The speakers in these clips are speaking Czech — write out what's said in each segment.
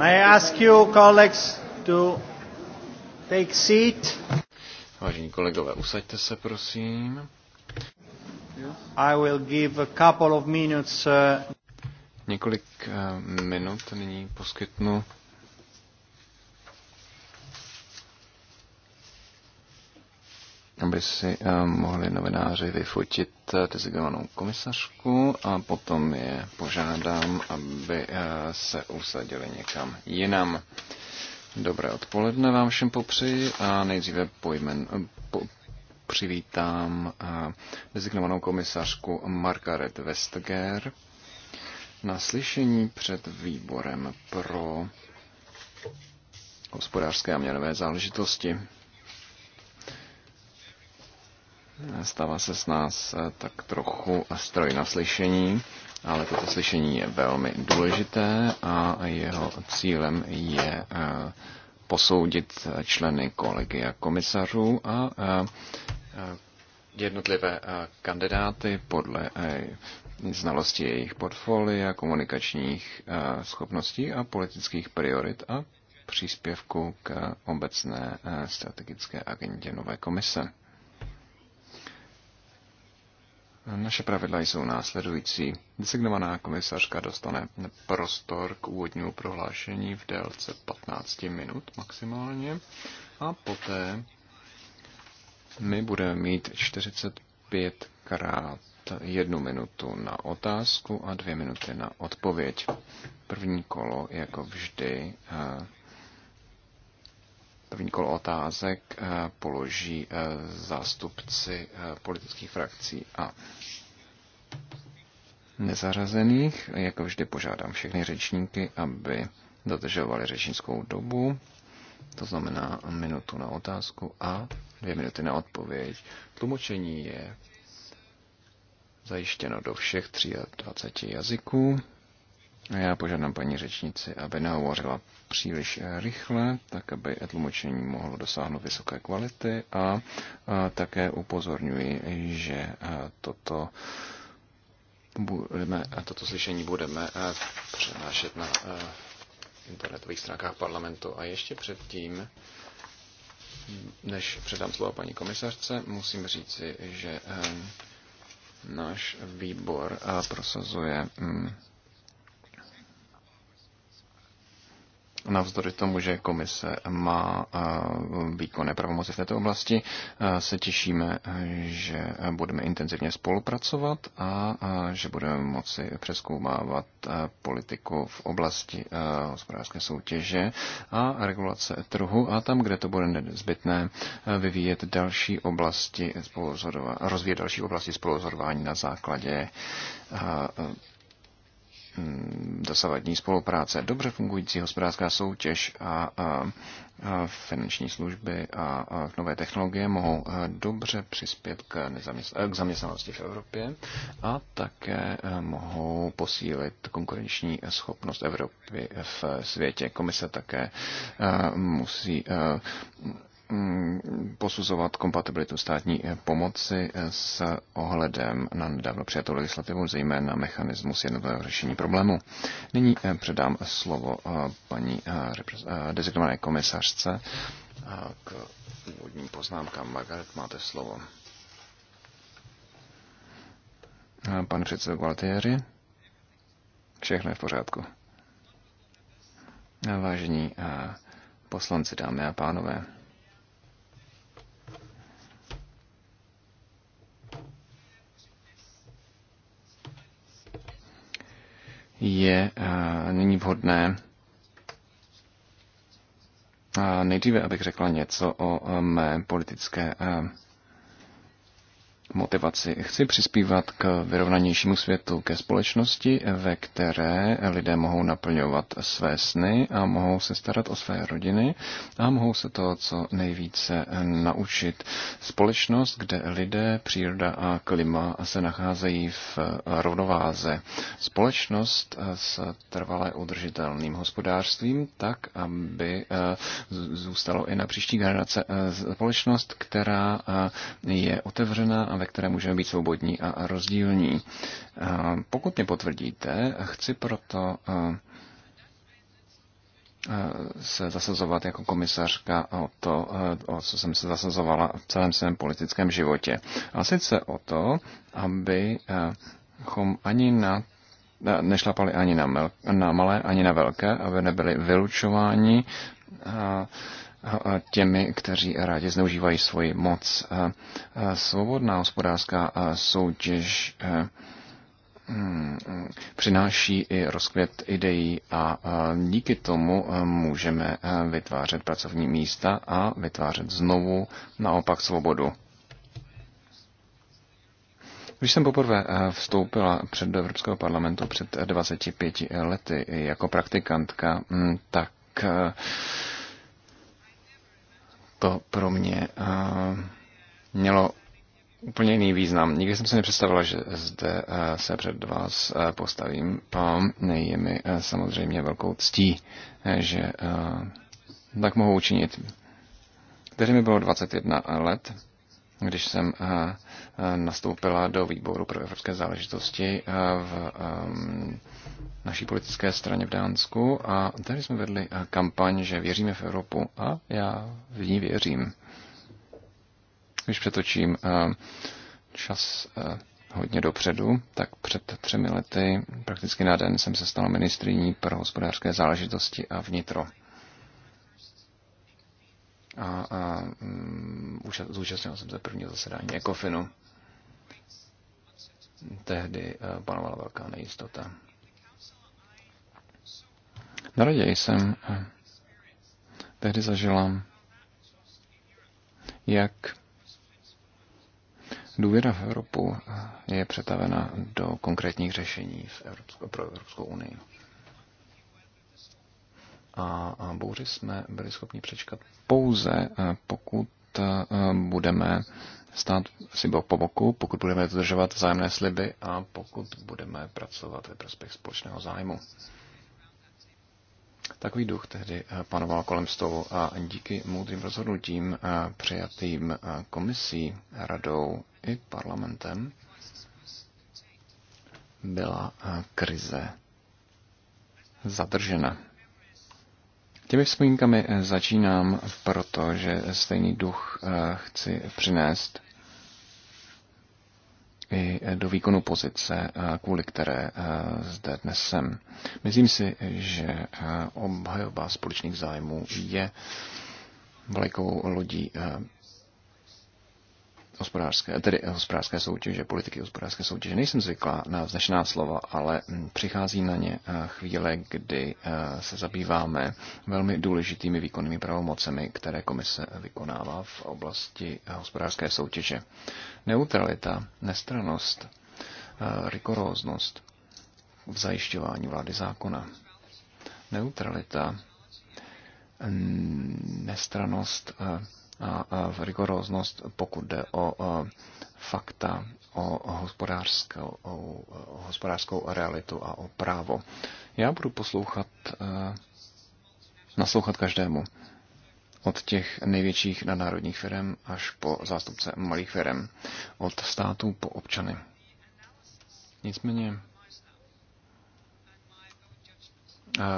May I ask you, colleagues, to take seat? Vážení kolegové, usaďte se, prosím. I will give a couple of minutes. Uh... Několik uh, minut nyní poskytnu abychom by si eh, mohli novináři vyfotit eh, designovanou komisařku a potom je požádám, aby eh, se usadili někam jinam. Dobré odpoledne vám všem popřeji a nejdříve pojmen, po, přivítám designovanou komisařku Margaret Westger na slyšení před výborem pro hospodářské a měnové záležitosti. Stává se s nás eh, tak trochu stroj na slyšení, ale toto slyšení je velmi důležité a jeho cílem je eh, posoudit členy kolegia komisařů a eh, jednotlivé kandidáty podle znalosti jejich portfolia, komunikačních schopností a politických priorit a příspěvku k obecné strategické agendě nové komise. Naše pravidla jsou následující. Designovaná komisařka dostane prostor k úvodnímu prohlášení v délce 15 minut maximálně a poté my budeme mít 45 krát jednu minutu na otázku a dvě minuty na odpověď. První kolo, jako vždy, eh, První kolo otázek eh, položí eh, zástupci eh, politických frakcí a nezařazených. Jako vždy požádám všechny řečníky, aby dodržovali řečnickou dobu, to znamená minutu na otázku a dvě minuty na odpověď. Tlumočení je zajištěno do všech 23 jazyků. Já požádám paní řečnici, aby nehovořila příliš eh, rychle, tak aby tlumočení mohlo dosáhnout vysoké kvality a také upozorňuji, že eh, toto budeme, eh, toto slyšení budeme přenášet na internetových stránkách parlamentu. A ještě předtím, než předám slovo paní komisařce, musím říci, že náš výbor prosazuje mm, navzdory tomu, že komise má eh, výkonné pravomoci v této oblasti, eh, se těšíme, eh, že budeme intenzivně spolupracovat a že budeme moci přeskoumávat politiku v oblasti hospodářské soutěže a regulace trhu a tam, kde to bude nezbytné, vyvíjet další oblasti rozvíjet další oblasti spoluzorování na základě Mm, dosavadní spolupráce. Dobře fungující hospodářská soutěž a, a, a finanční služby a, a nové technologie mohou eh, dobře přispět k, eh, k zaměstnanosti v Evropě a také eh, mohou posílit konkurenční schopnost Evropy v světě. Komise také musí Mm, posuzovat kompatibilitu státní eh, pomoci eh, s ohledem na nedávno přijatou legislativu, zejména mechanismus jednotného řešení problému. Nyní eh, předám slovo paní designované komisařce k úvodním poznámkám. Margaret, máte slovo. Pane předsedo Gualtieri, všechno je v pořádku. Vážení poslanci, dámy a pánové, je eh, nyní vhodné eh, nejdříve, abych řekla něco o eh, mé politické motivaci. Chci přispívat k vyrovnanějšímu světu, ke společnosti, ve které lidé mohou naplňovat své sny a mohou se starat o své rodiny a mohou se to co nejvíce naučit. Společnost, kde lidé, příroda a klima se nacházejí v rovnováze. Společnost s trvalé udržitelným hospodářstvím, tak aby eh, zůstalo i na příští generace. Eh, společnost, která eh, je otevřená a ve které můžeme být svobodní a rozdílní. Pokud mě potvrdíte, chci proto se zasazovat jako komisařka o to, o co jsem se zasazovala v celém svém politickém životě. A sice o to, abychom ani na nešlapali ani na, mel, na malé, ani na velké, aby nebyli vylučováni těmi, kteří rádi zneužívají svoji moc. Svobodná hospodářská soutěž mm, přináší i rozkvět ideí a díky tomu můžeme vytvářet pracovní místa a vytvářet znovu naopak svobodu. Když jsem poprvé vstoupila před do Evropského parlamentu před 25 lety jako praktikantka, mm, tak to pro mě eh, mělo úplně jiný význam. Nikdy jsem si nepředstavila, že zde eh, se před vás eh, postavím. Je mi samozřejmě velkou ctí, že tak mohu učinit. Tehdy mi bylo 21 let když jsem eh, eh, nastoupila do výboru pro evropské záležitosti eh, v naší politické straně v Dánsku a tady jsme vedli kampaň, že věříme v Evropu a já v ní věřím. Když přetočím čas hodně dopředu, tak před třemi lety prakticky na den jsem se stala ministriní pro hospodářské záležitosti a vnitro a, a um, zúčastnil jsem se prvního zasedání Ekofinu. Tehdy uh, panovala velká nejistota. Na radě jsem uh, tehdy zažila, jak důvěra v Evropu eh, je přetavena do konkrétních řešení v Evropsko, pro Evropskou unii a, bouři jsme byli schopni přečkat pouze, eh, pokud eh, budeme stát si po boku, pokud budeme dodržovat vzájemné sliby a pokud budeme pracovat ve prospěch společného zájmu. Takový duch tehdy eh, panoval kolem stolu a díky moudrým rozhodnutím přijatým komisí, radou i parlamentem byla krize zadržena. Těmi vzpomínkami eh, začínám, protože stejný duch eh, chci přinést i eh, do výkonu pozice, kvůli které zde dnes jsem. Myslím si, že obhajoba společných zájmů je vlajkovou lodí hospodářské, tedy hospodářské soutěže, politiky hospodářské soutěže. Nejsem zvyklá na vznešená slova, ale přichází na ně eh, chvíle, kdy eh, se zabýváme velmi důležitými výkonnými pravomocemi, které komise vykonává v oblasti hospodářské soutěže. Neutralita, nestranost, eh, rigoróznost v zajišťování vlády zákona. Neutralita, nestranost, a, a rigoróznost, pokud jde o fakta, o hospodářskou, o hospodářskou realitu a o právo. Já budu poslouchat, naslouchat každému, od těch největších nadnárodních firm až po zástupce malých firm, od států po občany. Nicméně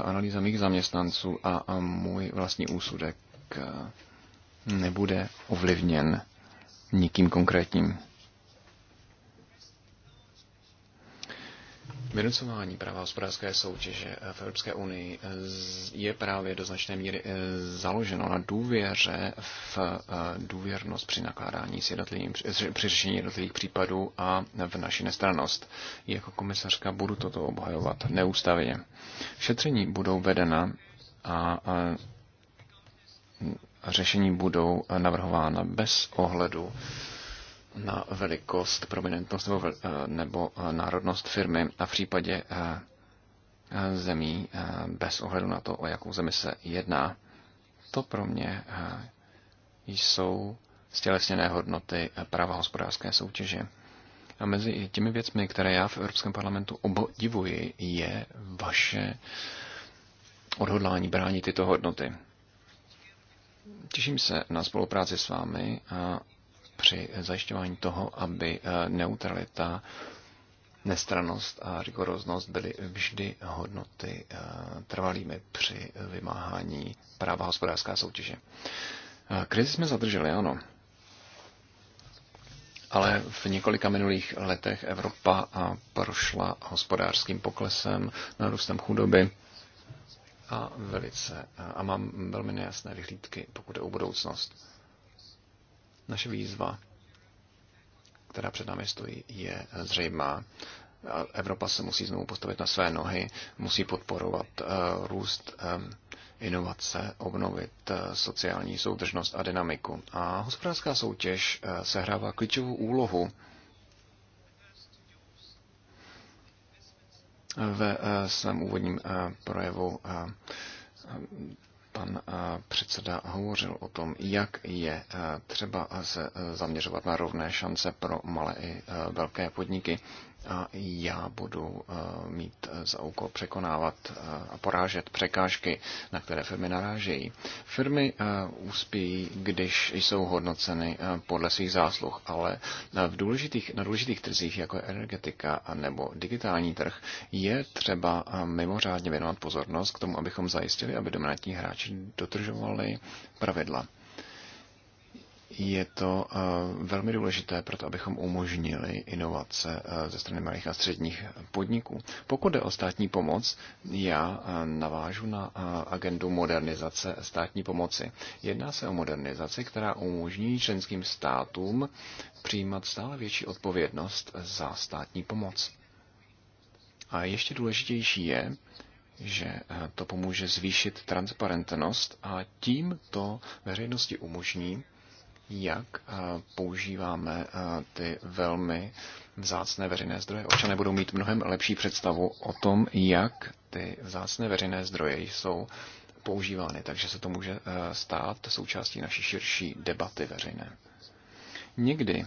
analýza mých zaměstnanců a můj vlastní úsudek nebude ovlivněn nikým konkrétním. Vynucování práva hospodářské soutěže v Evropské unii eh, je právě do značné míry eh, založeno na důvěře v eh, důvěrnost při nakládání s jednotlivým, při řešení jednotlivých případů a v naši nestranost. Jako komisařka budu toto obhajovat neústavně. Šetření budou vedena a řešení budou navrhována bez ohledu na velikost, prominentnost nebo, eh, nebo eh, národnost firmy a v případě eh, zemí bez ohledu na to, o jakou zemi se jedná. To pro mě jsou stělesněné hodnoty práva hospodářské soutěže. A mezi těmi věcmi, které já v Evropském parlamentu obdivuji, je vaše odhodlání bránit tyto hodnoty. Těším se na spolupráci s vámi a při zajišťování toho, aby eh, neutralita, nestranost a rigoroznost byly vždy hodnoty eh, trvalými při vymáhání práva hospodářská soutěže. Eh, krizi jsme zadrželi, ano. Ale v několika minulých letech Evropa prošla hospodářským poklesem, nárůstem chudoby a velice a mám velmi nejasné vyhlídky, pokud je o budoucnost. Naše výzva, která před námi stojí, je zřejmá. Evropa se musí znovu postavit na své nohy, musí podporovat e, růst e, inovace, obnovit e, sociální soudržnost a dynamiku. A hospodářská soutěž sehrává klíčovou úlohu ve eh, svém úvodním eh, projevu eh, pan předseda hovořil o tom, jak je třeba se zaměřovat na rovné šance pro malé i velké podniky a já budu eh, mít za úkol překonávat eh, a porážet překážky, na které firmy narážejí. Firmy eh, úspějí, když jsou hodnoceny podle svých zásluh, ale v důležitých, na důležitých trzích, jako je energetika nebo digitální trh, je třeba mimořádně věnovat pozornost k tomu, abychom zajistili, aby dominantní hráči dotržovali pravidla je to eh, velmi důležité proto, abychom umožnili inovace eh, ze strany malých a středních podniků. Pokud jde o státní pomoc, já eh, navážu na agendu modernizace státní pomoci. Jedná se o modernizaci, která umožní členským státům přijímat stále větší odpovědnost za státní pomoc. A ještě důležitější je, že to pomůže zvýšit transparentnost a tím to veřejnosti umožní jak eh, používáme eh, ty velmi vzácné veřejné zdroje. Občané budou mít mnohem lepší představu o tom, jak ty vzácné veřejné zdroje jsou používány, takže se to může eh, stát součástí naší širší debaty veřejné. Někdy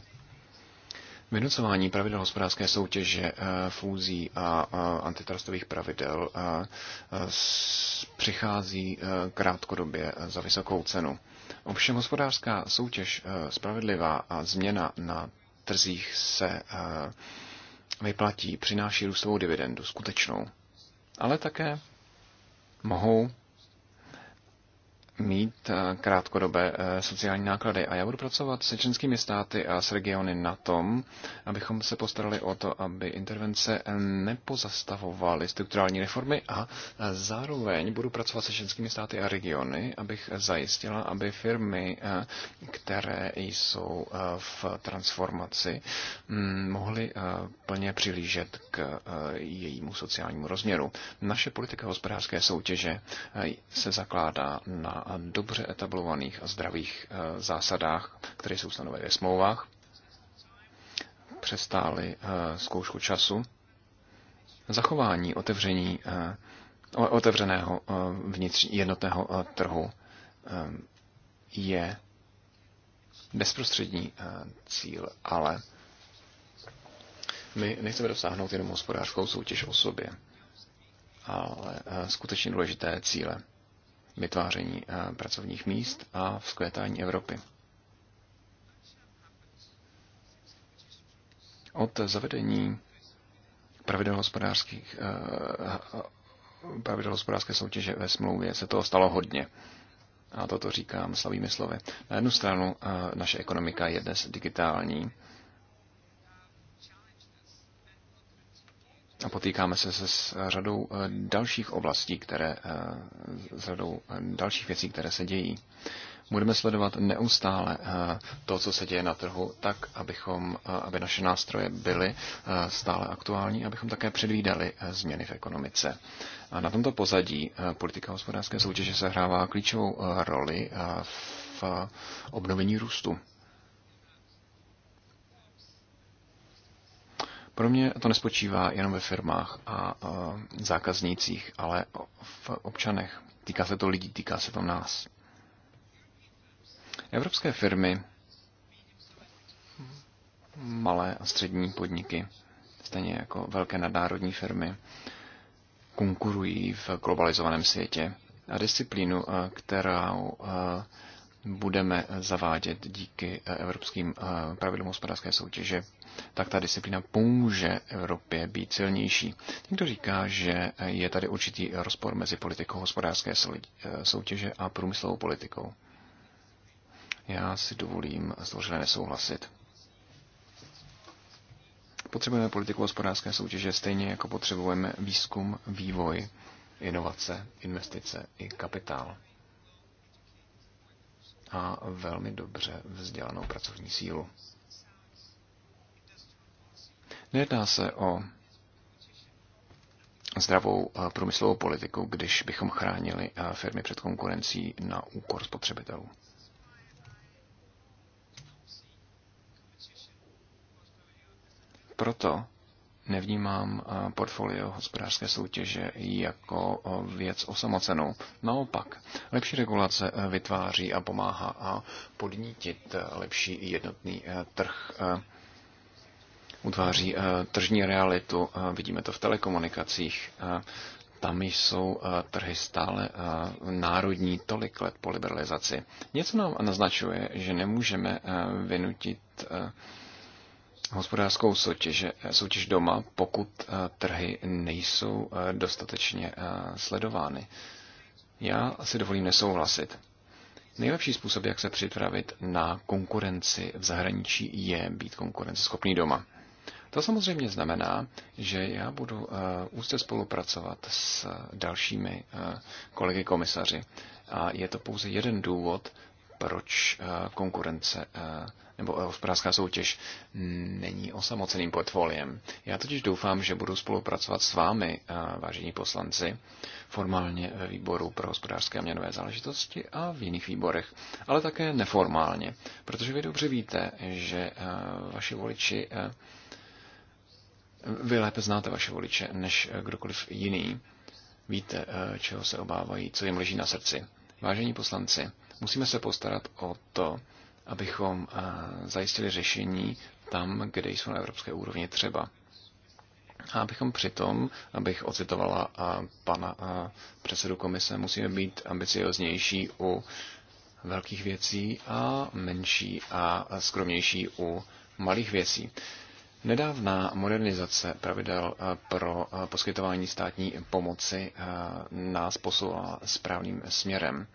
vynucování pravidel hospodářské soutěže, fúzí a antitrustových pravidel přichází krátkodobě za vysokou cenu. Ovšem hospodářská soutěž eh, spravedlivá a změna na trzích se eh, vyplatí, přináší růstovou dividendu, skutečnou. Ale také mohou mít eh, krátkodobé eh, sociální náklady. A já budu pracovat se členskými státy a s regiony na tom, abychom se postarali o to, aby intervence eh, nepozastavovaly strukturální reformy a zároveň budu pracovat se členskými státy a regiony, abych zajistila, aby firmy, které jsou v transformaci, mm, mohly plně přilížet k jejímu sociálnímu rozměru. Naše politika hospodářské soutěže se zakládá na dobře etablovaných a zdravých eh, zásadách, které jsou stanoveny ve smlouvách, přestáli eh, zkoušku času, zachování otevření, eh, otevřeného vnitřní jednotného trhu je bezprostřední cíl, ale my nechceme dosáhnout jenom hospodářskou soutěž o sobě, ale skutečně důležité cíle vytváření eh, pracovních míst a vzkvětání Evropy. Od zavedení pravidel hospodářských eh, pravidel hospodářské soutěže ve smlouvě se toho stalo hodně. A toto říkám slavými slovy. Na jednu stranu eh, naše ekonomika je dnes digitální, a potýkáme se, se s řadou eh, dalších oblastí, které, eh, s řadou eh, dalších věcí, které se dějí. Budeme sledovat neustále to, co se děje na trhu, tak, abychom, aby naše nástroje byly stále aktuální, abychom také předvídali změny v ekonomice. A na tomto pozadí politika hospodářské soutěže sehrává klíčovou roli v obnovení růstu. Pro mě to nespočívá jenom ve firmách a zákaznících, ale v občanech. Týká se to lidí, týká se to nás. Evropské firmy, malé a střední podniky, stejně jako velké nadnárodní firmy, konkurují v globalizovaném světě. A disciplínu, kterou budeme zavádět díky eh, evropským eh, pravidlům hospodářské soutěže, tak ta disciplína pomůže Evropě být silnější. Někdo říká, že eh, je tady určitý rozpor mezi politikou hospodářské soutěže a průmyslovou politikou. Já si dovolím zdvořile nesouhlasit. Potřebujeme politiku hospodářské soutěže stejně jako potřebujeme výzkum, vývoj, inovace, investice i kapitál a velmi dobře vzdělanou pracovní sílu. Nejedná se o zdravou průmyslovou politiku, když bychom chránili firmy před konkurencí na úkor spotřebitelů. Proto nevnímám eh, portfolio hospodářské soutěže jako eh, věc osamocenou. Naopak, lepší regulace eh, vytváří a pomáhá a podnítit lepší jednotný trh utváří tržní realitu. Vidíme to v telekomunikacích. Tam jsou trhy stále národní tolik let po liberalizaci. Něco nám naznačuje, že nemůžeme vynutit hospodářskou soutěž, soutěž doma, pokud eh, trhy nejsou eh, dostatečně eh, sledovány. Já si dovolím nesouhlasit. Nejlepší způsob, jak se připravit na konkurenci v zahraničí, je být konkurenceschopný doma. To samozřejmě znamená, že já budu uh, úzce spolupracovat s dalšími uh, kolegy komisaři. A je to pouze jeden důvod, proč uh, konkurence uh, nebo hospodářská soutěž není osamoceným portfoliem. Já totiž doufám, že budu spolupracovat s vámi, eh, vážení poslanci, formálně ve výboru pro hospodářské a měnové záležitosti a v jiných výborech, ale také neformálně, protože vy dobře víte, že eh, vaši voliči eh, vy lépe znáte vaše voliče než kdokoliv jiný. Víte, čeho se obávají, co jim leží na srdci. Vážení poslanci, musíme se postarat o to, abychom eh, zajistili řešení tam, kde jsou na evropské úrovni třeba. A abychom přitom, abych ocitovala eh, pana eh, předsedu komise, musíme být ambicioznější u velkých věcí a menší a skromnější u malých věcí. Nedávná modernizace pravidel pro poskytování státní pomoci nás posouvá správným směrem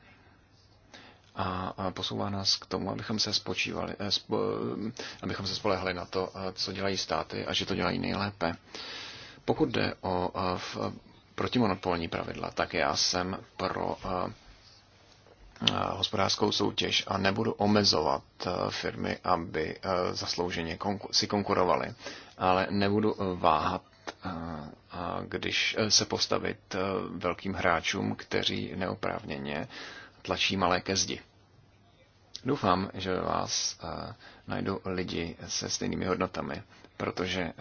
a posouvá nás k tomu, abychom se, spočívali, eh, eh, abychom se spolehli na to, eh, co dělají státy a že to dělají nejlépe. Pokud jde o protimonopolní pravidla, tak já jsem pro hospodářskou soutěž a nebudu omezovat firmy, aby zaslouženě si konkurovaly, ale nebudu váhat když se postavit velkým hráčům, kteří neoprávněně tlačí malé ke zdi. Doufám, že vás eh, najdu lidi se stejnými hodnotami, protože eh,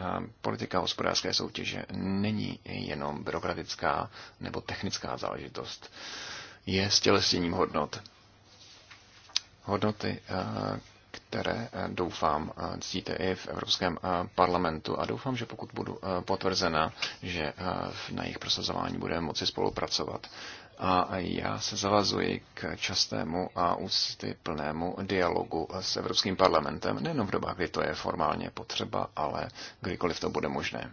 politika hospodářské soutěže není jenom byrokratická nebo technická záležitost. Je stělesněním hodnot. Hodnoty, eh, které doufám cítíte i v Evropském parlamentu a doufám, že pokud budu potvrzena, že na jejich prosazování budeme moci spolupracovat a já se zavazuji k častému a ústy plnému dialogu s Evropským parlamentem, nejenom v dobách, kdy to je formálně potřeba, ale kdykoliv to bude možné.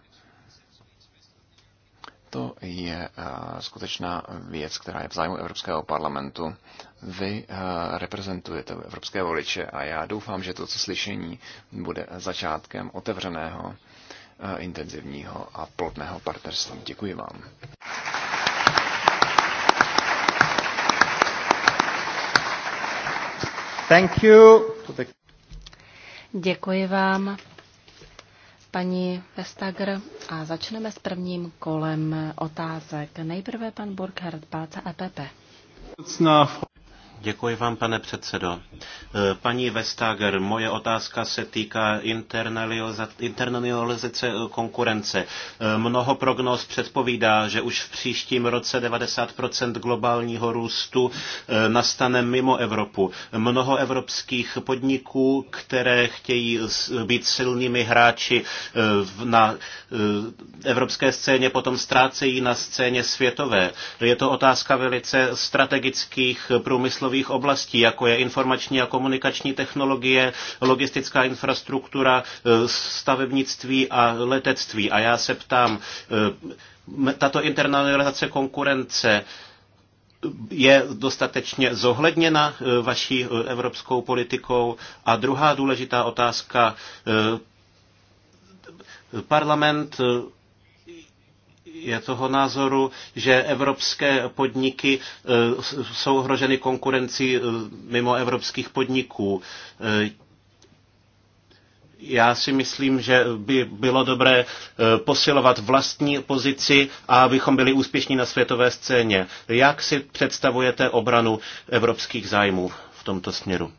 To je eh, skutečná věc, která je v zájmu Evropského parlamentu. Vy eh, reprezentujete evropské voliče a já doufám, že toto slyšení bude začátkem otevřeného, eh, intenzivního a plodného partnerství. Děkuji vám. Thank you. Děkuji vám, paní Vestager, a začneme s prvním kolem otázek. Nejprve pan Burkhard Balca EPP. Děkuji vám, pane předsedo. E, paní Vestager, moje otázka se týká internalizace e, konkurence. E, mnoho prognóz předpovídá, že už v příštím roce 90% globálního růstu nastane mimo Evropu. Mnoho evropských podniků, které chtějí být silnými hráči na evropské scéně, potom ztrácejí na scéně světové. Je to otázka velice strategických průmyslových nových oblastí, jako je informační a komunikační technologie, logistická infrastruktura, eh, stavebnictví a letectví. A já se ptám, eh, tato internalizace konkurence eh, je dostatečně zohledněna vaší evropskou politikou? A druhá důležitá otázka, parlament je toho názoru, že evropské podniky e, jsou ohroženy konkurencí e, mimo evropských podniků. E, já si myslím, že by bylo dobré posilovat vlastní pozici a abychom byli úspěšní na světové scéně. Jak si představujete obranu evropských zájmů v tomto směru?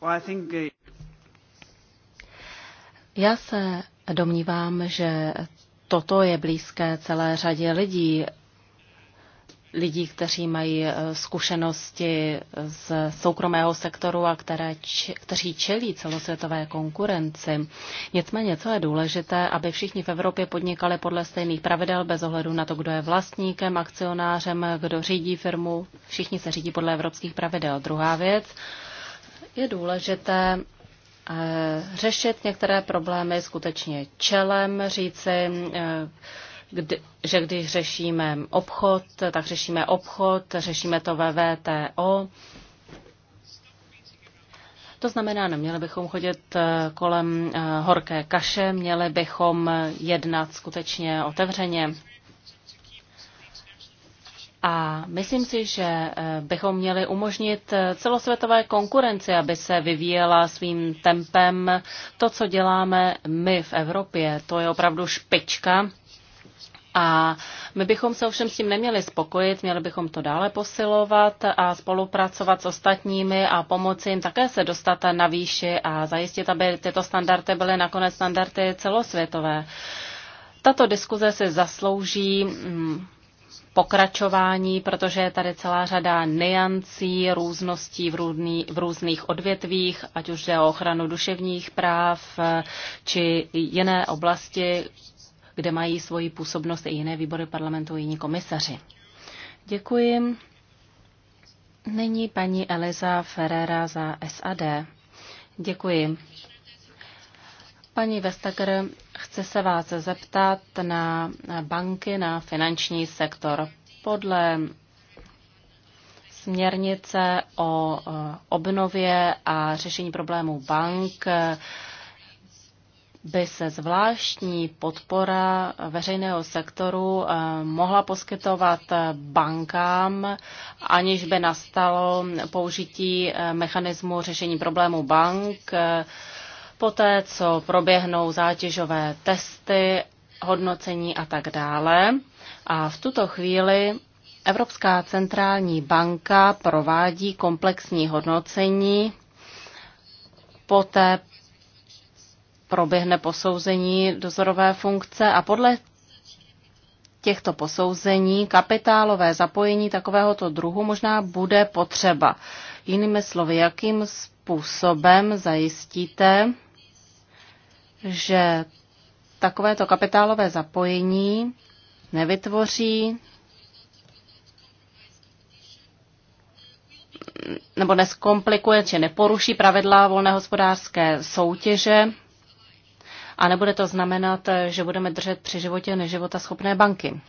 Well, I think uh, já se domnívám, že toto je blízké celé řadě lidí, lidí, kteří mají eh, zkušenosti z soukromého sektoru a které, kteří čelí celosvětové konkurenci. Nicméně, co je důležité, aby všichni v Evropě podnikali podle stejných pravidel bez ohledu na to, kdo je vlastníkem, akcionářem, kdo řídí firmu. Všichni se řídí podle evropských pravidel. Druhá věc je důležité Eh, řešit některé problémy skutečně čelem, říci, eh, kdy, že když řešíme obchod, tak řešíme obchod, řešíme to ve VTO. To znamená, neměli bychom chodit eh, kolem horké kaše, měli bychom jednat skutečně otevřeně. A myslím si, že eh, bychom měli umožnit eh, celosvětové konkurenci, aby se vyvíjela svým tempem. To, co děláme my v Evropě, to je opravdu špička. A my bychom se ovšem s tím neměli spokojit, měli bychom to dále posilovat a spolupracovat s ostatními a pomoci jim také se dostat na výši a zajistit, aby tyto standardy byly nakonec standardy celosvětové. Tato diskuze si zaslouží mm, pokračování, protože je tady celá řada niancí, růzností v, různý, v různých odvětvích, ať už jde o ochranu duševních práv eh, či jiné oblasti, kde mají svoji působnost i jiné výbory parlamentu, jiní komisaři. Děkuji. Nyní paní Eliza Ferrera za SAD. Děkuji. Paní Vestager, chce se vás zeptat na banky, na finanční sektor. Podle směrnice o e, obnově a řešení problémů bank e, by se zvláštní podpora veřejného sektoru e, mohla poskytovat bankám, aniž by nastalo použití mechanismu řešení problémů bank poté co proběhnou zátěžové testy, hodnocení a tak dále. A v tuto chvíli Evropská centrální banka provádí komplexní hodnocení, poté proběhne posouzení dozorové funkce a podle těchto posouzení kapitálové zapojení takovéhoto druhu možná bude potřeba. Jinými slovy, jakým způsobem zajistíte, že takovéto kapitálové zapojení nevytvoří nebo neskomplikuje či neporuší pravidla volné hospodářské soutěže a nebude to znamenat, že budeme držet při životě neživota schopné banky.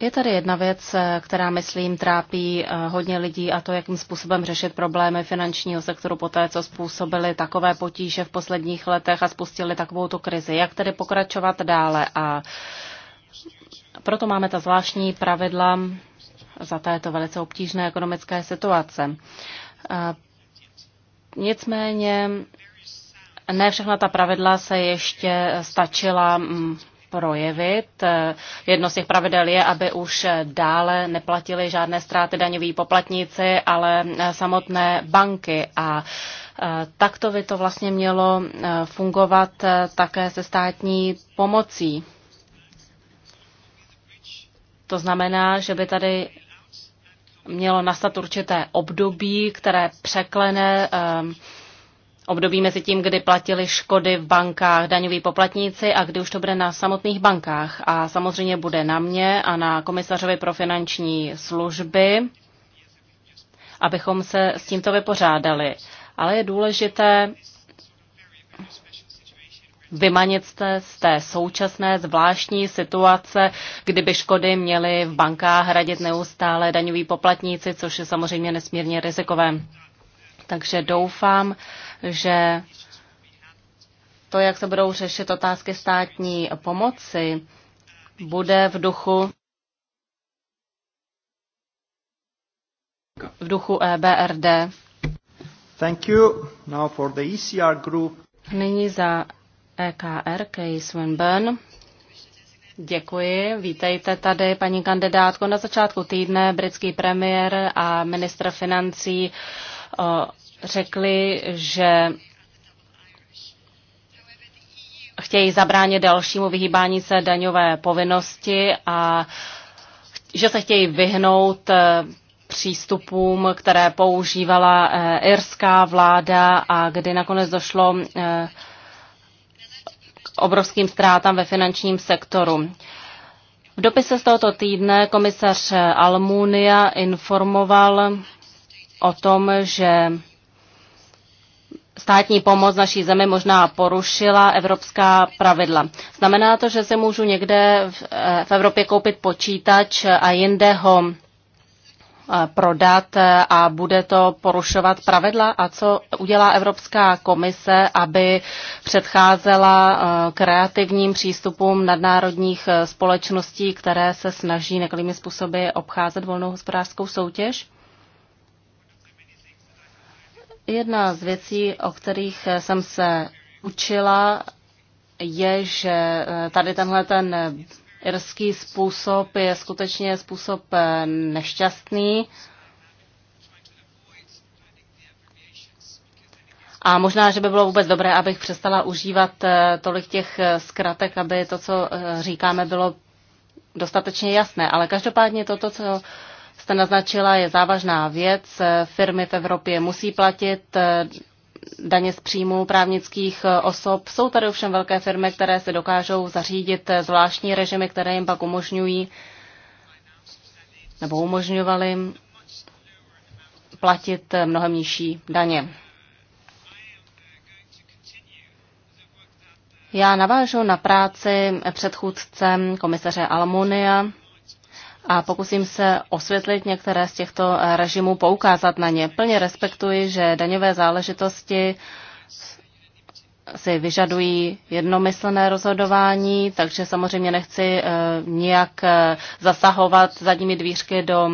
Je tady jedna věc, eh, která, myslím, trápí eh, hodně lidí a to, jakým způsobem řešit problémy finančního sektoru po té, co způsobili takové potíže v posledních letech a spustili takovou tu krizi. Jak tedy pokračovat dále? A proto máme ta zvláštní pravidla za této velice obtížné ekonomické situace. Eh, nicméně ne všechna ta pravidla se ještě stačila mm, projevit. Eh, Jedno z těch pravidel je, aby už dále neplatili žádné ztráty daňoví poplatníci, ale eh, samotné banky. A eh, takto by to vlastně mělo fungovat také se státní pomocí. To znamená, že by tady mělo nastat určité období, které překlene období mezi tím, kdy platili škody v bankách daňoví poplatníci a kdy už to bude na samotných bankách. A samozřejmě bude na mě a na komisařovi pro finanční služby, abychom se s tímto vypořádali. Ale je důležité vymanit se z té současné zvláštní situace, kdyby škody měly v bankách hradit neustále daňoví poplatníci, což je samozřejmě nesmírně rizikové. Takže doufám, že to, jak se budou řešit otázky státní pomoci, bude v duchu v duchu EBRD. Thank you. Now for the ECR group. Nyní za EKR Kay Swinburne. Děkuji. Vítejte tady, paní kandidátko. Na začátku týdne britský premiér a ministr financí řekli, že chtějí zabránit dalšímu vyhýbání se daňové povinnosti a že se chtějí vyhnout eh, přístupům, které používala eh, irská vláda a kdy nakonec došlo eh, k obrovským ztrátám ve finančním sektoru. V dopise z tohoto týdne komisař Almunia informoval o tom, že státní pomoc naší zemi možná porušila evropská pravidla. Znamená to, že se můžu někde v eh, Evropě koupit počítač a jinde ho eh, prodat eh, a bude to porušovat pravidla? A co udělá Evropská komise, aby předcházela kreativním přístupům nadnárodních společností, které se snaží nekalými způsoby obcházet volnou hospodářskou soutěž? Jedna z věcí, o kterých jsem se učila, je, že eh, tady tenhle ten irský způsob je skutečně způsob eh, nešťastný. A možná, že by bylo vůbec dobré, abych přestala užívat eh, tolik těch zkratek, aby to, co říkáme, bylo dostatečně jasné. Ale každopádně toto, co jste naznačila, je závažná věc. Firmy v Evropě musí platit eh, daně z příjmu právnických eh, osob. Jsou tady ovšem velké firmy, které se dokážou zařídit eh, zvláštní režimy, které jim pak umožňují nebo umožňovaly platit mnohem nižší daně. Já navážu na práci předchůdcem komisaře Almunia a pokusím se osvětlit některé z těchto režimů, poukázat na ně. Plně respektuji, že daňové záležitosti si vyžadují jednomyslné rozhodování, takže samozřejmě nechci eh, nijak eh, zasahovat zadními dvířky do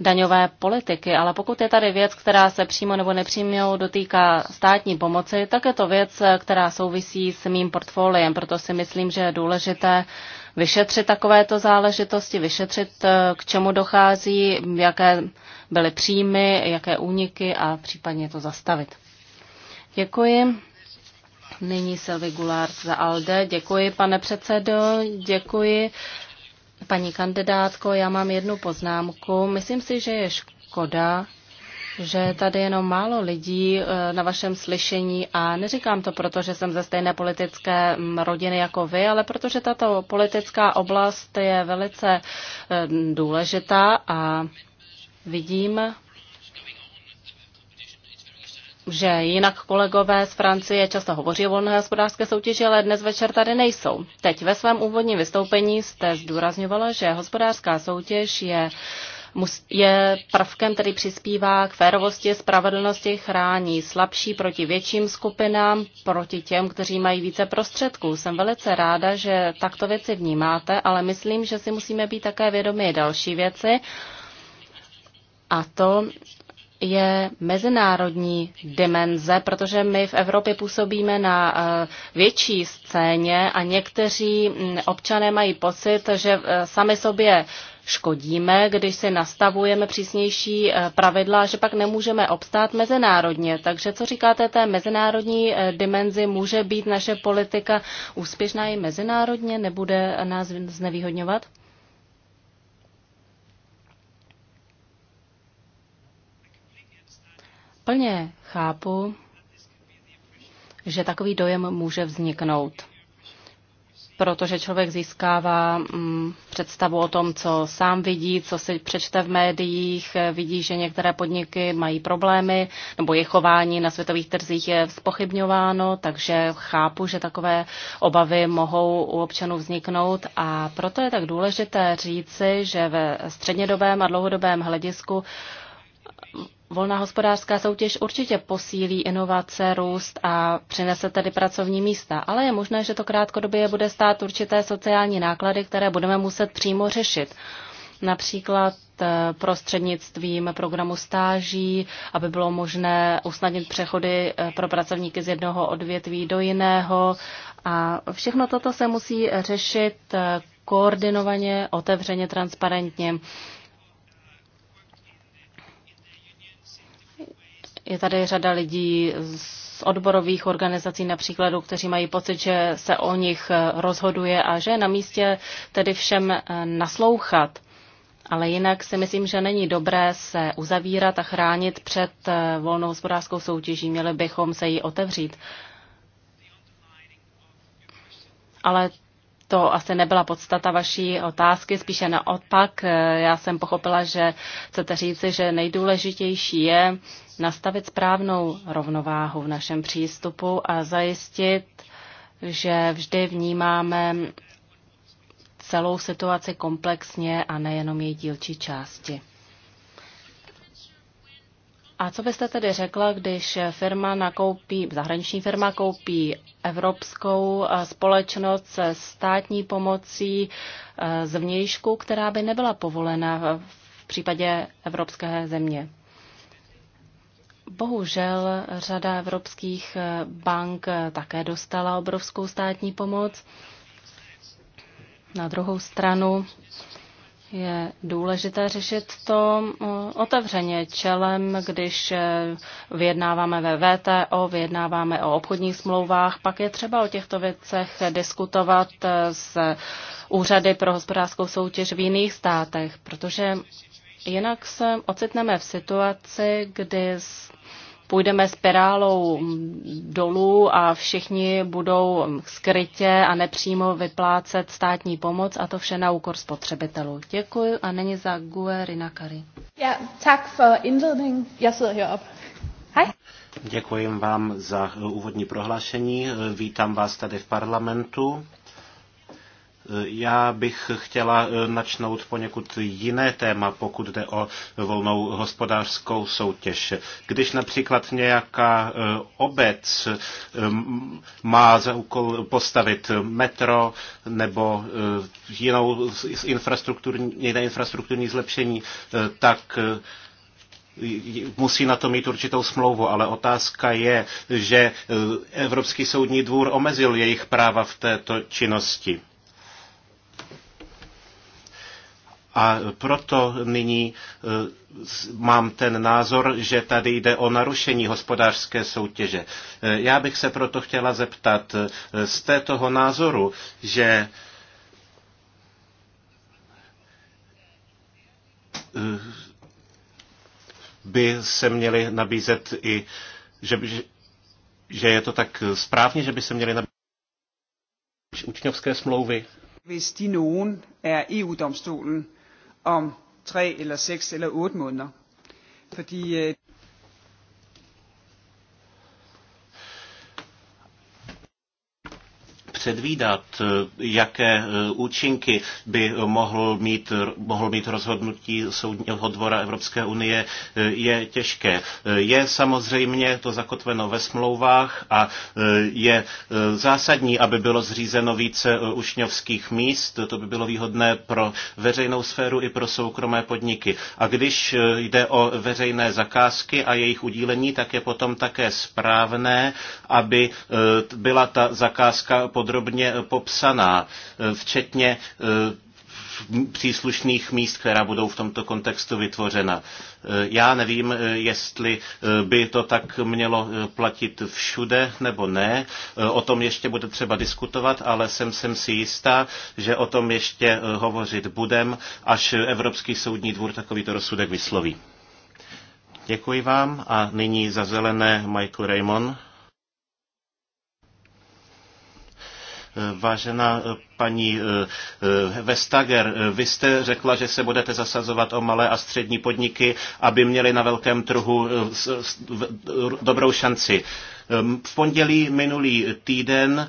daňové politiky, ale pokud je tady věc, která se přímo nebo nepřímo dotýká státní pomoci, tak je to věc, eh, která souvisí s mým portfoliem, proto si myslím, že je důležité vyšetřit takovéto záležitosti, vyšetřit, eh, k čemu dochází, jaké byly příjmy, jaké úniky a případně to zastavit. Děkuji. Nyní Silvi Gulár za ALDE. Děkuji, pane předsedo, děkuji. Paní kandidátko, já mám jednu poznámku. Myslím si, že je škoda, že tady jenom málo lidí eh, na vašem slyšení a neříkám to proto, že jsem ze stejné politické mm, rodiny jako vy, ale protože tato politická oblast je velice eh, důležitá a vidím, že jinak kolegové z Francie často hovoří o volné hospodářské soutěži, ale dnes večer tady nejsou. Teď ve svém úvodním vystoupení jste zdůrazňovala, že hospodářská soutěž je je prvkem, který přispívá k férovosti, spravedlnosti, chrání slabší proti větším skupinám, proti těm, kteří mají více prostředků. Jsem velice ráda, že takto věci vnímáte, ale myslím, že si musíme být také vědomi další věci. A to, je mezinárodní dimenze, protože my v Evropě působíme na eh, větší scéně a někteří mm, občané mají pocit, že eh, sami sobě škodíme, když si nastavujeme přísnější eh, pravidla, že pak nemůžeme obstát mezinárodně. Takže co říkáte té mezinárodní eh, dimenzi? Může být naše politika úspěšná i mezinárodně? Nebude nás znevýhodňovat? Plně chápu, že takový dojem může vzniknout protože člověk získává mm, představu o tom, co sám vidí, co si přečte v médiích, vidí, že některé podniky mají problémy, nebo jejich chování na světových trzích je spochybňováno, takže chápu, že takové obavy mohou u občanů vzniknout a proto je tak důležité říci, že ve střednědobém a dlouhodobém hledisku Volná hospodářská soutěž určitě posílí inovace, růst a přinese tedy pracovní místa, ale je možné, že to krátkodobě bude stát určité sociální náklady, které budeme muset přímo řešit. Například eh, prostřednictvím programu stáží, aby bylo možné usnadnit přechody eh, pro pracovníky z jednoho odvětví do jiného. A všechno toto se musí řešit eh, koordinovaně, otevřeně, transparentně. Je tady řada lidí z odborových organizací například, kteří mají pocit, že se o nich rozhoduje a že je na místě tedy všem eh, naslouchat. Ale jinak si myslím, že není dobré se uzavírat a chránit před eh, volnou hospodářskou soutěží. Měli bychom se jí otevřít. Ale to asi nebyla podstata vaší otázky, spíše naopak. Já jsem pochopila, že chcete říci, že nejdůležitější je nastavit správnou rovnováhu v našem přístupu a zajistit, že vždy vnímáme celou situaci komplexně a nejenom její dílčí části. A co byste tedy řekla, když firma nakoupí, zahraniční firma koupí evropskou eh, společnost se státní pomocí eh, z vnějšku, která by nebyla povolena v případě evropské země? Bohužel řada evropských eh, bank také dostala obrovskou státní pomoc. Na druhou stranu je důležité řešit to mm, otevřeně čelem, když eh, vyjednáváme ve VTO, vyjednáváme o obchodních smlouvách, pak je třeba o těchto věcech diskutovat eh, s úřady pro hospodářskou soutěž v jiných státech, protože jinak se ocitneme v situaci, kdy půjdeme spirálou dolů a všichni budou skrytě a nepřímo vyplácet státní pomoc a to vše na úkor spotřebitelů. Děkuji a není za Gue Rinakari. Ja, Děkuji vám za úvodní prohlášení. Vítám vás tady v parlamentu. Já bych chtěla eh, načnout poněkud jiné téma, pokud jde o volnou hospodářskou soutěž. Když například nějaká eh, obec eh, má za úkol postavit metro nebo jinou infrastrukturní, jiné infrastrukturní zlepšení, tak musí na to mít určitou smlouvu, ale otázka je, že Evropský soudní dvůr omezil jejich práva v této činnosti. A proto nyní eh, mám ten názor, že tady jde o narušení hospodářské soutěže. Eh, já bych se proto chtěla zeptat, eh, z tétoho názoru, že by se měly nabízet i, že, že je to tak správně, že by se měly nabízet učňovské smlouvy? Hvis de nogen er EU-domstolen, om tre eller seks eller otte måneder. Fordi øh, předvídat, eh, jaké eh, účinky by mohl mít, mohl mít rozhodnutí Soudního dvora Evropské unie, eh, je těžké. Je samozřejmě to zakotveno ve smlouvách a je zásadní, aby bylo zřízeno více ušňovských míst. To by bylo výhodné pro veřejnou sféru i pro soukromé podniky. A když jde o veřejné zakázky a jejich udílení, tak je potom také správné, aby byla ta zakázka pod podrobně eh, popsaná, eh, včetně eh, příslušných míst, která budou v tomto kontextu vytvořena. Já nevím, jestli by to tak mělo platit všude nebo ne. O tom ještě bude třeba diskutovat, ale jsem, jsem si jistá, že o tom ještě hovořit budem, až Evropský soudní dvůr takovýto rozsudek vysloví. Děkuji vám a nyní za zelené Michael Raymond. Vážená eh, paní eh, eh, Vestager, vy jste řekla, že se budete zasazovat o malé a střední podniky, aby měli na velkém trhu dobrou šanci. Ehm, v pondělí minulý týden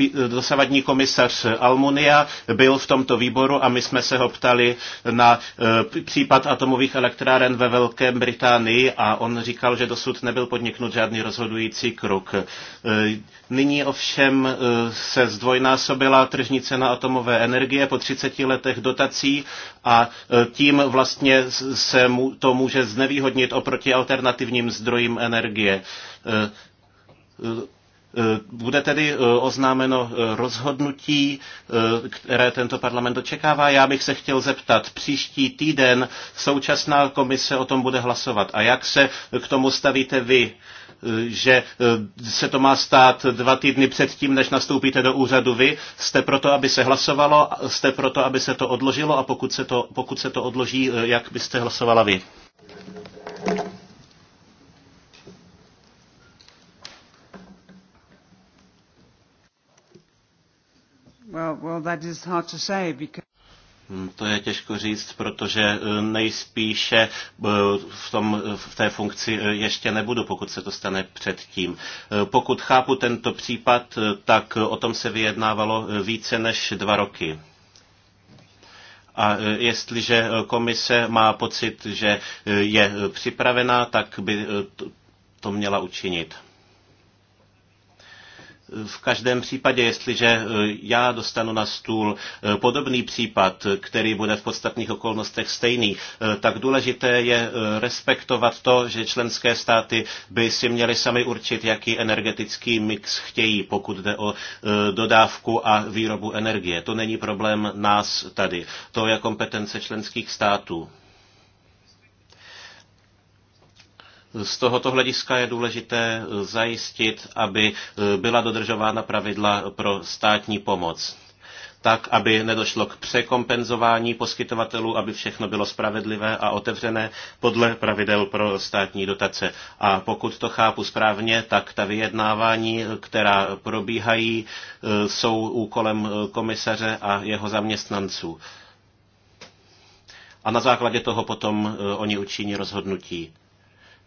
eh, eh, dosavadní komisař Almunia byl v tomto výboru a my jsme se ho ptali na eh, případ atomových elektráren ve Velké Británii a on říkal, že dosud nebyl podniknut žádný rozhodující krok. Nyní ovšem se zdvojnásobila tržní cena atomové energie po 30 letech dotací a tím vlastně se to může znevýhodnit oproti alternativním zdrojům energie. Eh, eh, eh, bude tedy oznámeno rozhodnutí, které tento parlament očekává. Já bych se chtěl zeptat, příští týden současná komise o tom bude hlasovat. A jak se k tomu stavíte vy? že se to má stát dva týdny před tím, než nastoupíte do úřadu vy. Jste proto, aby se hlasovalo, jste proto, aby se to odložilo a pokud se to, pokud se to odloží, jak byste hlasovala vy? Well, well, that is hard to say because... Hmm, to je těžko říct, protože eh, nejspíše eh, v, tom, v té funkci eh, ještě nebudu, pokud se to stane předtím. Pokud chápu tento případ, tak o tom se vyjednávalo více než dva roky. A jestliže komise má pocit, že je připravená, tak by to měla učinit. V každém případě, jestliže e, já dostanu na stůl e, podobný případ, který bude v podstatných okolnostech stejný, e, tak důležité je respektovat to, že členské státy by si měly sami určit, jaký energetický mix chtějí, pokud jde o dodávku a výrobu energie. To není problém nás tady. To je kompetence členských států. Z tohoto hlediska je důležité zajistit, aby e, byla dodržována pravidla pro státní pomoc tak, aby nedošlo k překompenzování poskytovatelů, aby všechno bylo spravedlivé a otevřené podle pravidel pro státní dotace. A pokud to chápu správně, tak ta vyjednávání, která probíhají, e, jsou úkolem e, komisaře a jeho zaměstnanců. A na základě toho potom oni učiní rozhodnutí.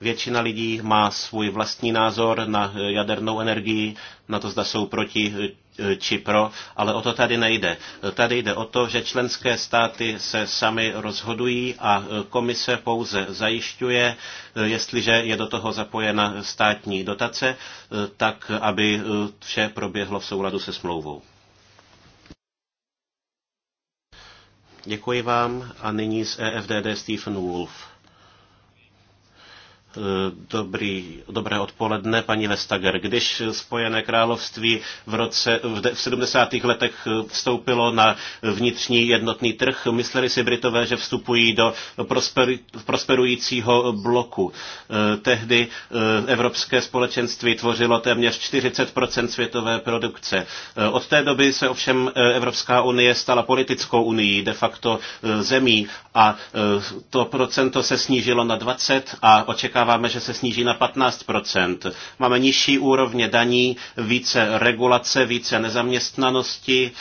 Většina lidí má svůj vlastní názor na eh, jadernou energii, na to, zda jsou proti eh, či pro, ale o to tady nejde. Tady jde o to, že členské státy se sami rozhodují a eh, komise pouze zajišťuje, jestliže je do toho zapojena státní dotace, tak aby vše proběhlo v souladu se smlouvou. Děkuji vám a nyní z EFDD Stephen Wolf. Dobrý, dobré odpoledne, paní Vestager. Když Spojené království v, roce, v 70. letech vstoupilo na vnitřní jednotný trh, mysleli si Britové, že vstupují do prosper, prosperujícího bloku. Eh, tehdy eh, Evropské společenství tvořilo téměř 40 světové produkce. Eh, od té doby se ovšem Evropská unie stala politickou unii, de facto zemí, a to procento se snížilo na 20 a očekává očekáváme, že se sníží na 15%. Máme nižší úrovně daní, více regulace, více nezaměstnanosti,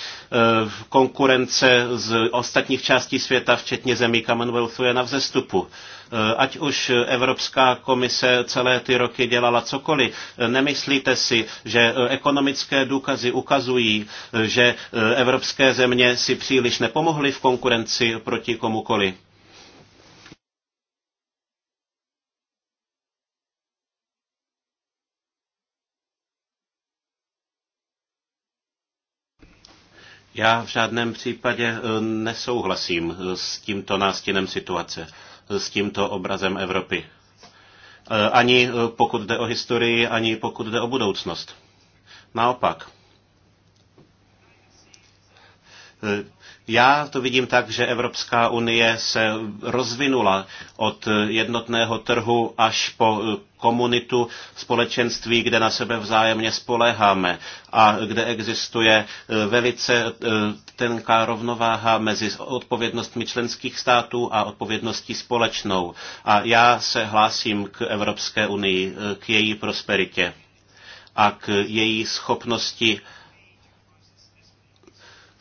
eh, konkurence z ostatních částí světa, včetně zemí Commonwealthu, je na vzestupu eh, ať už Evropská komise celé ty roky dělala cokoliv, eh, nemyslíte si, že ekonomické důkazy ukazují, že evropské země si příliš nepomohly v konkurenci proti komukoli? Já v žádném případě eh, nesouhlasím eh, s tímto nástinem situace, eh, s tímto obrazem Evropy. Ani pokud jde o historii, ani pokud jde o budoucnost. Naopak. Já to vidím tak, že Evropská unie se rozvinula od jednotného trhu až po eh, komunitu, společenství, kde na sebe vzájemně spoléháme a kde existuje eh, velice eh, tenká rovnováha mezi odpovědnostmi členských států a odpovědností společnou. A já se hlásím k Evropské unii, k její prosperitě a k její schopnosti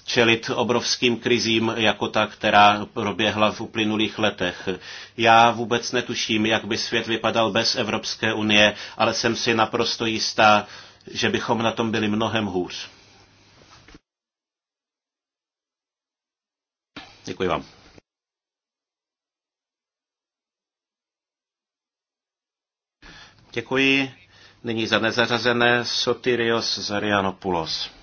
čelit obrovským krizím jako ta, která proběhla v uplynulých letech. Já vůbec netuším, jak by svět vypadal bez Evropské unie, ale jsem si naprosto jistá, že bychom na tom byli mnohem hůř. Děkuji vám. Děkuji. Nyní za nezařazené Sotirios Zarianopoulos.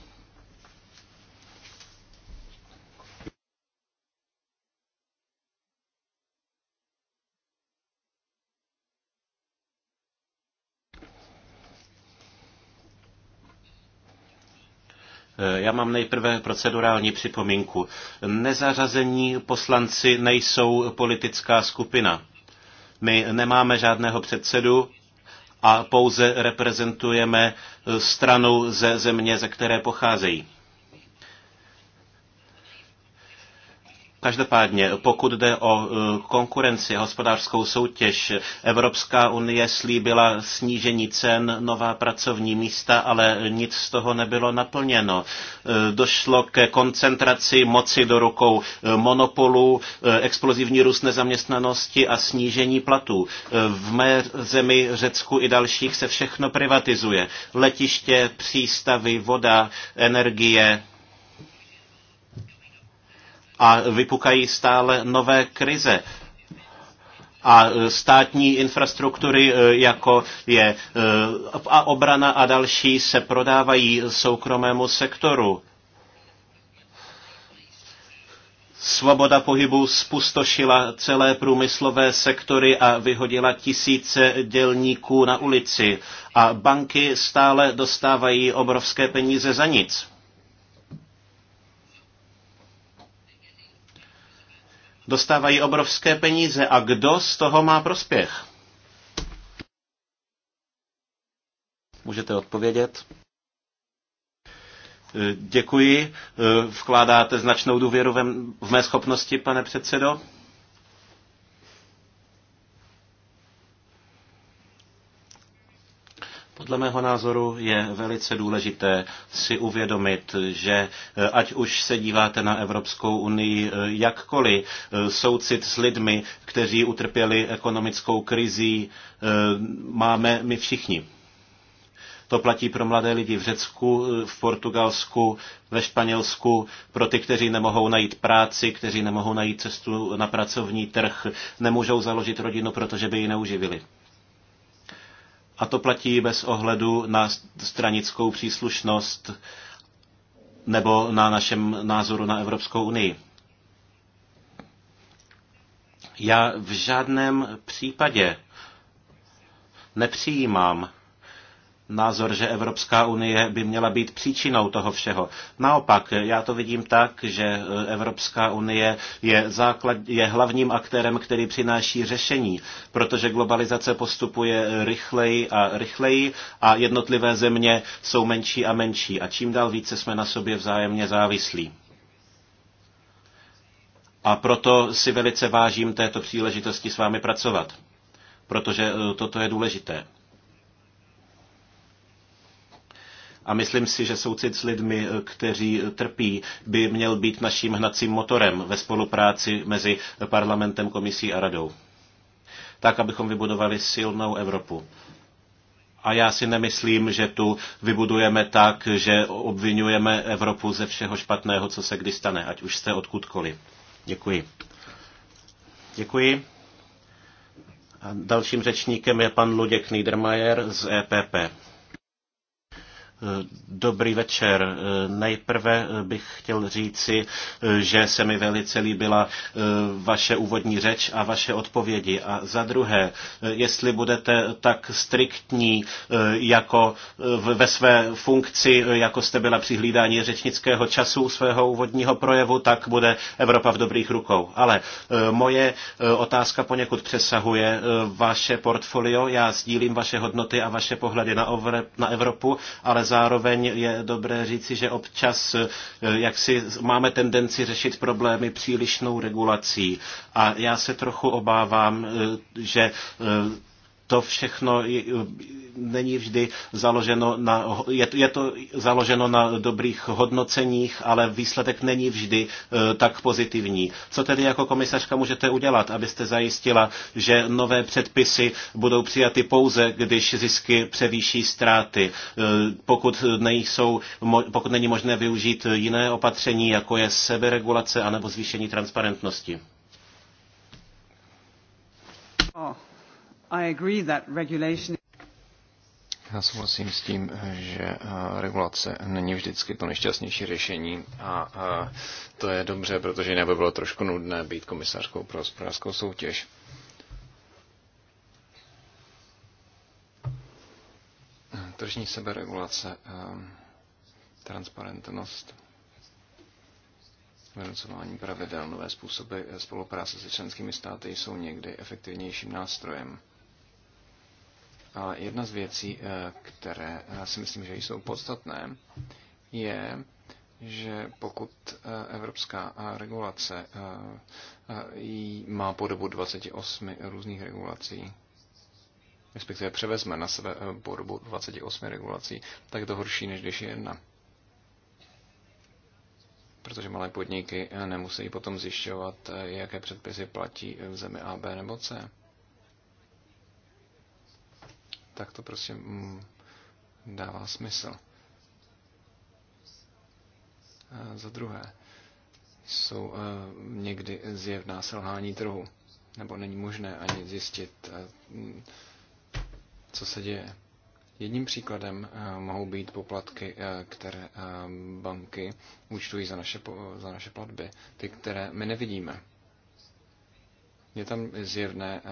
Eh, já mám nejprve procedurální připomínku. Nezařazení poslanci nejsou politická skupina. My nemáme žádného předsedu a pouze reprezentujeme stranu ze země, ze které pocházejí. Každopádně, pokud jde o e, konkurenci, hospodářskou soutěž, Evropská unie slíbila snížení cen, nová pracovní místa, ale nic z toho nebylo naplněno. E, došlo ke koncentraci moci do rukou e, monopolů, explozivní růst nezaměstnanosti a snížení platů. V mé zemi, Řecku i dalších se všechno privatizuje. Letiště, přístavy, voda, energie, a vypukají stále nové krize a e, státní infrastruktury, e, jako je e, a obrana a další, se prodávají soukromému sektoru. Svoboda pohybu spustošila celé průmyslové sektory a vyhodila tisíce dělníků na ulici. A banky stále dostávají obrovské peníze za nic. dostávají obrovské peníze a kdo z toho má prospěch? Můžete odpovědět? Eh, děkuji. Eh, vkládáte značnou důvěru v mé schopnosti, pane předsedo. Podle mého názoru je velice důležité si uvědomit, že eh, ať už se díváte na Evropskou unii eh, jakkoliv, eh, soucit s lidmi, kteří utrpěli ekonomickou krizí, máme my všichni. To platí pro mladé lidi v Řecku, v Portugalsku, ve Španělsku, pro ty, kteří nemohou najít práci, kteří nemohou najít cestu na pracovní trh, nemůžou založit rodinu, protože by ji neuživili. A to platí bez ohledu na stranickou příslušnost nebo na našem názoru na Evropskou unii. Já v žádném případě nepřijímám názor, že Evropská unie by měla být příčinou toho všeho. Naopak, já to vidím tak, že e, Evropská unie je, základ, je hlavním aktérem, který přináší řešení, protože globalizace postupuje rychleji a rychleji a jednotlivé země jsou menší a menší a čím dál více jsme na sobě vzájemně závislí. A proto si velice vážím této příležitosti s vámi pracovat, protože e, toto je důležité. A myslím si, že soucit s lidmi, eh, kteří eh, trpí, by měl být naším hnacím motorem ve spolupráci mezi parlamentem, komisí a radou. Tak, abychom vybudovali silnou Evropu. A já si nemyslím, že tu vybudujeme tak, že obvinujeme Evropu ze všeho špatného, co se kdy stane, ať už jste odkudkoliv. Děkuji. Děkuji. A dalším řečníkem je pan Luděk Niedermayer z EPP. Eh, dobrý večer. Eh, nejprve eh, bych chtěl říci, že se mi velice líbila vaše úvodní řeč a vaše odpovědi. A za druhé, jestli budete tak striktní jako ve své funkci, jako jste byla při hlídání řečnického času svého úvodního projevu, tak bude Evropa v dobrých rukou. Ale moje otázka poněkud přesahuje vaše portfolio. Já sdílím vaše hodnoty a vaše pohledy na Evropu, ale zároveň je dobré říci, že občas eh, jak si máme tendenci řešit problémy přílišnou regulací. A já se trochu obávám, eh, že eh, to všechno není vždy založeno na, je, je to založeno na dobrých hodnoceních, ale výsledek není vždy e, tak pozitivní. Co tedy jako komisařka můžete udělat, abyste zajistila, že nové předpisy budou přijaty pouze, když zisky převýší ztráty, e, pokud, nejsou, pokud není možné využít jiné opatření, jako je seberegulace anebo zvýšení transparentnosti? Oh. Já souhlasím s tím, že eh, regulace není vždycky to nejšťastnější řešení a eh, to je dobře, protože jinak by bylo trošku nudné být komisařkou pro hospodářskou soutěž. Tržní seberegulace, eh, transparentnost, vynucování pravidel, nové způsoby spolupráce se členskými státy jsou někdy efektivnějším nástrojem ale jedna z věcí, eh, které eh, si myslím, že jsou podstatné, je, že pokud eh, evropská regulace má podobu 28 různých regulací, respektive převezme na sebe podobu 28 regulací, tak je to horší, než když je jedna. Protože malé podniky nemusí potom zjišťovat, jaké předpisy platí v zemi A, B nebo C tak to prostě mm, dává smysl. A za druhé, jsou eh, někdy zjevná selhání trhu, nebo není možné ani zjistit, eh, mm, co se děje. Jedním příkladem eh, mohou být poplatky, které banky účtují za naše, za naše platby, ty, které my nevidíme. Je tam eh, zjevné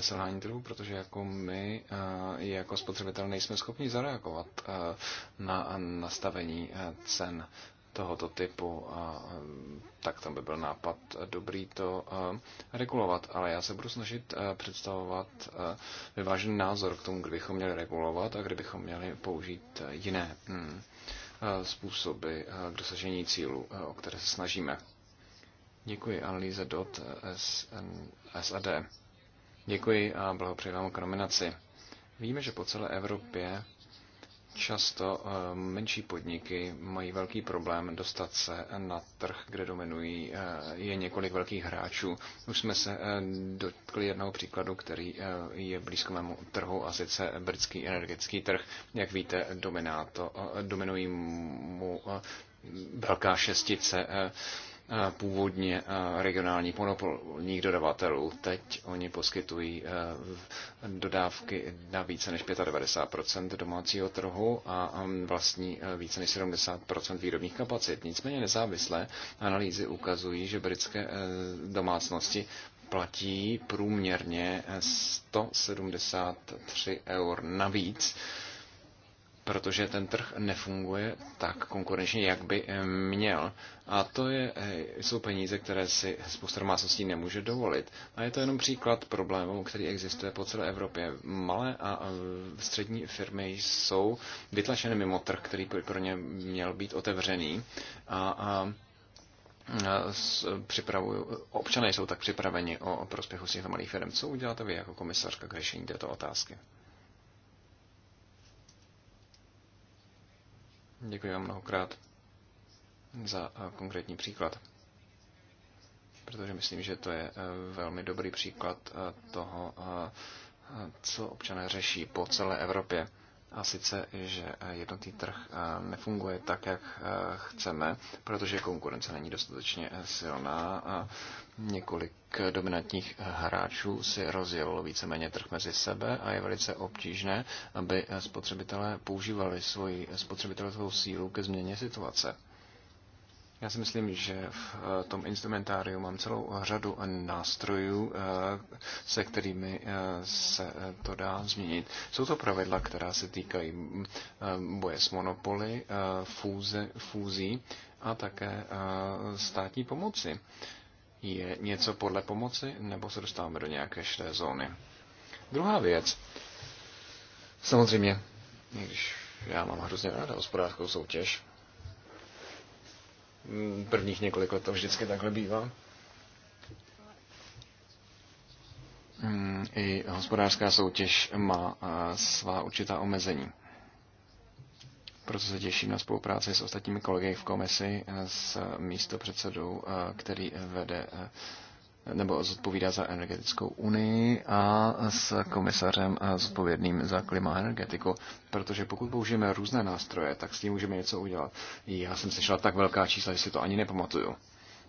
selhání trhu, protože jako my, eh, jako spotřebitel, nejsme schopni zareagovat eh, na nastavení cen tohoto typu, tak tam by byl nápad dobrý to regulovat. Ale já se budu snažit představovat vyvážený názor k tomu, kdybychom měli regulovat a kdybychom měli použít jiné hm, způsoby k dosažení cílu, o které se snažíme. Děkuji Analýze Dot SAD. Děkuji a blahopřeji vám k nominaci. Víme, že po celé Evropě často eh, menší podniky mají velký problém dostat se na trh, kde dominují eh, je několik velkých hráčů. Už jsme se eh, dotkli jednoho příkladu, který je blízko mému trhu, a sice britský energetický trh. Jak víte, to, dominují mu velká šestice původně regionální monopolních dodavatelů. Teď oni poskytují dodávky na více než 95 domácího trhu a vlastní více než 70 výrobních kapacit. Nicméně nezávislé analýzy ukazují, že britské domácnosti platí průměrně 173 eur navíc protože ten trh nefunguje tak konkurenčně, jak by eh, měl. A to je, eh, jsou peníze, které si spousta domácností nemůže dovolit. A je to jenom příklad problému, který existuje po celé Evropě. Malé a eh, střední firmy jsou vytlačeny mimo trh, který pro ně měl být otevřený. A, a Připravuju. občané jsou tak připraveni o prospěchu svých malých firm. Co uděláte vy jako komisařka k řešení této otázky? Děkuji vám mnohokrát za eh, konkrétní příklad, protože myslím, že to je eh, velmi dobrý příklad eh, toho, co občané řeší po celé Evropě a sice, že jednotný trh eh, nefunguje tak, jak eh, chceme, protože konkurence není dostatečně eh, silná a několik dominantních hráčů si rozjelo víceméně trh mezi sebe a je velice obtížné, aby spotřebitelé používali svoji spotřebitelskou sílu ke změně situace. Já si myslím, že v eh, tom instrumentáriu mám celou řadu nástrojů, eh, se kterými eh, se to dá změnit. Jsou to pravidla, která se týkají boje s monopoly, fůze, fúzí a také státní pomoci. Je něco podle pomoci, nebo se dostáváme do nějaké šedé zóny? Druhá věc. Samozřejmě, když já mám hrozně ráda hospodářskou soutěž, Mm, prvních několik let to vždycky takhle bývá. Mm, I hospodářská soutěž má eh, svá určitá omezení. Proto se těším na spolupráci s ostatními kolegy v komisi, eh, s místopředsedou, eh, který vede nebo zodpovídá za energetickou unii a s komisařem zodpovědným za klima a energetiku. Protože pokud použijeme různé nástroje, tak s tím můžeme něco udělat. Já jsem slyšela tak velká čísla, že si to ani nepamatuju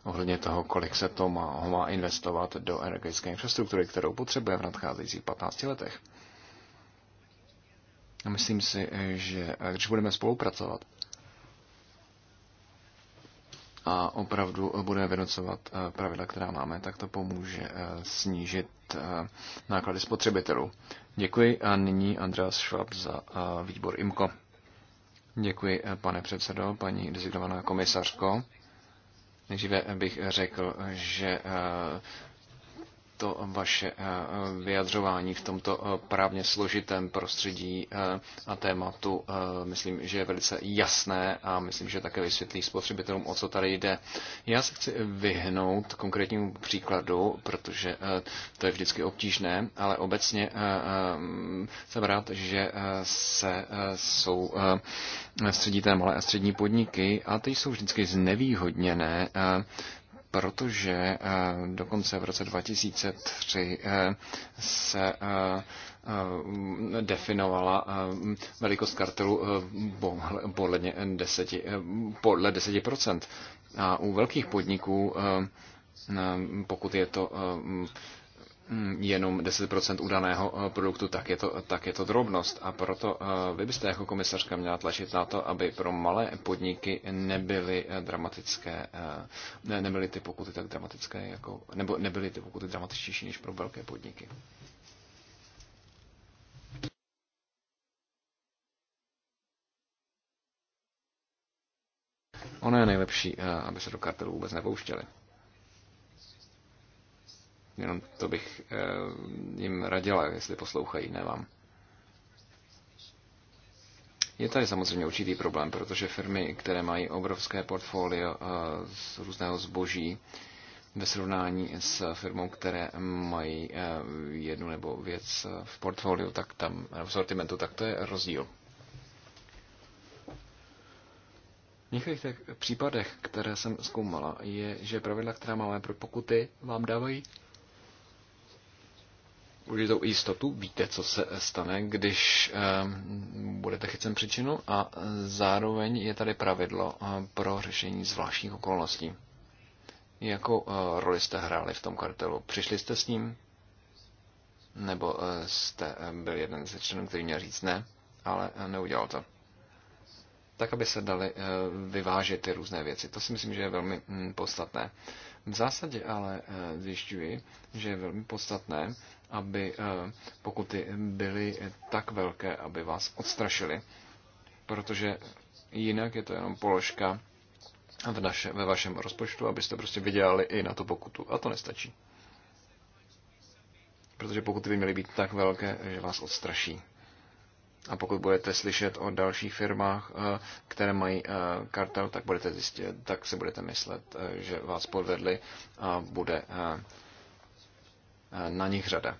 ohledně toho, kolik se to má, ho má investovat do energetické infrastruktury, kterou potřebuje v nadcházejících 15 letech. Myslím si, že když budeme spolupracovat, a opravdu budeme vynocovat eh, pravidla, která máme, tak to pomůže eh, snížit eh, náklady spotřebitelů. Děkuji a nyní Andreas Schwab za výbor IMCO. Děkuji, pane předsedo, paní designovaná komisařko. Nejdříve bych řekl, že to vaše eh, vyjadřování v tomto eh, právně složitém prostředí eh, a tématu. Myslím, že je velice jasné a myslím, že také vysvětlí spotřebitelům, o co tady jde. Já se chci vyhnout konkrétnímu příkladu, protože to je vždycky obtížné, ale obecně jsem rád, že se jsou středí té malé a střední podniky a ty jsou vždycky znevýhodněné protože eh, dokonce v roce 2003 eh, se eh, definovala velikost kartelu podle 10%. Podle 10%. A u velkých podniků, pokud je to Mm, jenom 10% udaného eh, produktu, tak je, to, tak je to drobnost. A proto eh, vy byste jako komisařka měla tlačit na to, aby pro malé podniky nebyly eh, dramatické, ne, nebyly ty pokuty tak dramatické, jako, nebo nebyly ty pokuty dramatičtější než pro velké podniky. Ono je nejlepší, aby se do kartelu vůbec nepouštěli. Jenom to bych eh, jim radila, jestli poslouchají, ne vám. Je tady samozřejmě určitý problém, protože firmy, které mají obrovské portfolio eh, z různého zboží, ve srovnání s firmou, které mají eh, jednu nebo věc v portfoliu, tak tam, v sortimentu, tak to je rozdíl. V některých případech, které jsem zkoumala, je, že pravidla, která máme pro pokuty, vám dávají určitou jistotu, víte, co se stane, když eh, budete chycen příčinu a zároveň je tady pravidlo eh, pro řešení zvláštních okolností. Jakou eh, roli jste hráli v tom kartelu? Přišli jste s ním? Nebo jste byl jeden ze členů, který měl říct ne, ale neudělal to? Tak, aby se daly vyvážit ty různé věci. To si myslím, že je velmi mm, podstatné. V zásadě ale zjišťuji, že je velmi podstatné, aby eh, pokuty byly tak velké, aby vás odstrašily, protože jinak je to jenom položka v naše, ve vašem rozpočtu, abyste prostě vydělali i na to pokutu. A to nestačí. Protože pokuty by měly být tak velké, že vás odstraší. A pokud budete slyšet o dalších firmách, eh, které mají eh, kartel, tak, budete zjistit, tak si budete myslet, že vás podvedli a bude na nich řada.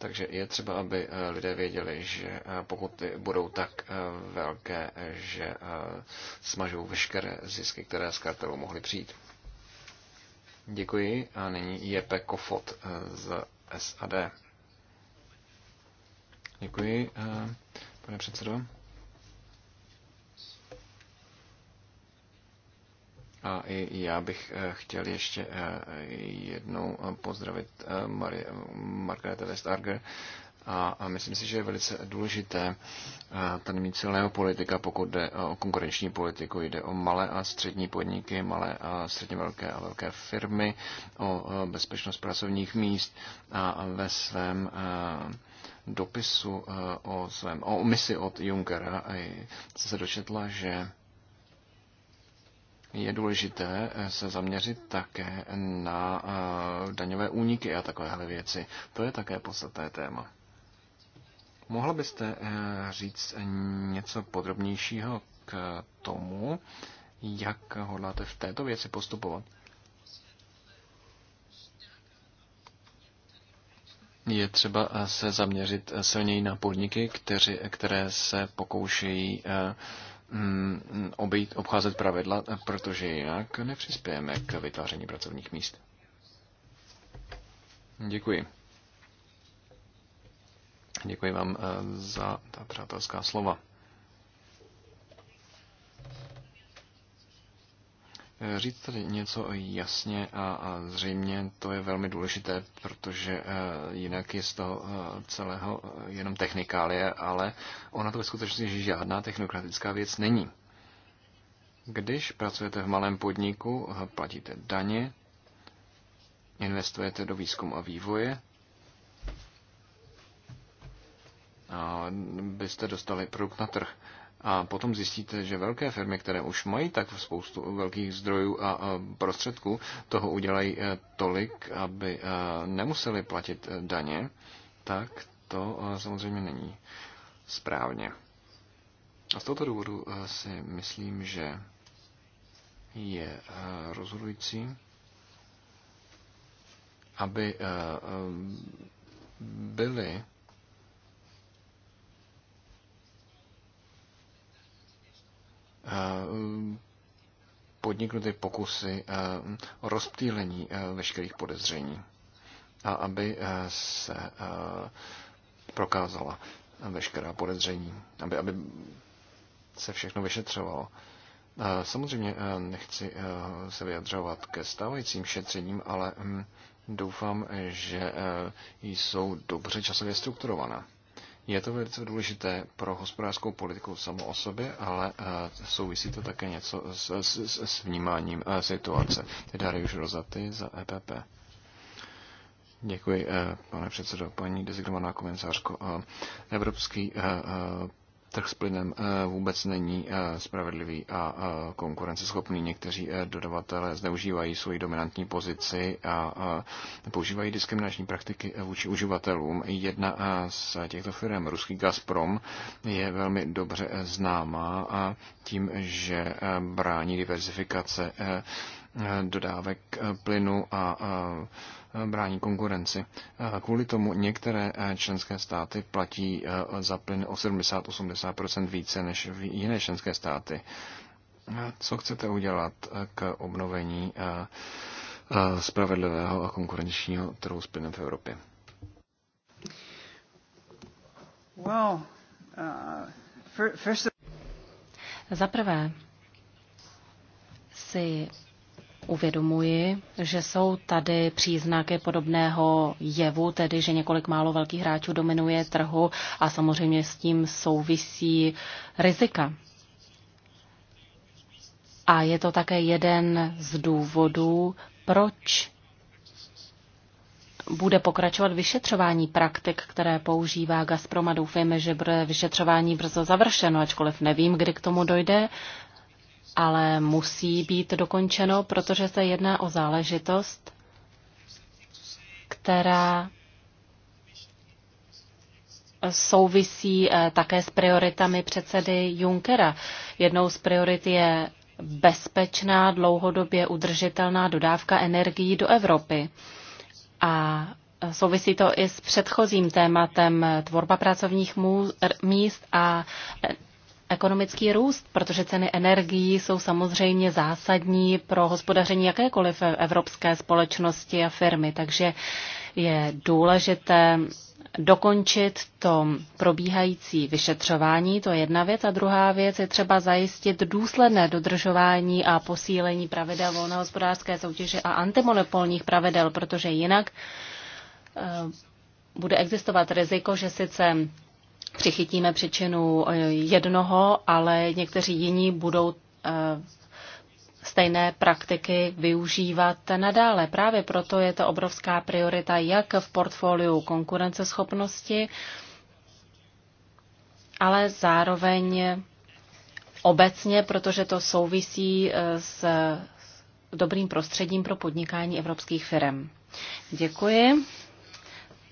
Takže je třeba, aby eh, lidé věděli, že eh, pokud budou tak eh, velké, že smažou veškeré zisky, které z kartelu mohly přijít. Děkuji a nyní Jepe Kofot z SAD. Děkuji, pane předsedo. A i já bych eh, chtěl ještě eh, jednou eh, pozdravit Marie, Margarete Westarger, a, myslím si, že je velice důležité ten mít silného politika, pokud jde o konkurenční politiku. Jde o malé a střední podniky, malé a středně velké a velké firmy, o bezpečnost pracovních míst a ve svém dopisu o, svém, o misi od Junckera se dočetla, že je důležité eh, se zaměřit také na eh, daňové úniky a takovéhle věci. To je také podstatné téma. Mohla byste eh, říct něco podrobnějšího k tomu, jak hodláte v této věci postupovat? Je třeba se zaměřit silněji na podniky, které se pokoušejí uh, Mm, obejít, obcházet pravidla, eh, protože jinak nepřispějeme k vytváření pracovních míst. Děkuji. Děkuji vám eh, za ta přátelská slova. Říct tady něco jasně a, a zřejmě to je velmi důležité, protože e, jinak je z toho e, celého e, jenom technikálie, ale ona to ve skutečnosti žádná technokratická věc není. Když pracujete v malém podniku, platíte daně, investujete do výzkumu a vývoje, a byste dostali produkt na trh. A potom zjistíte, že velké firmy, které už mají tak spoustu velkých zdrojů a prostředků, toho udělají eh, tolik, aby eh, nemuseli platit eh, daně, tak to samozřejmě není správně. A z tohoto důvodu si myslím, že je rozhodující, aby byly Eh, podniknuty pokusy o eh, rozptýlení eh, veškerých podezření a aby se prokázala veškerá podezření, aby, aby se všechno vyšetřovalo. Samozřejmě nechci se vyjadřovat ke stávajícím šetřením, ale hm, doufám, že jsou dobře časově strukturovaná. Je to velice důležité pro hospodářskou politiku samo o sobě, ale eh, souvisí to také něco s, s, s vnímáním eh, situace. Teda už Rozaty za EPP. Děkuji, eh, pane předsedo, paní dezignovaná komisářko. Evropský trh s plynem eh, vůbec není eh, spravedlivý a eh, konkurenceschopný. Někteří dodavatelé zneužívají svoji dominantní pozici a používají diskriminační praktiky vůči uživatelům. Jedna z těchto firm, ruský Gazprom, je velmi dobře známá a tím, že brání diversifikace dodávek plynu a brání konkurenci. Kvůli tomu některé e, členské státy platí e, za plyn o 70-80 více než jiné členské státy. Co chcete udělat e, k obnovení spravedlivého a konkurenčního trhu s plynem v Evropě? Well, uh, for, first... Za prvé si uvědomuji, že jsou tady příznaky podobného jevu, tedy že několik málo velkých hráčů dominuje trhu a samozřejmě s tím souvisí rizika. A je to také jeden z důvodů, proč bude pokračovat vyšetřování praktik, které používá Gazprom a doufejme, že bude vyšetřování brzo završeno, ačkoliv nevím, kdy k tomu dojde ale musí být dokončeno, protože se jedná o záležitost, která souvisí eh, také s prioritami předsedy Junckera. Jednou z priorit je bezpečná, dlouhodobě udržitelná dodávka energií do Evropy. A souvisí to i s předchozím tématem eh, tvorba pracovních míst a ekonomický růst, protože ceny energií jsou samozřejmě zásadní pro hospodaření jakékoliv evropské společnosti a firmy. Takže je důležité dokončit to probíhající vyšetřování, to je jedna věc. A druhá věc je třeba zajistit důsledné dodržování a posílení pravidel volné hospodářské soutěže a antimonopolních pravidel, protože jinak eh, bude existovat riziko, že sice přichytíme příčinu eh, jednoho, ale někteří jiní budou eh, stejné praktiky využívat nadále. Právě proto je to obrovská priorita jak v portfoliu konkurenceschopnosti, ale zároveň obecně, protože to souvisí eh, s dobrým prostředím pro podnikání evropských firm. Děkuji.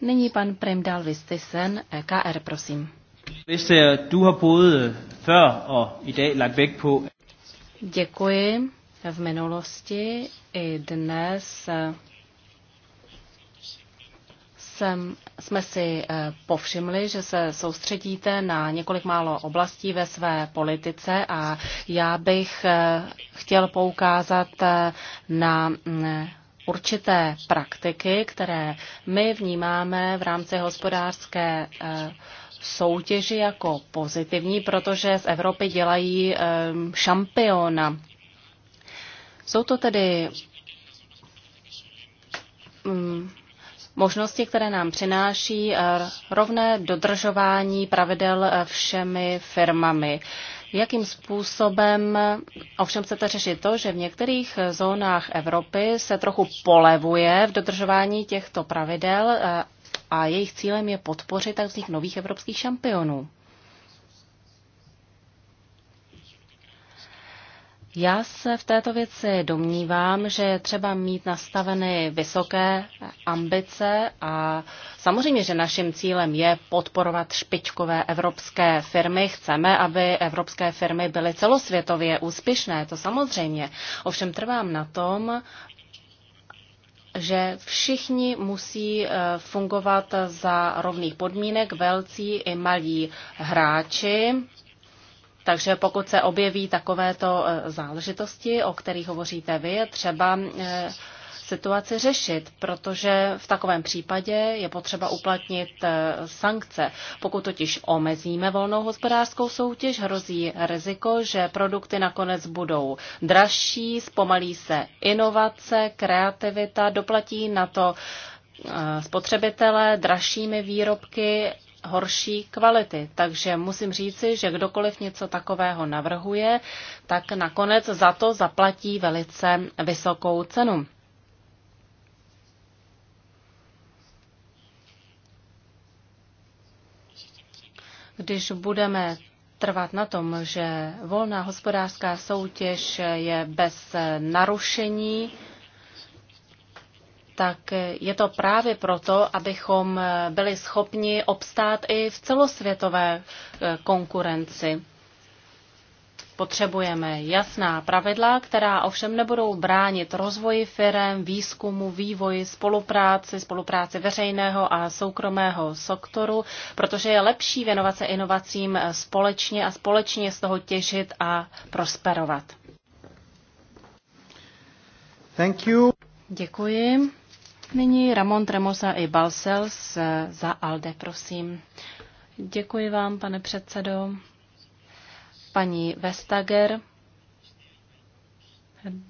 Nyní pan Premdal Vistisen, e KR, prosím. du har både øh, før og i dag lagt vægt på... Děkuji. V minulosti i dnes eh, jsem, jsme si eh, povšimli, že se soustředíte na několik málo oblastí ve své politice a já bych eh, chtěl poukázat na mm, určité praktiky, které my vnímáme v rámci hospodářské eh, soutěži jako pozitivní, protože z Evropy dělají ehm, šampiona. Jsou to tedy mm, možnosti, které nám přináší eh, rovné dodržování pravidel eh, všemi firmami. Jakým způsobem ovšem chcete řešit to, že v některých zónách Evropy se trochu polevuje v dodržování těchto pravidel eh, a jejich cílem je podpořit tak vznik nových evropských šampionů? Já se v této věci domnívám, že je třeba mít nastaveny vysoké ambice a samozřejmě, že naším cílem je podporovat špičkové evropské firmy. Chceme, aby evropské firmy byly celosvětově úspěšné, to samozřejmě. Ovšem trvám na tom, že všichni musí eh, fungovat za rovných podmínek, velcí i malí hráči takže pokud se objeví takovéto e, záležitosti, o kterých hovoříte vy, je třeba e, situaci řešit, protože v takovém případě je potřeba uplatnit e, sankce. Pokud totiž omezíme volnou hospodářskou soutěž, hrozí riziko, že produkty nakonec budou dražší, zpomalí se inovace, kreativita, doplatí na to spotřebitelé dražšími výrobky horší kvality. Takže musím říci, že kdokoliv něco takového navrhuje, tak nakonec za to zaplatí velice vysokou cenu. Když budeme trvat na tom, že volná hospodářská soutěž je bez narušení, tak je to právě proto, abychom byli schopni obstát i v celosvětové eh, konkurenci. Potřebujeme jasná pravidla, která ovšem nebudou bránit rozvoji firm, výzkumu, vývoji, spolupráci, spolupráci veřejného a soukromého sektoru, protože je lepší věnovat se inovacím společně a společně z toho těžit a prosperovat. Thank you. Děkuji. Nyní Ramon Tremosa i Balsels za ALDE, prosím. Děkuji vám, pane předsedo. Paní Vestager,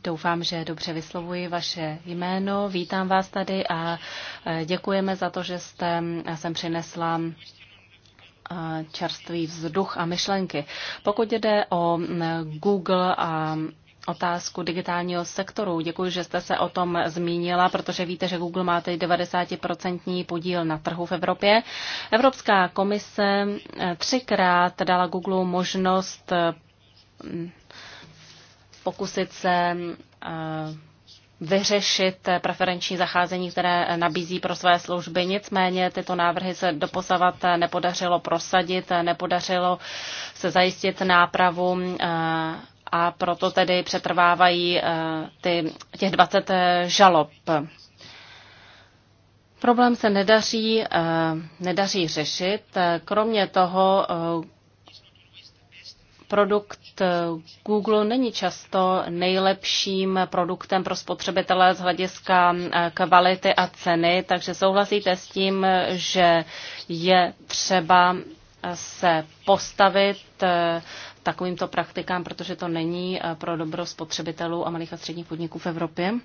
doufám, že dobře vyslovuji vaše jméno. Vítám vás tady a e, děkujeme za to, že jste e, sem přinesla e, čerstvý vzduch a myšlenky. Pokud jde o Google a otázku digitálního sektoru. Děkuji, že jste se o tom zmínila, protože víte, že Google má teď 90% podíl na trhu v Evropě. Evropská komise eh, třikrát dala Google možnost eh, pokusit se eh, vyřešit preferenční zacházení, které nabízí pro své služby. Nicméně tyto návrhy se doposavat nepodařilo prosadit, nepodařilo se zajistit nápravu a proto tedy přetrvávají eh, ty, těch 20 eh, žalob. Problém se nedaří, eh, nedaří řešit. Kromě toho produkt Google není často nejlepším produktem pro spotřebitele z hlediska kvality a ceny, takže souhlasíte s tím, že je třeba se postavit takovýmto praktikám, protože to není eh, pro dobro spotřebitelů a malých a středních podniků v Evropě? Uh,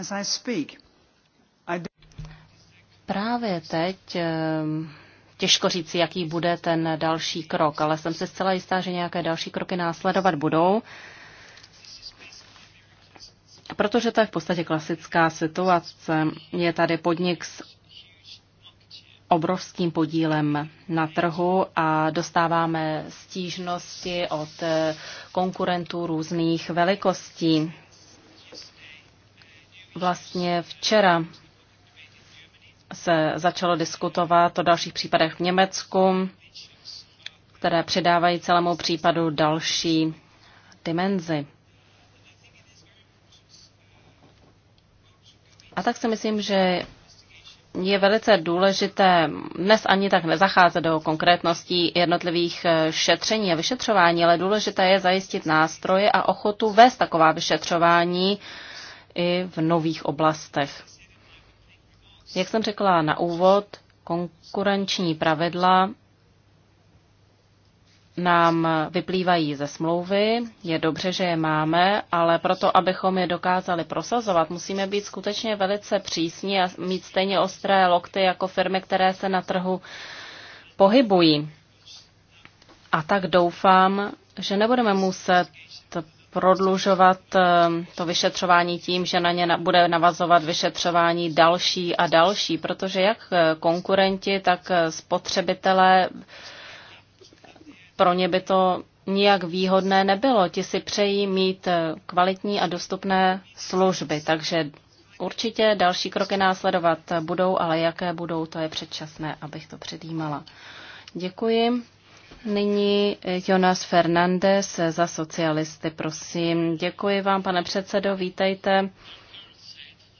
as I speak, I Právě teď eh, těžko říci, jaký bude ten další krok, ale jsem se zcela jistá, že nějaké další kroky následovat budou. Protože to je v podstatě klasická situace. Je tady podnik s obrovským podílem na trhu a dostáváme stížnosti od konkurentů různých velikostí. Vlastně včera se začalo diskutovat o dalších případech v Německu, které přidávají celému případu další dimenzi. A tak si myslím, že je velice důležité dnes ani tak nezacházet do konkrétností jednotlivých eh, šetření a vyšetřování, ale důležité je zajistit nástroje a ochotu vést taková vyšetřování i v nových oblastech. Jak jsem řekla na úvod, konkurenční pravidla nám vyplývají ze smlouvy, je dobře, že je máme, ale proto, abychom je dokázali prosazovat, musíme být skutečně velice přísní a mít stejně ostré lokty jako firmy, které se na trhu pohybují. A tak doufám, že nebudeme muset prodlužovat eh, to vyšetřování tím, že na ně bude navazovat vyšetřování další a další, protože jak eh, konkurenti, tak eh, spotřebitelé pro ně by to nijak výhodné nebylo. Ti si přejí mít eh, kvalitní a dostupné služby, takže určitě další kroky následovat budou, ale jaké budou, to je předčasné, abych to předjímala. Děkuji. Nyní eh, Jonas Fernandez za socialisty, prosím. Děkuji vám, pane předsedo, vítejte.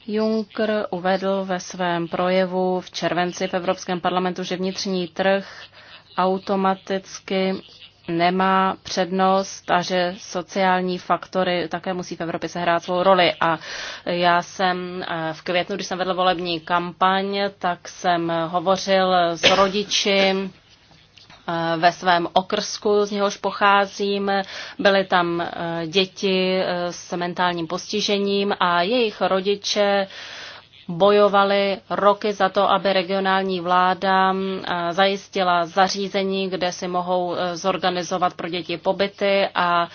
Juncker uvedl ve svém projevu v červenci v Evropském parlamentu, že vnitřní trh automaticky nemá přednost a že sociální faktory také musí v Evropě sehrát svou roli. A já jsem eh, v květnu, když jsem vedl volební kampaň, tak jsem hovořil s rodiči eh, ve svém okrsku, z něhož pocházím. Byly tam eh, děti s mentálním postižením a jejich rodiče bojovali roky za to, aby regionální vláda zajistila zařízení, kde si mohou e, zorganizovat pro děti pobyty a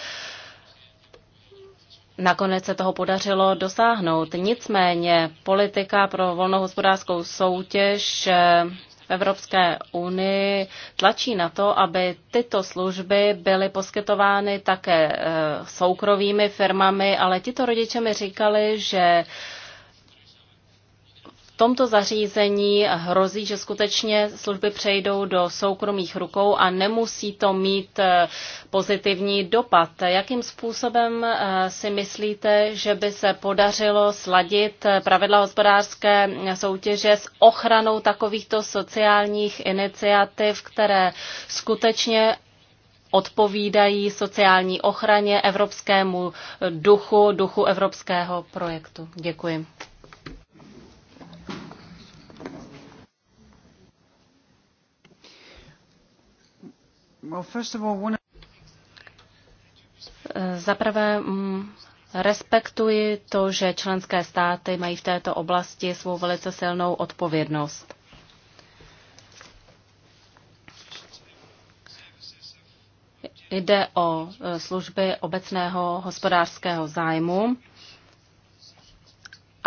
Nakonec se toho podařilo dosáhnout. Nicméně politika pro volnou hospodářskou soutěž e, v Evropské unii tlačí na to, aby tyto služby byly poskytovány také e, soukromými firmami, ale tito rodiče mi říkali, že tomto zařízení hrozí, že skutečně služby přejdou do soukromých rukou a nemusí to mít eh, pozitivní dopad. Jakým způsobem eh, si myslíte, že by se podařilo sladit eh, pravidla hospodářské soutěže s ochranou takovýchto sociálních iniciativ, které skutečně odpovídají sociální ochraně evropskému duchu, duchu evropského projektu. Děkuji. Zaprvé mm, respektuji to, že členské státy mají v této oblasti svou velice silnou odpovědnost. Jde o e, služby obecného hospodářského zájmu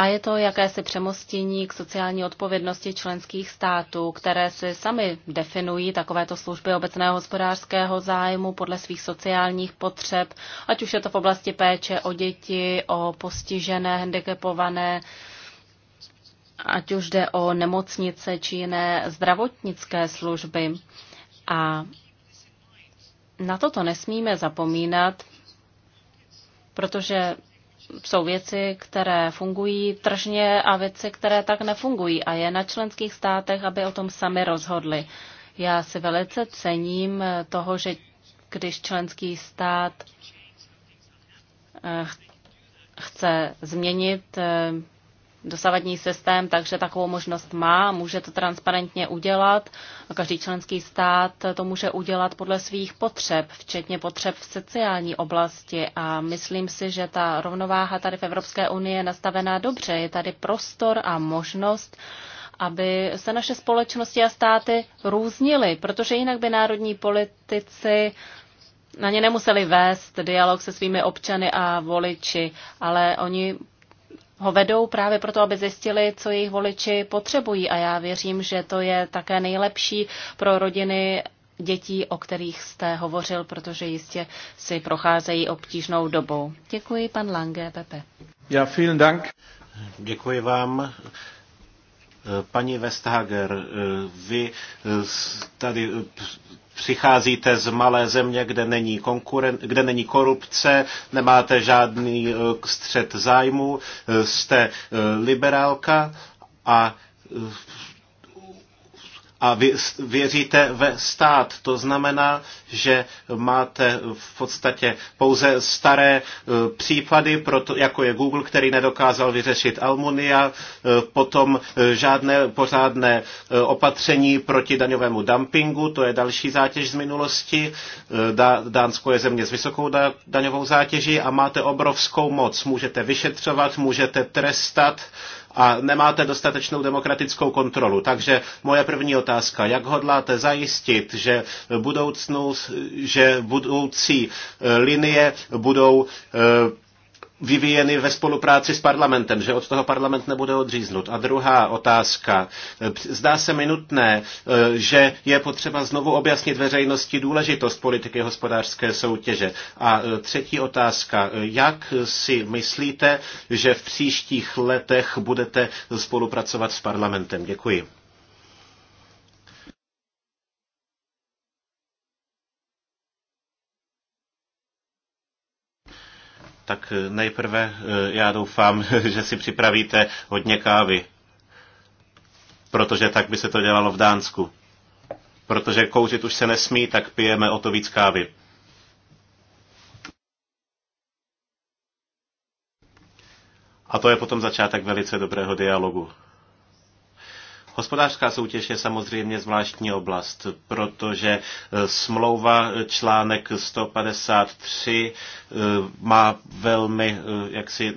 a je to jakési přemostění k sociální odpovědnosti členských států, které si sami definují takovéto služby obecného hospodářského zájmu podle svých sociálních potřeb, ať už je to v oblasti péče o děti, o postižené, handicapované, ať už jde o nemocnice či jiné zdravotnické služby. A na toto nesmíme zapomínat, protože jsou věci, které fungují tržně a věci, které tak nefungují. A je na členských státech, aby o tom sami rozhodli. Já si velice cením toho, že když členský stát eh, chce změnit eh, dosavadní systém, takže takovou možnost má, může to transparentně udělat. Každý členský stát to může udělat podle svých potřeb, včetně potřeb v sociální oblasti a myslím si, že ta rovnováha tady v Evropské unii je nastavená dobře. Je tady prostor a možnost aby se naše společnosti a státy různily, protože jinak by národní politici na ně nemuseli vést dialog se svými občany a voliči, ale oni ho vedou právě proto, aby zjistili, co jejich voliči potřebují. A já věřím, že to je také nejlepší pro rodiny dětí, o kterých jste hovořil, protože jistě si procházejí obtížnou dobou. Děkuji, pan Lange, Pepe. Já, ja, vielen Dank. Děkuji vám. Paní Westhager, vy tady přicházíte z malé země, kde není, konkuren, kde není korupce, nemáte žádný eh, střed zájmu, eh, jste eh, liberálka a a vy věříte ve stát. To znamená, že máte v podstatě pouze staré e, případy, proto, jako je Google, který nedokázal vyřešit Almunia, e, potom e, žádné pořádné opatření proti daňovému dumpingu, to je další zátěž z minulosti. Dánsko je země s vysokou daňovou zátěží a máte obrovskou moc. Můžete vyšetřovat, můžete trestat, a nemáte dostatečnou demokratickou kontrolu. Takže moje první otázka, jak hodláte zajistit, že, budoucnu, že budoucí linie budou eh, vyvíjeny ve spolupráci s parlamentem, že od toho parlament nebude odříznut. A druhá otázka. Zdá se mi nutné, eh, že je potřeba znovu objasnit veřejnosti důležitost politiky hospodářské soutěže. A eh, třetí otázka. Jak si myslíte, že v příštích letech budete spolupracovat s parlamentem? Děkuji. Tak eh, nejprve eh, já doufám, že si připravíte hodně kávy, protože tak by se to dělalo v Dánsku. Protože kouřit už se nesmí, tak pijeme o to víc kávy. A to je potom začátek velice dobrého dialogu. Hospodářská soutěž je samozřejmě zvláštní oblast, protože eh, smlouva eh, článek 153 eh, má velmi jaksi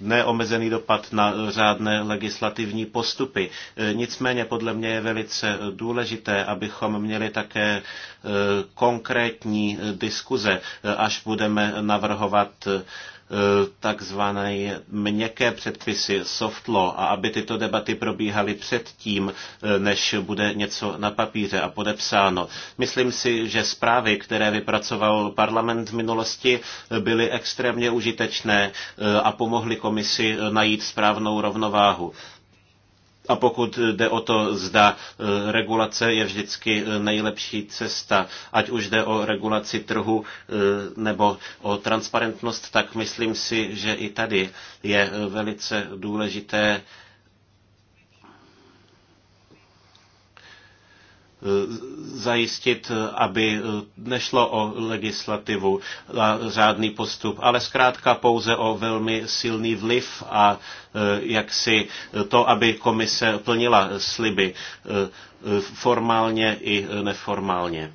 neomezený dopad na řádné legislativní postupy. Nicméně podle mě je velice důležité, abychom měli také konkrétní diskuze, až budeme navrhovat takzvané měkké předpisy, soft law, a aby tyto debaty probíhaly předtím, než bude něco na papíře a podepsáno. Myslím si, že zprávy, které vypracoval parlament v minulosti, byly extrémně užitečné e, a pomohly komisi najít správnou rovnováhu. A pokud jde o to, zda e, regulace je vždycky e, nejlepší cesta, ať už jde o regulaci trhu e, nebo o transparentnost, tak myslím si, že i tady je velice důležité Eh, zajistit, eh, aby eh, nešlo o legislativu a řádný postup, ale zkrátka pouze o velmi silný vliv a jaksi to, aby komise plnila sliby formálně i neformálně.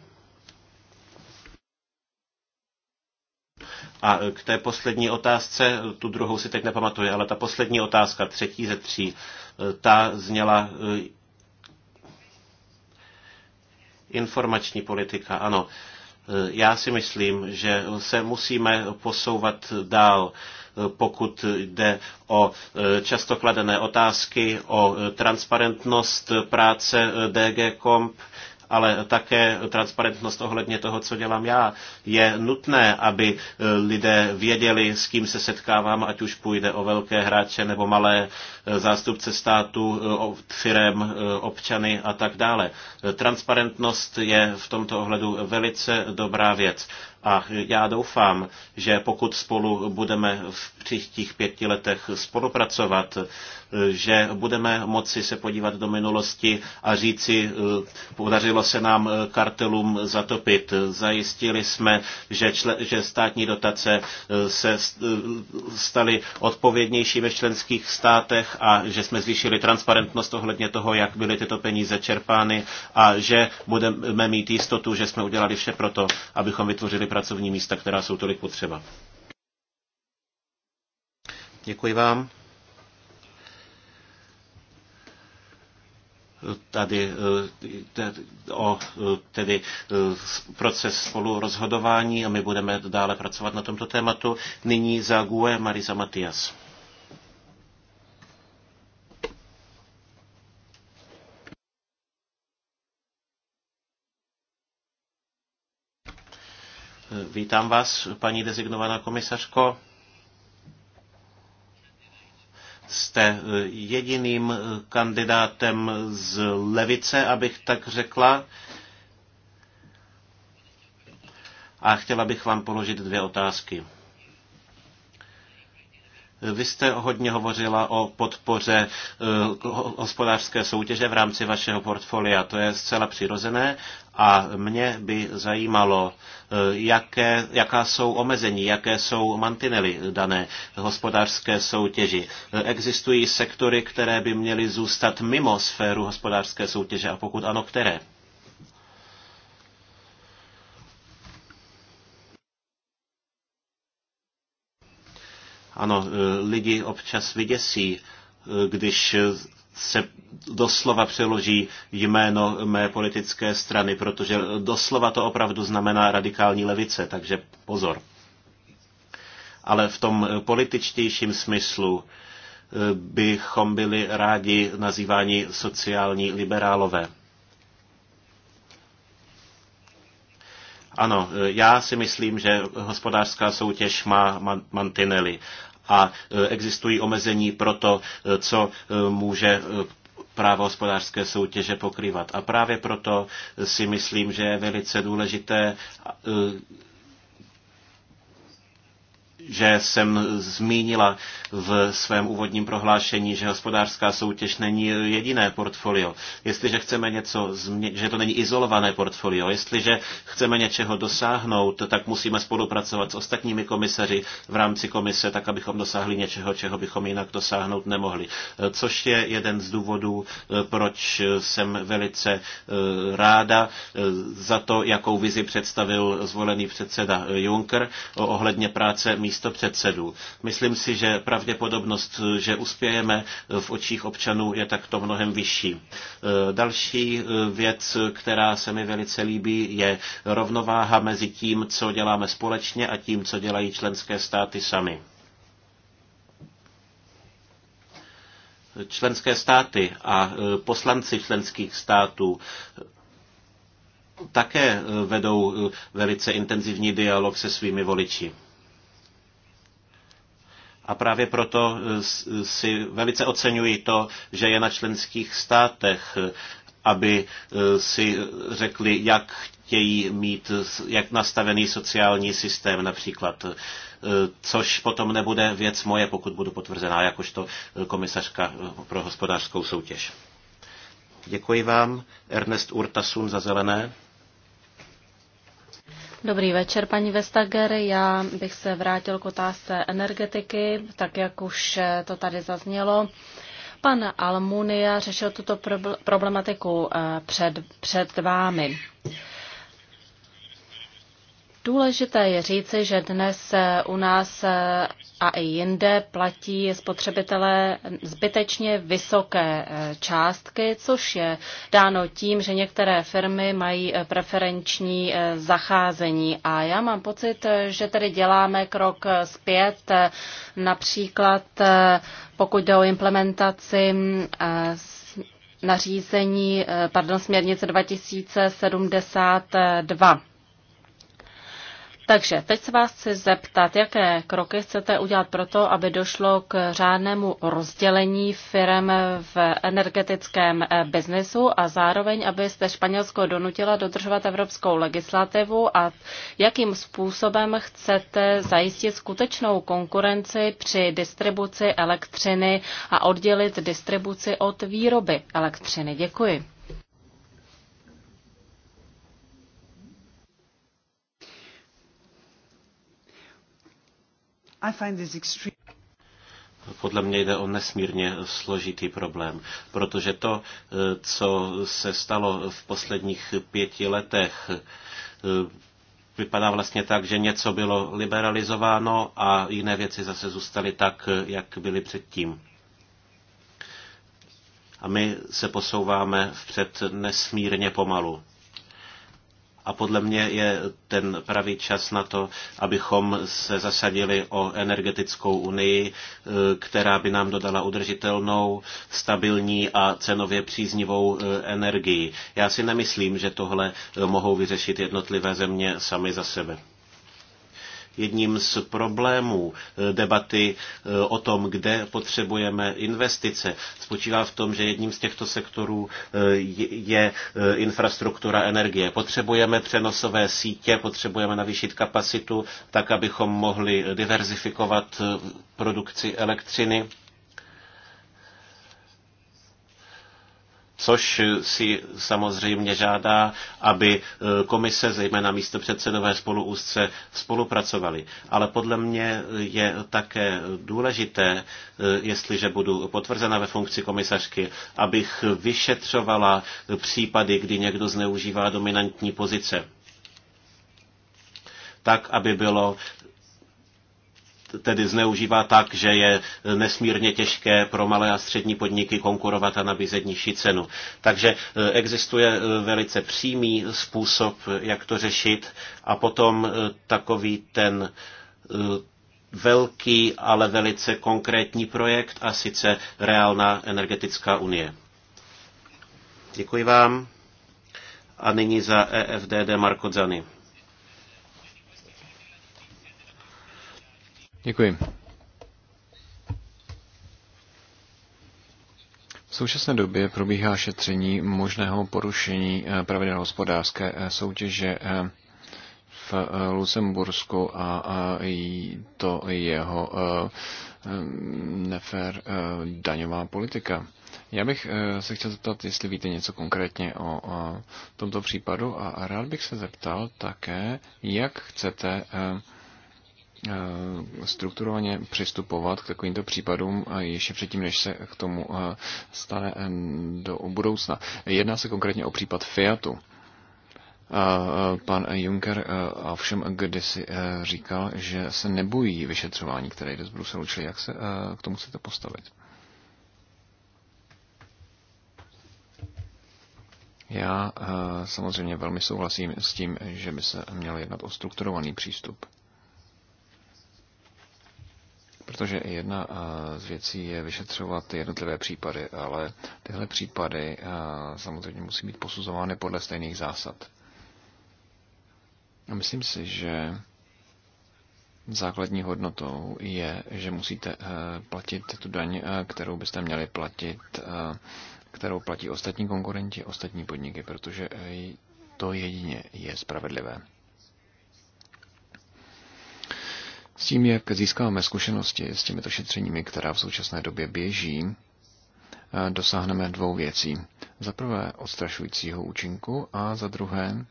A k té poslední otázce, tu druhou si teď nepamatuji, ale ta poslední otázka, třetí ze tří, ta zněla, Informační politika, ano. E, já si myslím, že se musíme posouvat dál, e, pokud jde o e, často kladené otázky, o transparentnost práce DG Comp, ale také transparentnost ohledně toho, co dělám já. Je nutné, aby e, lidé věděli, s kým se setkávám, ať už půjde o velké hráče nebo malé e, zástupce státu, e, firem, občany a tak dále. Transparentnost je v tomto ohledu velice dobrá věc. A já doufám, že pokud spolu budeme v příštích pěti letech spolupracovat, že budeme moci se podívat do minulosti a říci, podařilo se nám kartelům zatopit. Zajistili jsme, že, čle, že státní dotace se staly odpovědnější ve členských státech a že jsme zvýšili transparentnost ohledně toho, jak byly tyto peníze čerpány a že budeme mít jistotu, že jsme udělali vše proto, abychom vytvořili pracovní místa, která jsou tolik potřeba. Děkuji vám. tady eh, o eh, tedy eh, proces spolu rozhodování a my budeme dále pracovat na tomto tématu. Nyní za GUE Marisa Matias. Vítám vás, paní dezignovaná komisařko. Jste eh, jediným eh, kandidátem z levice, abych tak řekla. A chtěla bych vám položit dvě otázky. Vy jste hodně hovořila o podpoře eh, hospodářské soutěže v rámci vašeho portfolia. To je zcela přirozené a mě by zajímalo, eh, jaké, jaká jsou omezení, jaké jsou mantinely dané hospodářské soutěži. Eh, existují sektory, které by měly zůstat mimo sféru hospodářské soutěže a pokud ano, které? Ano, e, lidi občas vyděsí, e, když se doslova přeloží jméno mé politické strany, protože doslova to opravdu znamená radikální levice, takže pozor. Ale v tom političtějším smyslu e, bychom byli rádi nazýváni sociální liberálové. Ano, já si myslím, že hospodářská soutěž má mantinely, a e, existují omezení pro to, e, co e, může právo hospodářské soutěže pokrývat. A právě proto si myslím, že je velice důležité že jsem zmínila v svém úvodním prohlášení, že hospodářská soutěž není jediné portfolio. Jestliže chceme něco změnit, že to není izolované portfolio, jestliže chceme něčeho dosáhnout, tak musíme spolupracovat s ostatními komisaři v rámci komise, tak abychom dosáhli něčeho, čeho bychom jinak dosáhnout nemohli. Což je jeden z důvodů, proč jsem velice e, ráda e, za to, jakou vizi představil zvolený předseda Juncker ohledně práce míst místo předsedů. Myslím si, že pravděpodobnost, že uspějeme v očích občanů, je takto mnohem vyšší. E, další e, věc, která se mi velice líbí, je rovnováha mezi tím, co děláme společně a tím, co dělají členské státy sami. Členské státy a e, poslanci členských států také vedou velice intenzivní dialog se svými voliči. A právě proto eh, si velice oceňuji to, že je na členských státech, eh, aby eh, si řekli, jak chtějí mít jak nastavený sociální systém například, což potom nebude věc moje, pokud budu potvrzená jakožto komisařka pro hospodářskou soutěž. Děkuji vám, Ernest Urtasun za zelené. Dobrý večer, paní Vestager. Já bych se vrátil k otázce energetiky, tak jak už eh, to tady zaznělo. Pan Almunia řešil tuto problematiku eh, před, před vámi. Důležité je říci, že dnes eh, u nás eh, a i jinde platí spotřebitelé zbytečně vysoké eh, částky, což je dáno tím, že některé firmy mají preferenční zacházení. A já mám pocit, že tedy děláme krok zpět, například pokud jde o implementaci mm, nařízení, pardon, směrnice 2072. Takže teď se vás chci zeptat, jaké kroky chcete udělat pro to, aby došlo k řádnému rozdělení firm v energetickém eh, biznesu a zároveň, abyste Španělsko donutila dodržovat evropskou legislativu a jakým způsobem chcete zajistit skutečnou konkurenci při distribuci elektřiny a oddělit distribuci od výroby elektřiny. Děkuji. I find this extreme podle mě jde o nesmírně složitý problém, protože to, eh, co se stalo v posledních pěti letech, eh, vypadá vlastně tak, že něco bylo liberalizováno a jiné věci zase zůstaly tak, eh, jak byly předtím. A my se posouváme vpřed nesmírně pomalu a podle mě je ten pravý čas na to, abychom se zasadili o energetickou unii, e, která by nám dodala udržitelnou, stabilní a cenově příznivou e, energii. Já si nemyslím, že tohle e, mohou vyřešit jednotlivé země sami za sebe jedním z problémů eh, debaty eh, o tom, kde potřebujeme investice. Spočívá v tom, že jedním z těchto sektorů eh, je infrastruktura energie. Potřebujeme přenosové sítě, potřebujeme navýšit kapacitu, tak abychom mohli diverzifikovat produkci elektřiny což si samozřejmě žádá, aby e, komise, zejména místopředsedové spolu úzce spolupracovali. Ale podle mě je také důležité, e, jestliže budu potvrzena ve funkci komisařky, abych vyšetřovala případy, kdy někdo zneužívá dominantní pozice tak, aby bylo tedy zneužívá tak, že je nesmírně těžké pro malé a střední podniky konkurovat a nabízet nižší cenu. Takže eh, existuje eh, velice přímý způsob, jak to řešit a potom eh, takový ten velký, ale velice konkrétní projekt a sice reálná energetická unie. Děkuji vám. A nyní za EFDD Marko Zany. Děkuji. V současné době probíhá šetření možného porušení eh, pravidel hospodářské eh, soutěže eh, v Lucembursku a to jeho nefér daňová politika. Já bych se chtěl zeptat, jestli víte něco konkrétně o tomto případu a rád bych se zeptal také, jak chcete Eh, strukturovaně přistupovat k takovýmto případům eh, ještě předtím, než se k tomu eh, stane do budoucna. Jedná se konkrétně o případ Fiatu. Pan Juncker ovšem kdysi říkal, že se nebojí vyšetřování, které jde z Bruselu, čili jak se k tomu chcete postavit? Já samozřejmě velmi souhlasím s tím, že by se měl jednat o strukturovaný přístup. Protože jedna eh, z věcí je vyšetřovat jednotlivé případy, ale tyhle případy eh, samozřejmě musí být posuzovány podle stejných zásad. A myslím si, že základní hodnotou je, že musíte eh, platit tu daň, kterou byste měli platit, kterou platí ostatní konkurenti, ostatní podniky, protože to jedině je spravedlivé. S tím, jak získáváme zkušenosti s těmito šetřeními, která v současné době běží, eh, dosáhneme dvou věcí. Za prvé odstrašujícího účinku a za druhé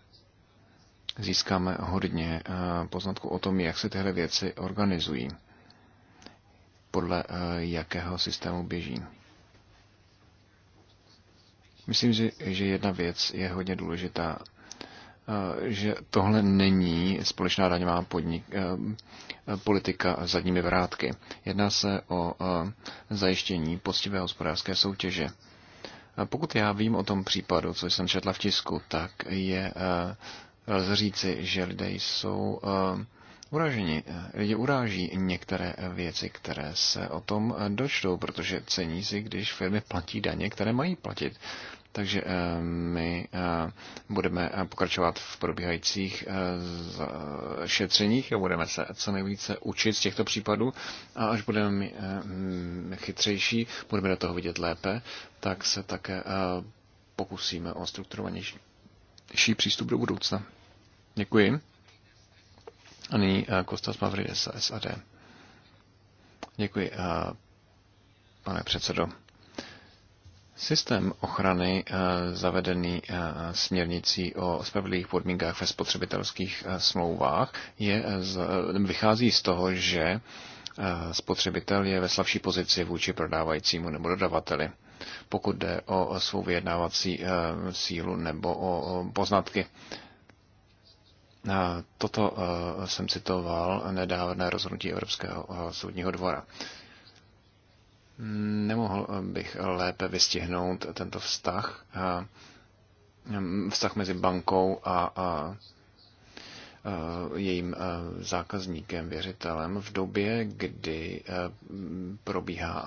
získáme hodně eh, poznatku o tom, jak se tyhle věci organizují, podle eh, jakého systému běží. Myslím, že jedna věc je hodně důležitá Eh, že tohle není společná daňová podnik, eh, politika zadními vrátky. Jedná se o eh, zajištění poctivé hospodářské soutěže. Pokud já vím o tom případu, co jsem četla v tisku, tak je lze říci, že lidé jsou uraženi. Lidé uráží některé věci, které se o tom dočtou, protože cení si, když firmy platí daně, které mají platit. Takže eh, my eh, budeme eh, pokračovat v probíhajících šetřeních a budeme se co nejvíce učit z těchto případů a až budeme mm, chytřejší, budeme do toho vidět lépe, tak se také pokusíme o strukturovanější přístup do budoucna. Děkuji. A nyní Kostas Mavrides, SAD. Děkuji, pane předsedo. Systém ochrany eh, zavedený eh, směrnicí o spravedlivých podmínkách ve spotřebitelských eh, smlouvách je, vychází z toho, že spotřebitel je ve slabší pozici vůči prodávajícímu nebo dodavateli, pokud jde o svou vyjednávací sílu nebo o poznatky. Toto jsem citoval nedávné rozhodnutí Evropského soudního dvora. Nemohl eh, bych lépe vystihnout tento vztah, eh, vztah mezi bankou a, a eh, jejím zákazníkem, věřitelem v době, kdy probíhá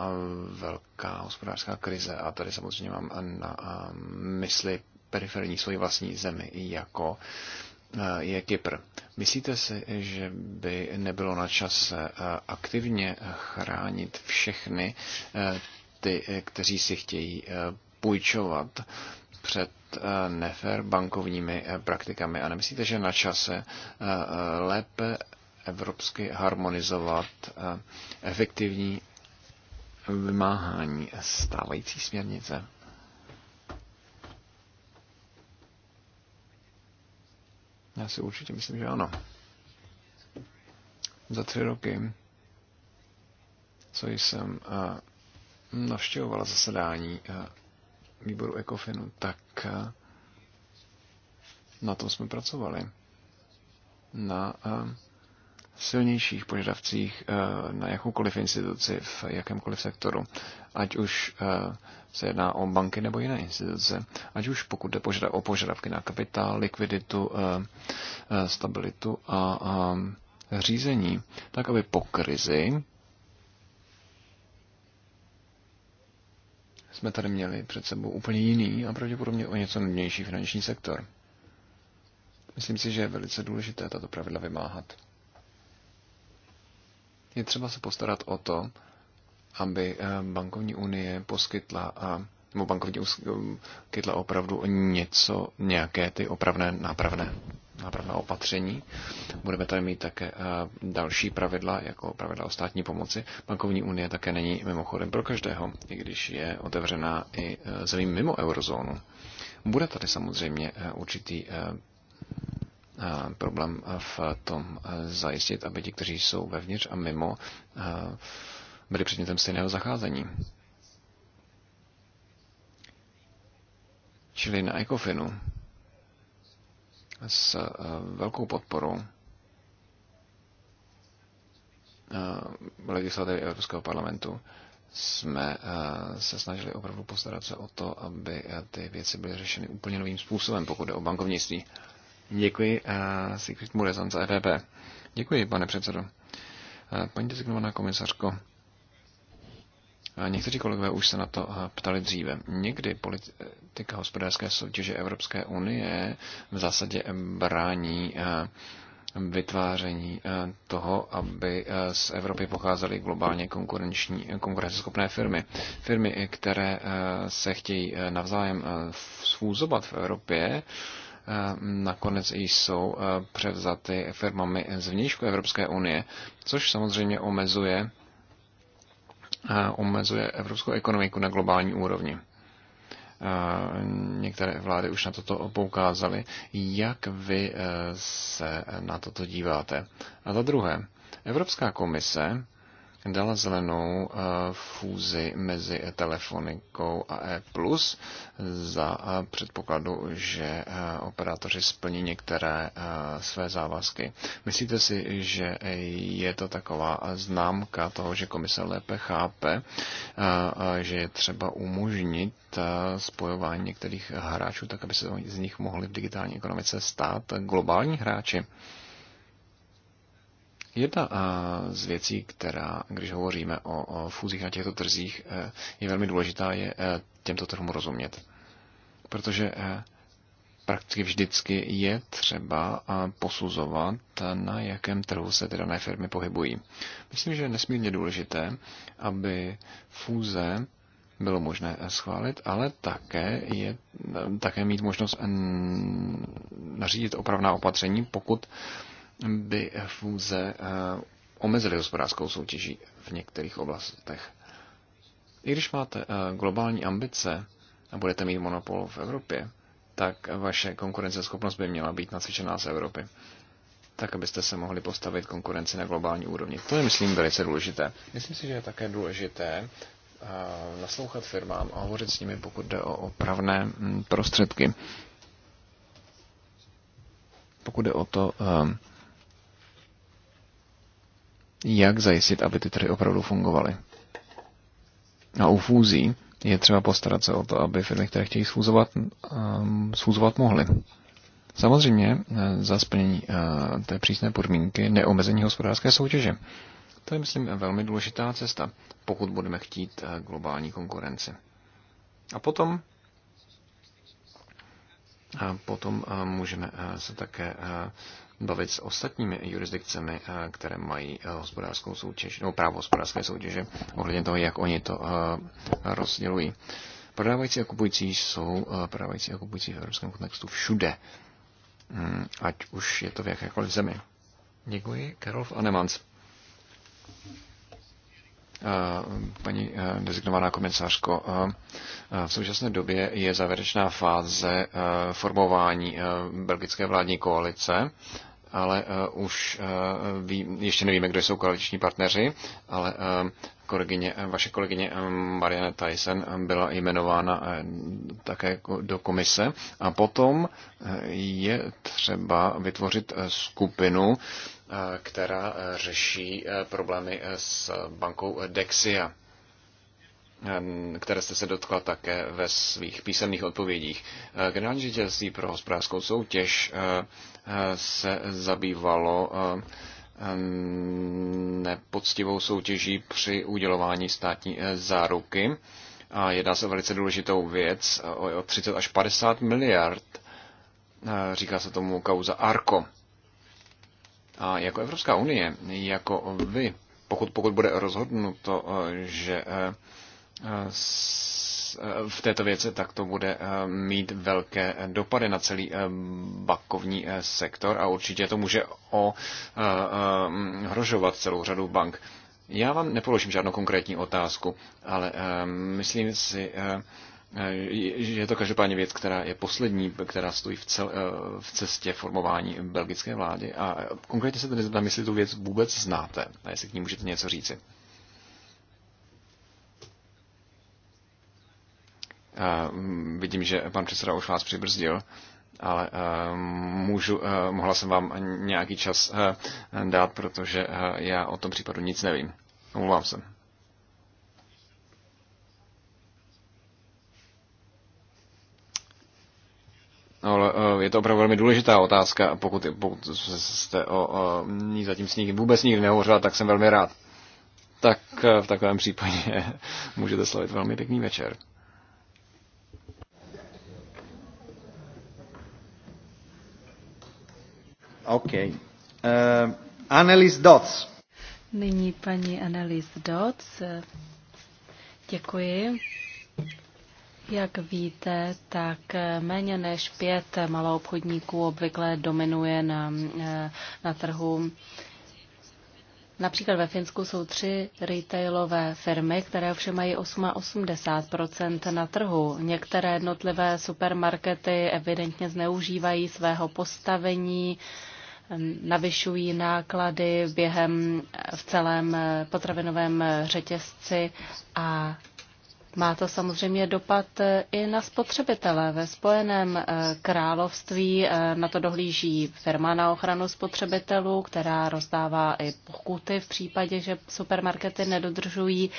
velká hospodářská krize. A tady samozřejmě mám na mysli periferní svoji vlastní zemi jako Eh, je Kypr. Myslíte si, že by nebylo na čase eh, aktivně chránit všechny eh, ty, kteří si chtějí půjčovat před nefér bankovními praktikami? A nemyslíte, že na čase lépe evropsky harmonizovat efektivní vymáhání stávající směrnice? Já si určitě myslím, že ano. Za tři roky, co jsem eh, navštěvoval zasedání eh, výboru Ekofinu, tak eh, na tom jsme pracovali. Na silnějších požadavcích na jakoukoliv instituci v jakémkoliv sektoru, ať už se jedná o banky nebo jiné instituce, ať už pokud jde o požadavky na kapitál, likviditu, eh, eh, stabilitu a řízení, tak aby po krizi jsme tady měli před sebou úplně jiný a pravděpodobně o něco nudnější finanční sektor. Myslím si, že je velice důležité tato pravidla vymáhat. Je třeba se postarat o to, aby eh, bankovní unie poskytla a nebo bankovní poskytla opravdu něco, nějaké ty opravné, nápravné, nápravné opatření. Budeme tady mít také eh, další pravidla, jako pravidla o státní pomoci. Bankovní unie také není mimochodem pro každého, i když je otevřená i eh, zemím mimo eurozónu. Bude tady samozřejmě určitý problém v tom zajistit, aby ti, kteří jsou vevnitř a mimo, byly předmětem stejného zacházení. Čili na ECOFINu s eh, velkou podporou eh, legislativy Evropského parlamentu jsme eh, se snažili opravdu postarat se o to, aby ty věci byly řešeny úplně novým způsobem, pokud jde o bankovnictví. Děkuji, Sigrid Murezan za EPP. Děkuji, pane předsedo. Paní designovaná komisařko, někteří kolegové už se na to eh, ptali dříve. Někdy politika eh, hospodářské soutěže Evropské unie v zásadě brání eh, vytváření toho, aby z Evropy pocházely globálně konkurenční, konkurenceschopné firmy. Firmy, které se chtějí navzájem svůzobat v Evropě, nakonec jsou převzaty firmami z vnějšku Evropské unie, což samozřejmě omezuje omezuje evropskou ekonomiku na globální úrovni. Některé vlády už na toto poukázaly. Jak vy eh, se na toto díváte? A za druhé, Evropská komise dala zelenou eh, fúzi mezi telefonikou a E+, za eh, předpokladu, že eh, operátoři splní některé své závazky. Myslíte si, že je to taková známka toho, že komise lépe chápe, že je třeba umožnit spojování některých hráčů, tak aby se z nich mohli v digitální ekonomice stát globální hráči? Jedna eh, z věcí, která, když hovoříme o, fúzích na těchto trzích, eh, je velmi důležitá, je eh, těmto trhům rozumět. Protože prakticky vždycky je třeba posuzovat, na jakém trhu se ty dané firmy pohybují. Myslím, že je nesmírně důležité, aby fúze bylo možné schválit, ale také, je, také mít možnost nařídit opravná opatření, pokud by fůze eh, omezily hospodářskou soutěží v některých oblastech. I když máte eh, globální ambice a budete mít monopol v Evropě, tak vaše konkurenceschopnost by měla být nacvičená z Evropy, tak abyste se mohli postavit konkurenci na globální úrovni. To je, myslím, velice důležité. Myslím si, že je také důležité eh, naslouchat firmám a hovořit s nimi, pokud jde o opravné hm, prostředky. Pokud jde o to, jak zajistit, aby ty trhy opravdu fungovaly. A u fúzí je třeba postarat se o to, aby firmy, které chtějí sfúzovat, ehm, sfúzovat mohly. Samozřejmě eh, za splnění eh, té přísné podmínky neomezení hospodářské soutěže. To je, myslím, velmi důležitá cesta, pokud budeme chtít eh, globální konkurenci. A potom a potom můžeme se také bavit s ostatními jurisdikcemi, eh, které mají eh, hospodářskou soutěž, nebo právo hospodářské soutěže, ohledně toho, jak oni to eh, rozdělují. Prodávající a kupující jsou prodávající a kupující v evropském kontextu všude, hm, ať už je to v jakékoliv zemi. Děkuji. Karol Anemans. Paní designovaná komisařko, v současné době je závěrečná fáze formování belgické vládní koalice ale uh, už uh, ví, ještě nevíme, kdo jsou koaliční partneři, ale uh, kolegyně, vaše kolegyně Marianne Tyson byla jmenována také jako do komise. A potom je třeba vytvořit skupinu, která řeší problémy s bankou Dexia které jste se dotkla také ve svých písemných odpovědích. Generální ředitelství pro hospodářskou soutěž se zabývalo eh, nepoctivou soutěží při udělování státní eh, záruky. A jedná se o velice důležitou věc, o 30 až 50 miliard, eh, říká se tomu kauza ARCO. A jako Evropská unie, jako vy, pokud, pokud bude rozhodnuto, že v této věci, tak to bude eh, mít velké eh, dopady na celý eh, bankovní sektor a určitě to může ohrožovat celou řadu bank. Já vám nepoložím žádnou konkrétní otázku, ale myslím si, že je to každopádně věc, která je poslední, která stojí v, cel, v cestě formování belgické vlády. A konkrétně se tedy zeptám, jestli tu věc vůbec znáte a jestli k ní můžete něco říci. Mm, vidím, že pan předseda už vás přibrzdil, ale můžu, mohla jsem vám nějaký čas dát, protože já o tom případu nic nevím. Omlouvám se. No, ale je to opravdu velmi důležitá otázka, pokud, pokud jste o, o ní zatím s nikým vůbec nikdy nehovořila, tak jsem velmi rád. Tak v takovém případě můžete slavit velmi pěkný večer. Okay. Uh, Annelies Dots. Nyní paní Annelies Dots. Děkuji. Jak víte, tak méně než pět malou obchodníků obvykle dominuje na, eh, na trhu. Například ve Finsku jsou tři retailové firmy, které ovšem mají 8,80 na trhu. Některé jednotlivé supermarkety evidentně zneužívají svého postavení, eh, navyšují náklady během v celém potravinovém řetězci a má to samozřejmě dopad i na spotřebitele. Ve Spojeném eh, království eh, na to dohlíží firma na ochranu spotřebitelů, která rozdává i pokuty v případě, že supermarkety nedodržují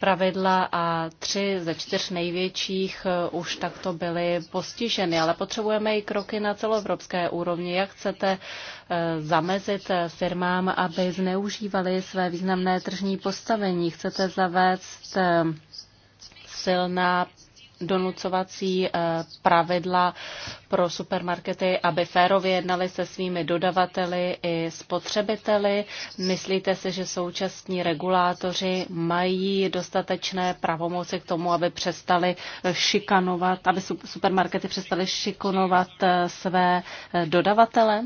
pravidla a tři ze čtyř největších eh, už takto byly postiženy. Ale potřebujeme i kroky na celoevropské úrovni. Jak chcete eh, zamezit eh, firmám, aby zneužívali své významné tržní postavení? Chcete zavést silná donucovací eh, pravidla pro supermarkety, aby férově jednali se svými dodavateli i spotřebiteli. Myslíte si, že současní regulátoři mají dostatečné pravomoci k tomu, aby přestali eh, šikanovat, aby supermarkety přestali šikanovat eh, své dodavatele?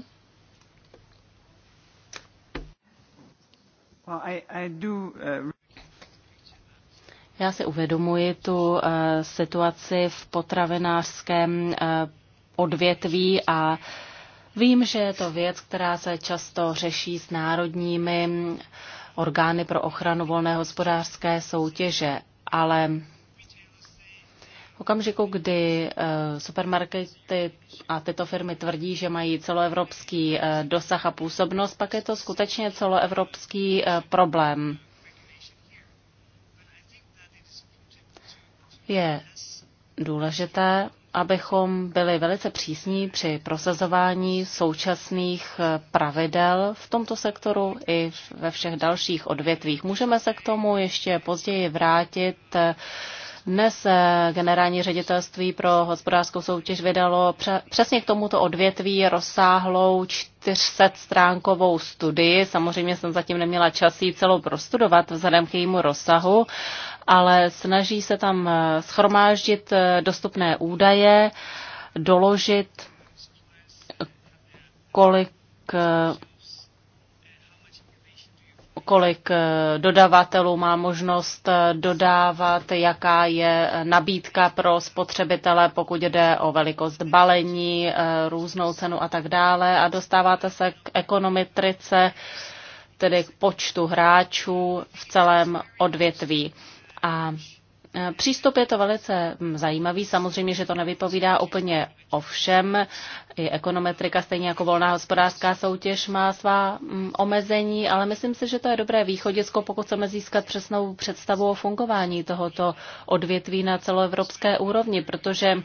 Well, I, I do, uh... Já si uvědomuji tu eh, situaci v potravinářském eh, odvětví a vím, že je to věc, která se často řeší s národními orgány pro ochranu volné hospodářské soutěže, ale v okamžiku, kdy eh, supermarkety a tyto firmy tvrdí, že mají celoevropský dosah a působnost, pak je to skutečně celoevropský problém. Je důležité, abychom byli velice přísní při prosazování současných eh, pravidel v tomto sektoru i ve všech dalších odvětvích. Můžeme se k tomu ještě později vrátit eh, dnes eh, generální ředitelství pro hospodářskou soutěž vydalo přesně k tomuto odvětví rozsáhlou 400 stránkovou studii. Samozřejmě jsem zatím neměla čas ji celou prostudovat vzhledem k jejímu rozsahu, ale snaží se tam eh, schromáždit eh, dostupné údaje, doložit, kolik kolik eh, dodavatelů má možnost eh, dodávat, jaká je eh, nabídka pro spotřebitele, pokud jde o velikost balení, různou cenu a tak dále. A dostáváte se k ekonometrice, tedy k počtu hráčů v celém odvětví. A Přístup je to velice mm, zajímavý, samozřejmě, že to nevypovídá úplně o všem. I ekonometrika, stejně jako volná hospodářská soutěž, má svá mm, omezení, ale myslím si, že to je dobré východisko, pokud chceme získat přesnou představu o fungování tohoto odvětví na celoevropské úrovni, protože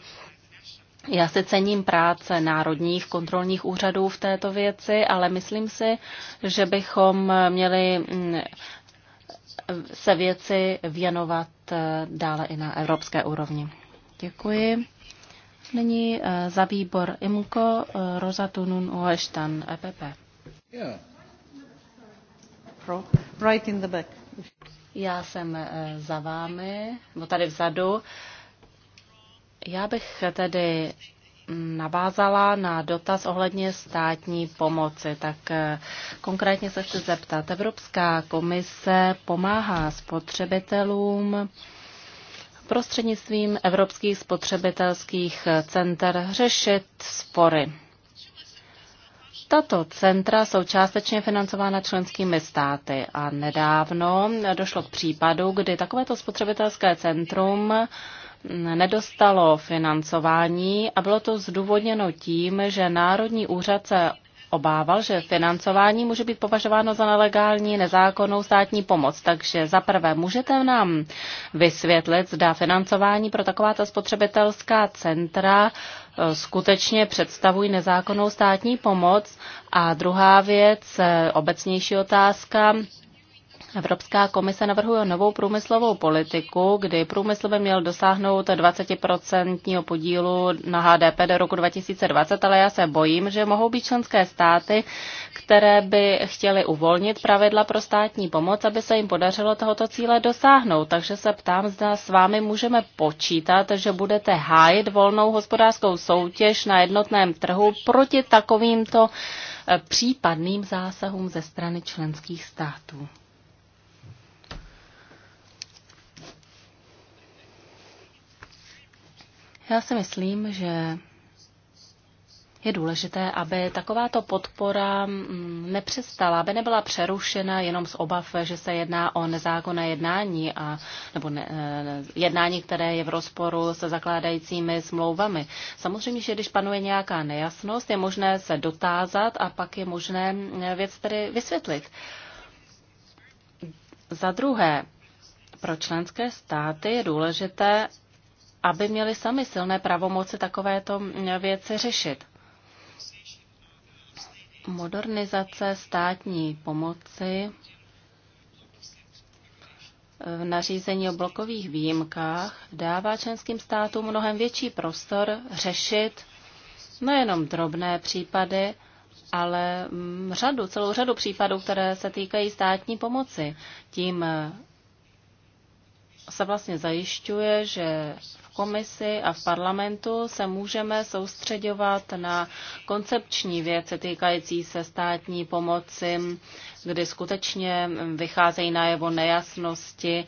já si cením práce národních kontrolních úřadů v této věci, ale myslím si, že bychom měli mm, se věci věnovat eh, dále i na evropské úrovni. Děkuji. Nyní eh, za výbor IMCO eh, Rosatunun Oeštan EPP. Yeah. Right in the back. Já jsem za vámi, no tady vzadu. Já bych tedy navázala na dotaz ohledně státní pomoci. Tak eh, konkrétně se chci zeptat. Evropská komise pomáhá spotřebitelům prostřednictvím evropských spotřebitelských center řešit spory. Tato centra jsou částečně financována členskými státy a nedávno došlo k případu, kdy takovéto spotřebitelské centrum nedostalo financování a bylo to zdůvodněno tím, že Národní úřad se obával, že financování může být považováno za nelegální nezákonnou státní pomoc. Takže za prvé, můžete nám vysvětlit, zda financování pro takováto spotřebitelská centra e, skutečně představují nezákonnou státní pomoc? A druhá věc, e, obecnější otázka, Evropská komise navrhuje novou průmyslovou politiku, kdy průmysl by měl dosáhnout 20% podílu na HDP do roku 2020, ale já se bojím, že mohou být členské státy, které by chtěly uvolnit pravidla pro státní pomoc, aby se jim podařilo tohoto cíle dosáhnout. Takže se ptám, zda s vámi můžeme počítat, že budete hájit volnou hospodářskou soutěž na jednotném trhu proti takovýmto eh, případným zásahům ze strany členských států. Já si myslím, že je důležité, aby takováto podpora mm, nepřestala, aby nebyla přerušena jenom z obav, že se jedná o nezákonné jednání a, nebo ne, eh, jednání, které je v rozporu se zakládajícími smlouvami. Samozřejmě, že když panuje nějaká nejasnost, je možné se dotázat a pak je možné eh, věc tedy vysvětlit. Za druhé, pro členské státy je důležité, aby měli sami silné pravomoci takovéto věci řešit. Modernizace státní pomoci v nařízení o blokových výjimkách dává členským státům mnohem větší prostor řešit nejenom drobné případy, ale mm, řadu, celou řadu případů, které se týkají státní pomoci. Tím se vlastně zajišťuje, že komisi a v parlamentu se můžeme soustředovat na koncepční věce týkající se státní pomoci, kdy skutečně vycházejí najevo nejasnosti,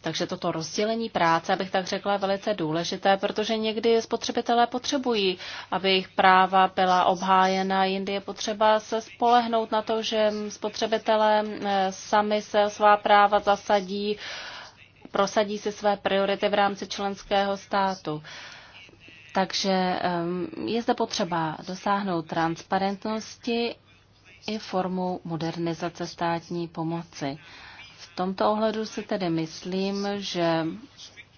takže toto rozdělení práce, abych tak řekla, je velice důležité, protože někdy spotřebitelé potřebují, aby jejich práva byla obhájena, jindy je potřeba se spolehnout na to, že spotřebitelé eh, sami se svá práva zasadí, prosadí se své priority v rámci členského státu. Takže je zde potřeba dosáhnout transparentnosti i formu modernizace státní pomoci. V tomto ohledu si tedy myslím, že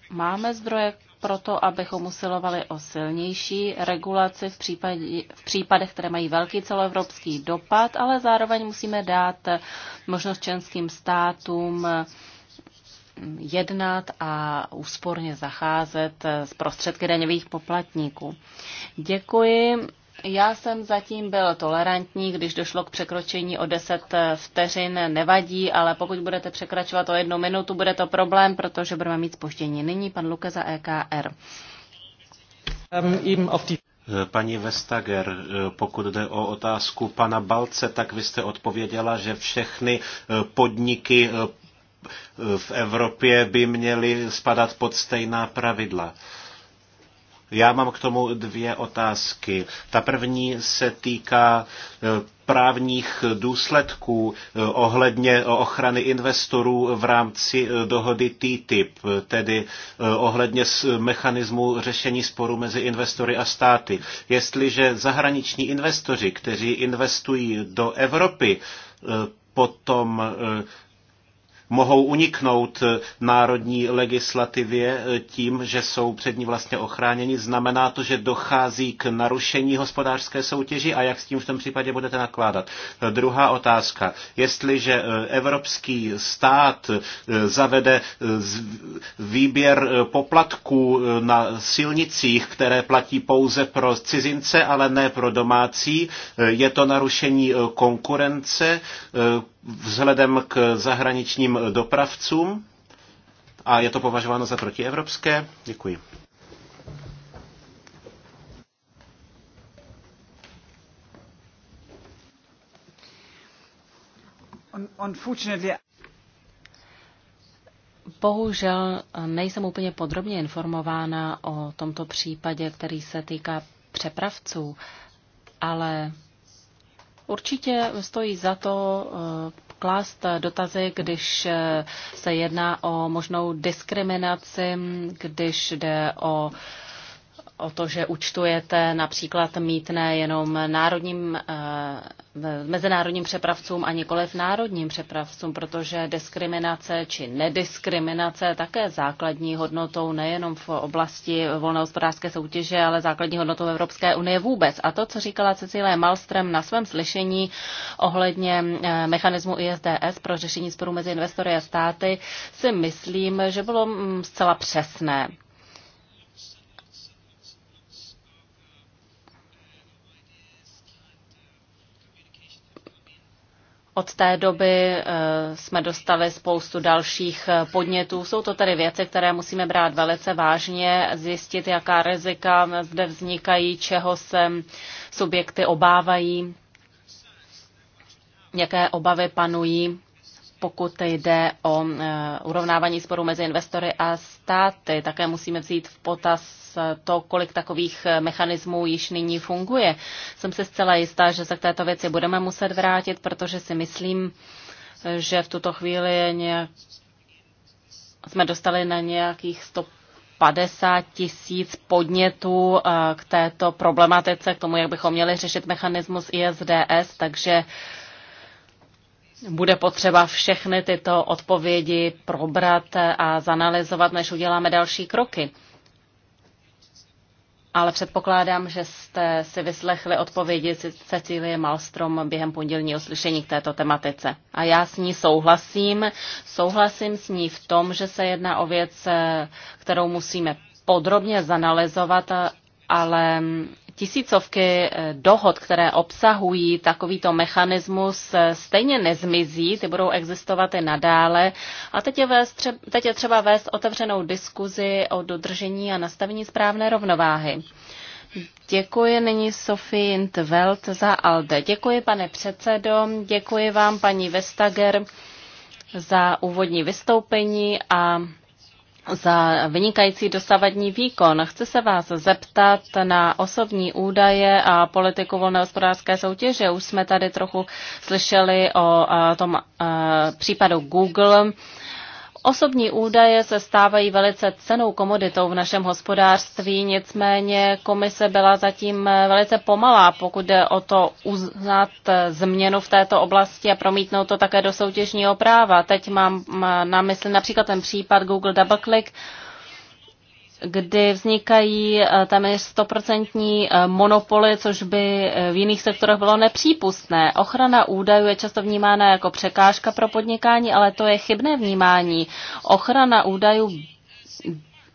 máme zdroje pro to, abychom usilovali o silnější regulaci v, případě, v případech, které mají velký celoevropský dopad, ale zároveň musíme dát možnost členským státům jednat a úsporně zacházet z prostředky daňových poplatníků. Děkuji. Já jsem zatím byl tolerantní, když došlo k překročení o 10 vteřin, nevadí, ale pokud budete překračovat o jednu minutu, bude to problém, protože budeme mít spoštění. Nyní pan Luke za EKR. Um, Paní Vestager, pokud jde o otázku pana Balce, tak vy jste odpověděla, že všechny podniky v Evropě by měly spadat pod stejná pravidla. Já mám k tomu dvě otázky. Ta první se týká eh, právních důsledků eh, ohledně eh, ochrany investorů v rámci dohody TTIP, tedy ohledně mechanismu řešení sporu mezi investory a státy. Jestliže zahraniční investoři, kteří investují do Evropy, potom mohou uniknout národní legislativě eh, tím, že jsou před ní vlastně ochráněni. Znamená to, že dochází k narušení hospodářské soutěži a jak s tím v tom případě budete nakládat? Eh, druhá otázka. Jestliže eh, evropský stát zavede výběr poplatků na silnicích, které platí pouze pro cizince, ale ne pro domácí, je to narušení konkurence, vzhledem k zahraničním dopravcům a je to považováno za protievropské? Děkuji. Unfortunately, Bohužel nejsem úplně podrobně informována o tomto případě, který se týká přepravců, ale Určitě stojí za to eh, klást dotazy, když eh, se jedná o možnou diskriminaci, když jde o o to, že účtujete například mítné jenom národním, eh, mezinárodním přepravcům a nikoliv národním přepravcům, protože diskriminace či nediskriminace je také základní hodnotou nejenom v oblasti volné hospodářské soutěže, ale základní hodnotou Evropské unie vůbec. A to, co říkala Cecilie Malstrem na svém slyšení ohledně eh, mechanismu ISDS pro řešení sporů mezi investory a státy, si myslím, že bylo mm, zcela přesné. Od té doby eh, jsme dostali spoustu dalších eh, podnětů. Jsou to tedy věci, které musíme brát velice vážně, zjistit, jaká rizika zde vznikají, čeho se subjekty obávají, jaké obavy panují pokud jde o eh, urovnávání sporu mezi investory a státy. Také musíme vzít v potaz to, kolik takových eh, mechanismů již nyní funguje. Jsem se zcela jistá, že se k této věci budeme muset vrátit, protože si myslím, eh, že v tuto chvíli nějak... jsme dostali na nějakých 100 50 tisíc podnětů k této problematice, k tomu, jak bychom měli řešit mechanismus ISDS, takže bude potřeba všechny tyto odpovědi probrat a zanalizovat, než uděláme další kroky. Ale předpokládám, že jste si vyslechli odpovědi Cecílie Malstrom během pondělního slyšení k této tematice. A já s ní souhlasím. Souhlasím s ní v tom, že se jedná o věc, kterou musíme podrobně zanalizovat, ale tisícovky eh, dohod, které obsahují takovýto mechanismus, eh, stejně nezmizí, ty budou existovat i nadále. A teď je, vést, teď je třeba vést otevřenou diskuzi o dodržení a nastavení správné rovnováhy. Děkuji nyní Sofie Intveld za ALDE. Děkuji, pane předsedo, děkuji vám, paní Vestager, za úvodní vystoupení a za vynikající dosavadní výkon. Chci se vás zeptat na osobní údaje a politiku volné hospodářské soutěže. Už jsme tady trochu slyšeli o tom případu Google. Osobní údaje se stávají velice cenou komoditou v našem hospodářství, nicméně komise byla zatím velice pomalá, pokud jde o to uznat změnu v této oblasti a promítnout to také do soutěžního práva. Teď mám na mysli například ten případ Google DoubleClick, kdy vznikají eh, téměř stoprocentní eh, monopoly, což by eh, v jiných sektorech bylo nepřípustné. Ochrana údajů je často vnímána jako překážka pro podnikání, ale to je chybné vnímání. Ochrana údajů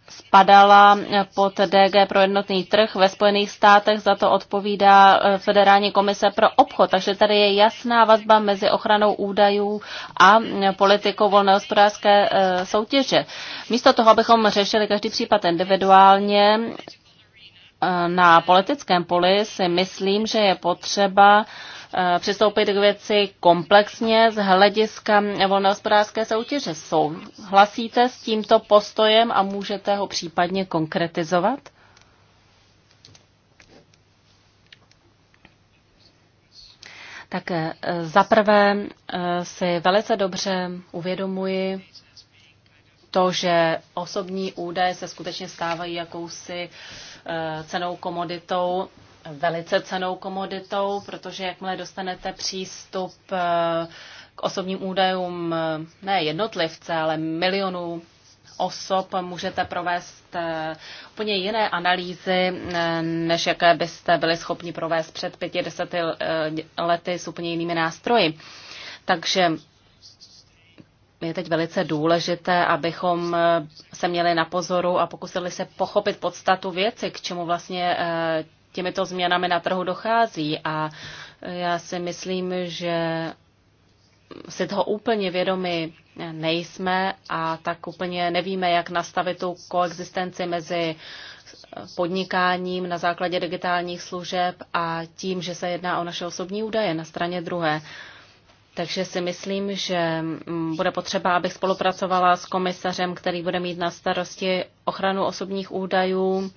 spadala pod DG pro jednotný trh ve Spojených státech, za to odpovídá eh, Federální komise pro obchod. Takže tady je jasná vazba mezi ochranou údajů a eh, politikou volné hospodářské eh, soutěže. Místo toho, abychom řešili každý případ individuálně, na politickém poli si myslím, že je potřeba Eh, přistoupit k věci komplexně z hlediska volnohospodářské soutěže. Souhlasíte s tímto postojem a můžete ho případně konkretizovat? Tak eh, zaprvé eh, si velice dobře uvědomuji to, že osobní údaje se skutečně stávají jakousi cenou komoditou velice cenou komoditou, protože jakmile dostanete přístup eh, k osobním údajům eh, ne jednotlivce, ale milionů osob můžete provést eh, úplně jiné analýzy, než jaké byste byli schopni provést před pěti, deseti lety s úplně jinými nástroji. Takže je teď velice důležité, abychom se měli na pozoru a pokusili se pochopit podstatu věci, k čemu vlastně těmito změnami na trhu dochází a já si myslím, že si toho úplně vědomi nejsme a tak úplně nevíme, jak nastavit tu koexistenci mezi podnikáním na základě digitálních služeb a tím, že se jedná o naše osobní údaje na straně druhé. Takže si myslím, že mm, bude potřeba, abych spolupracovala s komisařem, který bude mít na starosti ochranu osobních údajů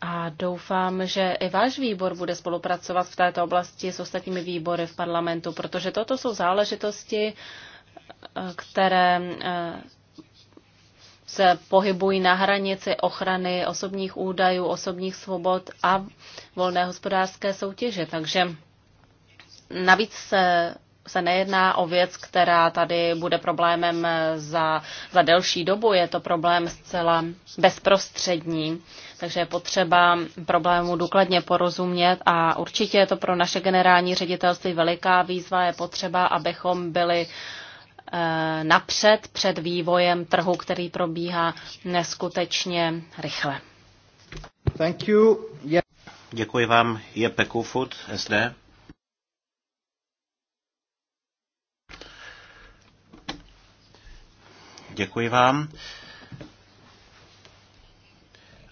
a doufám, že i váš výbor bude spolupracovat v této oblasti s ostatními výbory v parlamentu, protože toto jsou záležitosti, eh, které eh, se pohybují na hranici ochrany osobních údajů, osobních svobod a volné hospodářské soutěže. Takže navíc se se nejedná o věc, která tady bude problémem za, za delší dobu, je to problém zcela bezprostřední, takže je potřeba problému důkladně porozumět a určitě je to pro naše generální ředitelství veliká výzva, je potřeba, abychom byli eh, napřed před vývojem trhu, který probíhá neskutečně rychle. Thank you. Yeah. Děkuji vám. Je Pekufut, SD. Děkuji vám.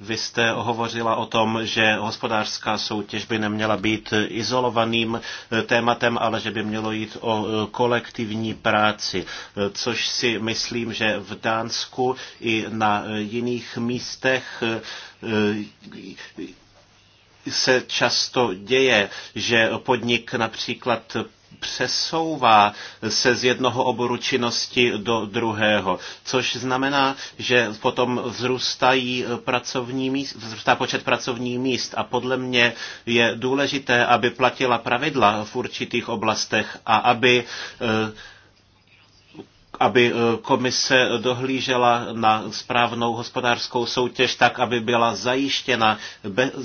Vy jste hovořila o tom, že hospodářská soutěž by neměla být izolovaným eh, tématem, ale že by mělo jít o eh, kolektivní práci, eh, což si myslím, že v Dánsku i na jiných místech se často děje, že podnik například přesouvá se z jednoho oboru činnosti do druhého, což znamená, že potom vzrůstají eh, pracovní míst, vzrůstá počet pracovních míst a podle mě je důležité, aby platila pravidla v určitých oblastech a aby eh, aby eh, komise dohlížela na správnou hospodářskou soutěž tak, aby byla zajištěna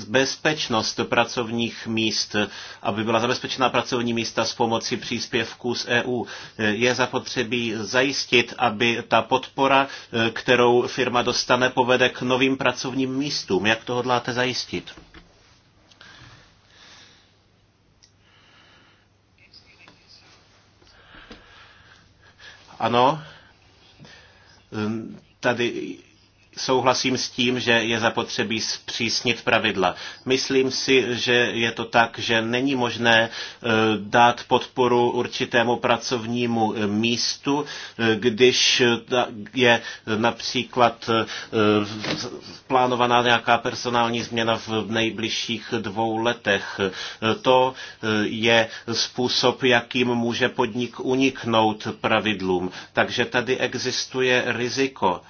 bezpečnost pracovních míst, aby byla zabezpečena pracovní místa s pomocí příspěvků z EU. Eh, je zapotřebí zajistit, aby ta podpora, eh, kterou firma dostane, povede k novým pracovním místům. Jak to hodláte zajistit? Ano, tady souhlasím s tím, že je zapotřebí zpřísnit pravidla. Myslím si, že je to tak, že není možné eh, dát podporu určitému pracovnímu eh, místu, eh, když je například plánovaná nějaká personální změna v nejbližších dvou letech. To je způsob, jakým může podnik uniknout pravidlům. Takže tady existuje riziko,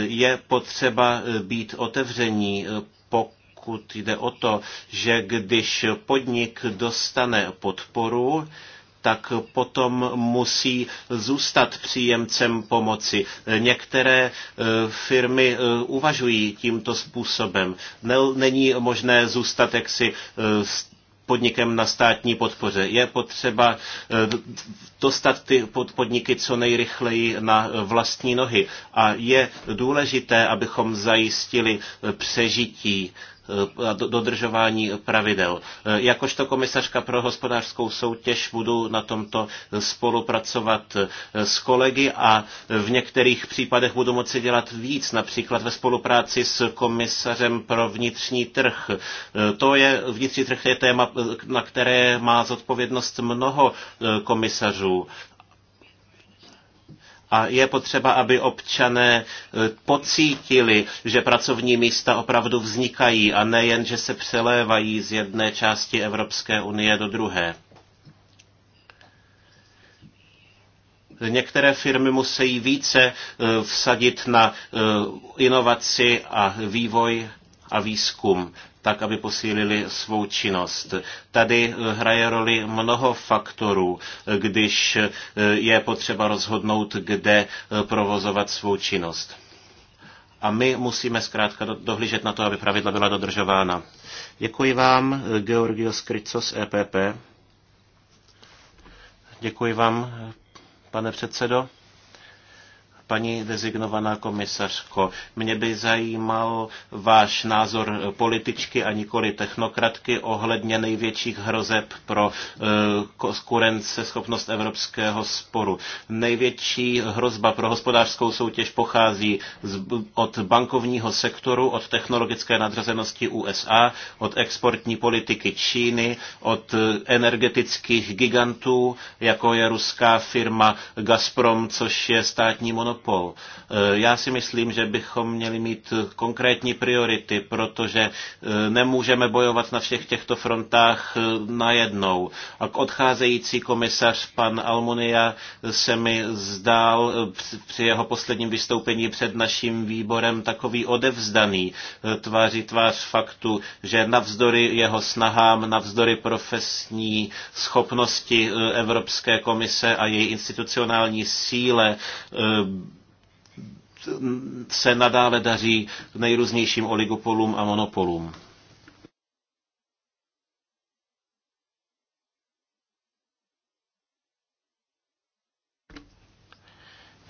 je potřeba eh, být otevření, eh, pokud jde o to, že když podnik dostane podporu, tak potom musí zůstat příjemcem pomoci. Některé eh, firmy uvažují tímto způsobem. Není možné zůstat jaksi podnikem na státní podpoře. Je potřeba eh, dostat ty podniky co nejrychleji na eh, vlastní nohy. A je důležité, abychom zajistili eh, přežití a eh, dodržování pravidel. Eh, jakožto komisařka pro hospodářskou soutěž budu na tomto spolupracovat eh, s kolegy a v některých případech budu moci dělat víc, například ve spolupráci s komisařem pro vnitřní trh. To je, vnitřní trh je téma, na které má zodpovědnost mnoho komisařů a je potřeba, aby občané eh, pocítili, že pracovní místa opravdu vznikají a nejen, že se přelévají z jedné části Evropské unie do druhé. Některé firmy musí více eh, vsadit na eh, inovaci a vývoj a výzkum tak aby posílili svou činnost. Tady eh, hraje roli mnoho faktorů, když eh, je potřeba rozhodnout, kde eh, provozovat svou činnost. A my musíme zkrátka dohlížet na to, aby pravidla byla dodržována. Děkuji vám, Georgios Krycos, EPP. Děkuji vám, pane předsedo. Paní dezignovaná komisařko, mě by zajímal váš názor političky a nikoli technokratky ohledně největších hrozeb pro eh, konkurence schopnost evropského sporu. Největší hrozba pro hospodářskou soutěž pochází z, od bankovního sektoru, od technologické nadřazenosti USA, od exportní politiky Číny, od eh, energetických gigantů, jako je ruská firma Gazprom, což je státní monopol Europol. Eh, já si myslím, že bychom měli mít konkrétní priority, protože eh, nemůžeme bojovat na všech těchto frontách eh, najednou. A k odcházející komisař pan Almunia se mi zdál při jeho posledním vystoupení před naším výborem takový odevzdaný tváří tvář faktu, že navzdory jeho snahám, navzdory profesní schopnosti Evropské komise a její institucionální síle se nadále daří nejrůznějším oligopolům a monopolům.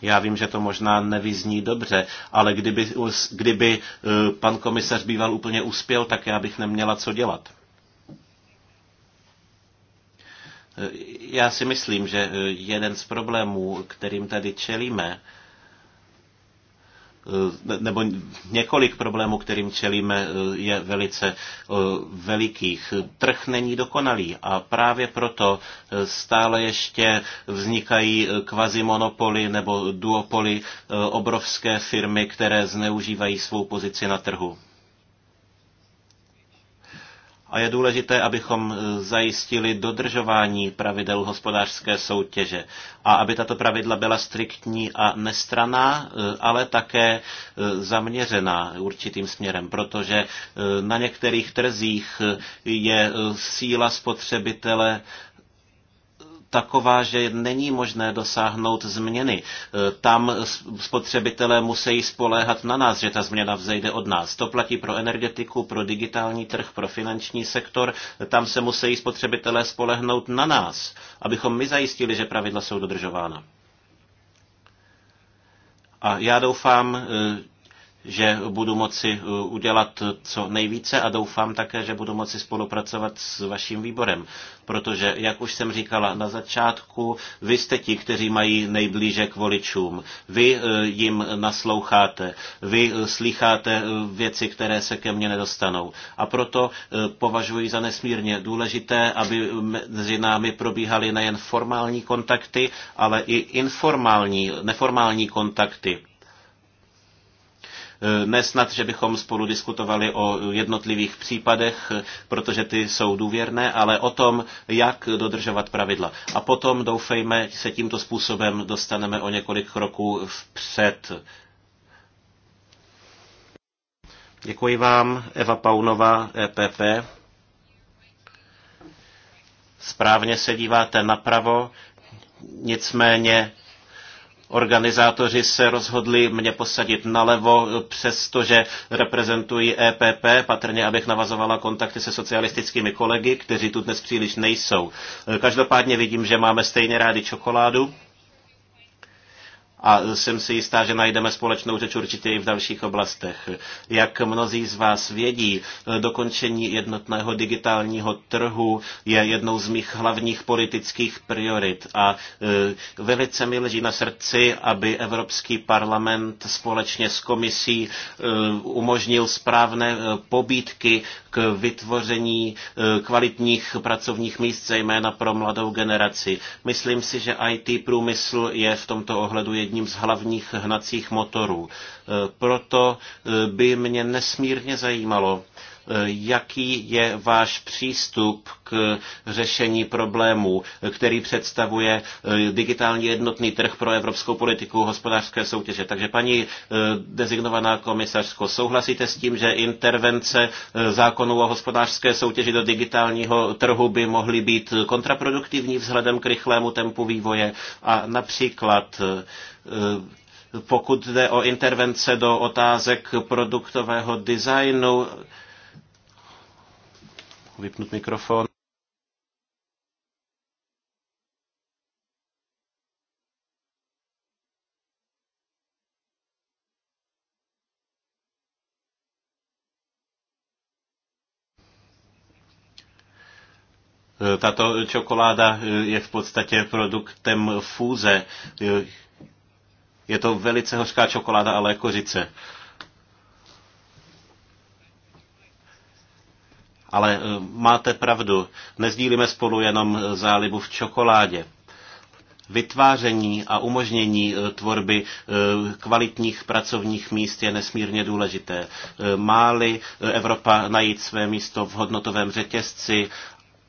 Já vím, že to možná nevyzní dobře, ale kdyby, kdyby eh, pan komisař býval úplně uspěl, tak já bych neměla co dělat. Eh, já si myslím, že eh, jeden z problémů, kterým tady čelíme, Eh, nebo několik problémů, kterým čelíme, eh, je velice eh, velikých. Trh není dokonalý a právě proto stále ještě vznikají kvazimonopoly nebo duopoly obrovské firmy, které zneužívají svou pozici na trhu a je důležité, abychom e, zajistili dodržování pravidel hospodářské soutěže a aby tato pravidla byla striktní a nestraná, e, ale také e, zaměřená určitým směrem, protože na některých trzích je síla spotřebitele taková, že není možné dosáhnout změny. E, tam spotřebitelé musí spoléhat na nás, že ta změna vzejde od nás. To platí pro energetiku, pro digitální trh, pro finanční sektor. Tam se musí spotřebitelé spolehnout na nás, abychom my zajistili, že pravidla jsou dodržována. A já doufám, e, že budu moci eh, udělat co nejvíce a doufám také, že budu moci spolupracovat s vaším výborem, protože, jak už jsem říkala na začátku, vy jste ti, kteří mají nejblíže k voličům. Vy eh, jim nasloucháte, vy eh, slycháte věci, které se ke mně nedostanou. A proto považuji za nesmírně důležité, aby mezi námi probíhaly nejen formální kontakty, ale i informální, neformální kontakty Eh, nesnad, že bychom spolu diskutovali o jednotlivých případech, eh, protože ty jsou důvěrné, ale o tom, jak dodržovat pravidla. A potom, doufejme, se tímto způsobem dostaneme o několik kroků vpřed. Děkuji vám, Eva Paunová, EPP. Správně se díváte napravo, nicméně Organizátoři se rozhodli mě posadit nalevo, přestože reprezentují EPP, patrně abych navazovala kontakty se socialistickými kolegy, kteří tu dnes příliš nejsou. Každopádně vidím, že máme stejně rádi čokoládu a jsem si jistá, že najdeme společnou řeč určitě i v dalších oblastech. Jak mnozí z vás vědí, dokončení jednotného digitálního trhu je jednou z mých hlavních politických priorit a e, velice mi leží na srdci, aby Evropský parlament společně s komisí e, umožnil správné e, pobídky k vytvoření kvalitních pracovních míst, zejména pro mladou generaci. Myslím si, že IT průmysl je v tomto ohledu jedním jedním z hlavních hnacích motorů. E, proto e, by mě nesmírně zajímalo, Jaký je váš přístup k řešení problémů, který představuje eh, digitální jednotný trh pro evropskou politiku hospodářské soutěže? Takže paní eh, dezignovaná komisařko, souhlasíte s tím, že intervence eh, zákonů o hospodářské soutěži do digitálního trhu by mohly být kontraproduktivní vzhledem k rychlému tempu vývoje a například pokud jde o intervence do otázek produktového designu, vypnout mikrofon. E, tato čokoláda e, je v podstatě produktem fúze. E, je to velice hořká čokoláda, ale kořice. Jako Ale eh, máte pravdu, nezdílíme spolu jenom eh, zálibu v čokoládě vytváření a umožnění eh, tvorby kvalitních pracovních míst je nesmírně důležité. Máli Evropa najít své místo v hodnotovém řetězci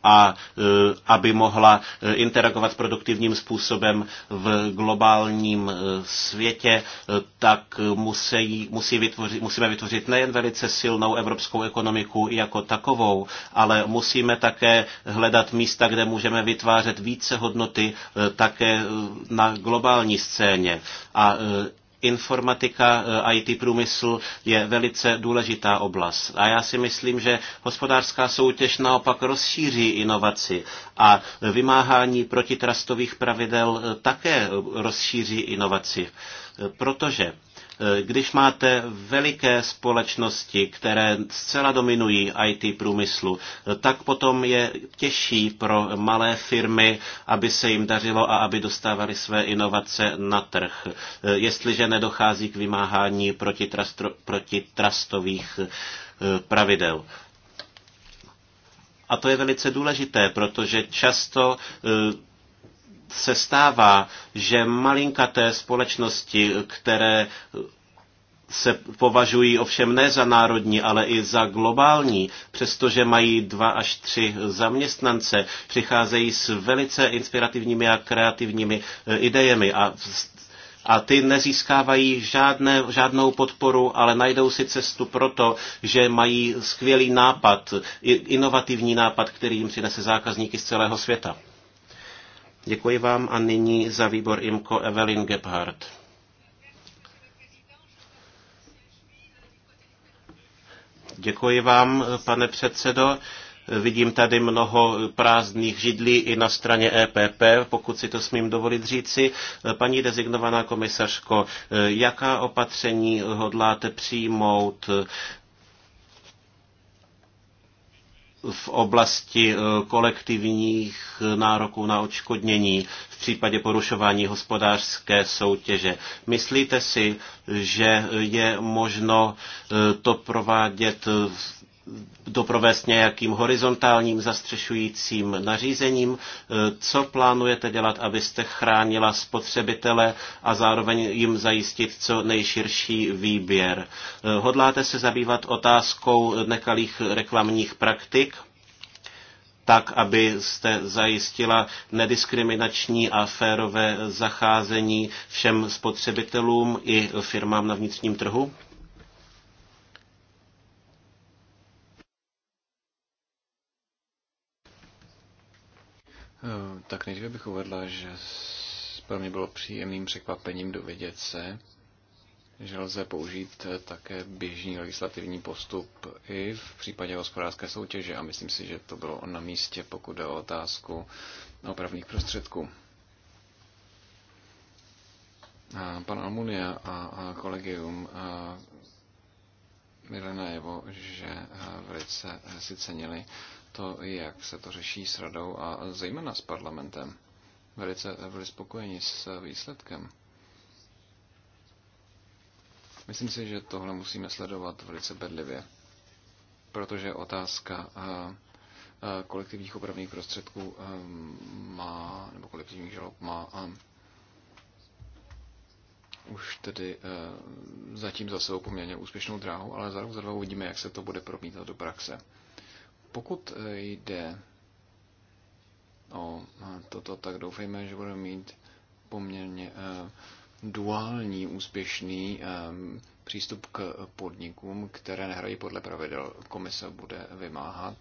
a eh, aby mohla eh, interagovat produktivním způsobem v globálním eh, světě, tak musí, musí vytvořit, musíme vytvořit nejen velice silnou evropskou ekonomiku jako takovou, ale musíme také hledat místa, kde můžeme vytvářet více hodnoty také na globální scéně. A informatika, eh, IT průmysl je velice důležitá oblast. A já si myslím, že hospodářská soutěž naopak rozšíří inovaci a vymáhání protitrastových pravidel eh, také rozšíří inovaci. Eh, protože Eh, když máte veliké společnosti, které zcela dominují IT průmyslu, eh, tak potom je těžší pro malé firmy, aby se jim dařilo a aby dostávali své inovace na trh, eh, jestliže nedochází k vymáhání protitrastových pravidel. A to je velice důležité, protože často se stává, že malinkaté společnosti, které se považují ovšem ne za národní, ale i za globální, přestože mají dva až tři zaměstnance, přicházejí s velice inspirativními a kreativními eh, idejemi a a ty nezískávají žádné, žádnou podporu, ale najdou si cestu proto, že mají skvělý nápad, inovativní nápad, který jim přinese zákazníky z celého světa. Děkuji vám a nyní za výbor IMCO Evelyn Gebhardt. Děkuji vám, pane předsedo. Vidím tady mnoho prázdných židlí i na straně EPP, pokud si to smím dovolit říci. Paní dezignovaná komisařko, jaká opatření hodláte přijmout v oblasti eh, kolektivních nároků na odškodnění v případě porušování hospodářské soutěže. Myslíte si, že je možno eh, to provádět doprovést nějakým horizontálním zastřešujícím nařízením. E, co plánujete dělat, abyste chránila spotřebitele a zároveň jim zajistit co nejširší výběr? E, hodláte se zabývat otázkou nekalých reklamních praktik? tak, abyste zajistila nediskriminační a férové zacházení všem spotřebitelům i firmám na vnitřním trhu? Eh, tak nejdříve bych uvedla, že pro mě bylo příjemným překvapením dovědět se, že lze použít eh, také běžný legislativní postup i v případě hospodářské soutěže a myslím si, že to bylo na místě, pokud jde o otázku opravných prostředků. A pan Almunia a kolegium Milena Jevo, že eh, velice si cenili to, jak se to řeší s radou a zejména s parlamentem. Velice byli spokojeni s výsledkem. Myslím si, že tohle musíme sledovat velice bedlivě, protože otázka eh, eh, kolektivních opravných prostředků eh, má, nebo kolektivních žalob má už tedy zatím za sebou poměrně úspěšnou dráhu, ale za rok, za dva uvidíme, jak se to bude promítat do praxe. Pokud e, jde o e, toto, tak doufejme, že budeme mít poměrně e, duální, úspěšný přístup k podnikům, které nehrají podle pravidel. Komise bude vymáhat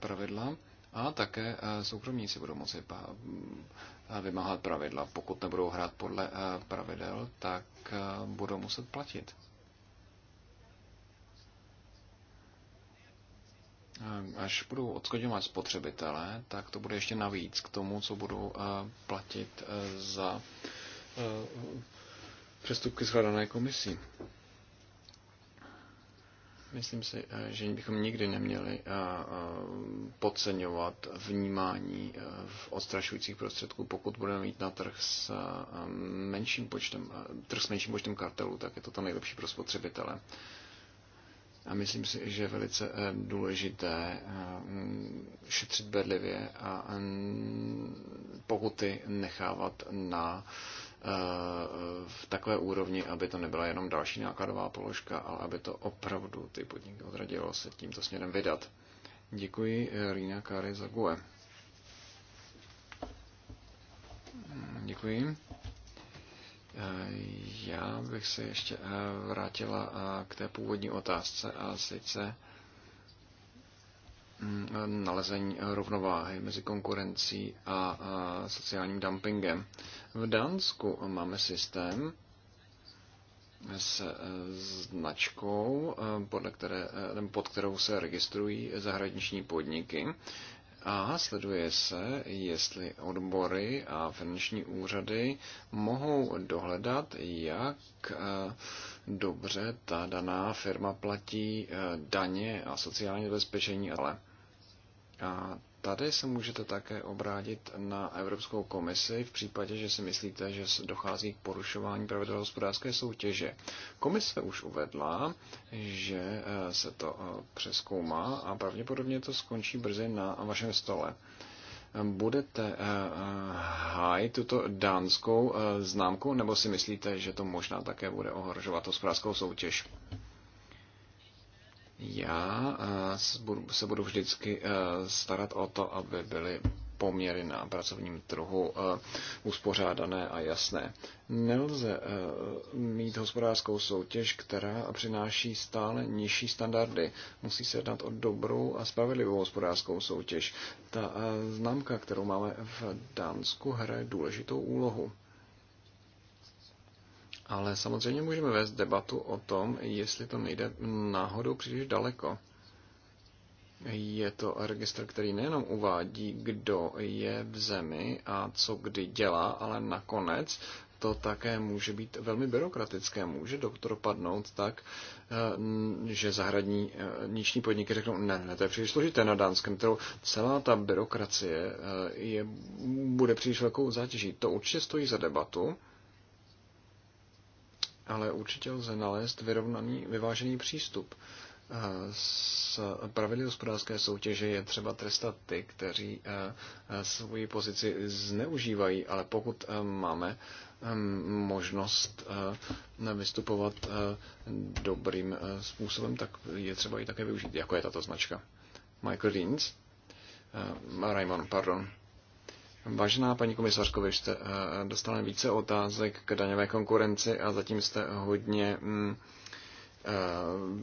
pravidla a také soukromníci budou moci vymáhat pravidla. Pokud nebudou hrát podle pravidel, tak budou muset platit. Eh, až budou odskoďovat spotřebitele, tak to bude ještě navíc k tomu, co budou eh, platit eh, za přestupky shledané komisí. Myslím si, že bychom nikdy neměli podceňovat vnímání v odstrašujících prostředků. Pokud budeme mít na trh s menším počtem, trh s menším počtem kartelů, tak je to to nejlepší pro spotřebitele. A myslím si, že je velice eh, důležité eh, šetřit bedlivě a eh, pokuty nechávat na v takové úrovni, aby to nebyla jenom další nákladová položka, ale aby to opravdu ty podniky odradilo se tímto směrem vydat. Děkuji Rina Kary za GUE. Děkuji. Já bych se ještě eh, vrátila eh, k té původní otázce a sice mm, nalezení eh, rovnováhy mezi konkurencí a sociálním dumpingem. V Dánsku máme systém s značkou, podle které, pod kterou se registrují zahraniční podniky, a sleduje se, jestli odbory a finanční úřady mohou dohledat, jak eh, dobře ta daná firma platí eh, daně a sociální zabezpečení, ale a tady se můžete také obrátit na Evropskou komisi v případě, že si myslíte, že dochází k porušování pravidel hospodářské soutěže. Komise už uvedla, že eh, se to eh, přeskoumá a pravděpodobně to skončí brzy na vašem stole budete eh, hájit tuto dánskou známku, nebo si myslíte, že to možná také bude ohrožovat hospodářskou soutěž? Já eh, se budu vždycky eh, starat o to, aby byly poměry na pracovním trhu eh, uspořádané a jasné. Nelze mít hospodářskou soutěž, která přináší stále nižší standardy. Musí se jednat o dobrou a spravedlivou hospodářskou soutěž. Ta známka, kterou máme v Dánsku, hraje důležitou úlohu. Ale samozřejmě můžeme vést debatu o tom, jestli to nejde náhodou příliš daleko. Je to registr, který nejenom uvádí, kdo je v zemi a co kdy dělá, ale nakonec to také může být velmi byrokratické. Může padnout tak, eh, že zahradní eh, niční podniky řeknou, ne, ne, to je příliš složité na dánském trhu. Celá ta byrokracie eh, je, bude příliš velkou zátěží. To určitě stojí za debatu ale určitě lze nalézt vyrovnaný, vyvážený přístup. Eh, s pravidly hospodářské soutěže je třeba trestat ty, kteří eh, eh, svoji pozici zneužívají, ale pokud máme ehm, možnost vystupovat dobrým způsobem, tak je třeba ji také využít, jako je tato značka. Michael Deans, Raymond, pardon. Vážená paní komisařko, vy jste eh, dostala více otázek k daňové konkurenci a zatím jste hodně mm, eh,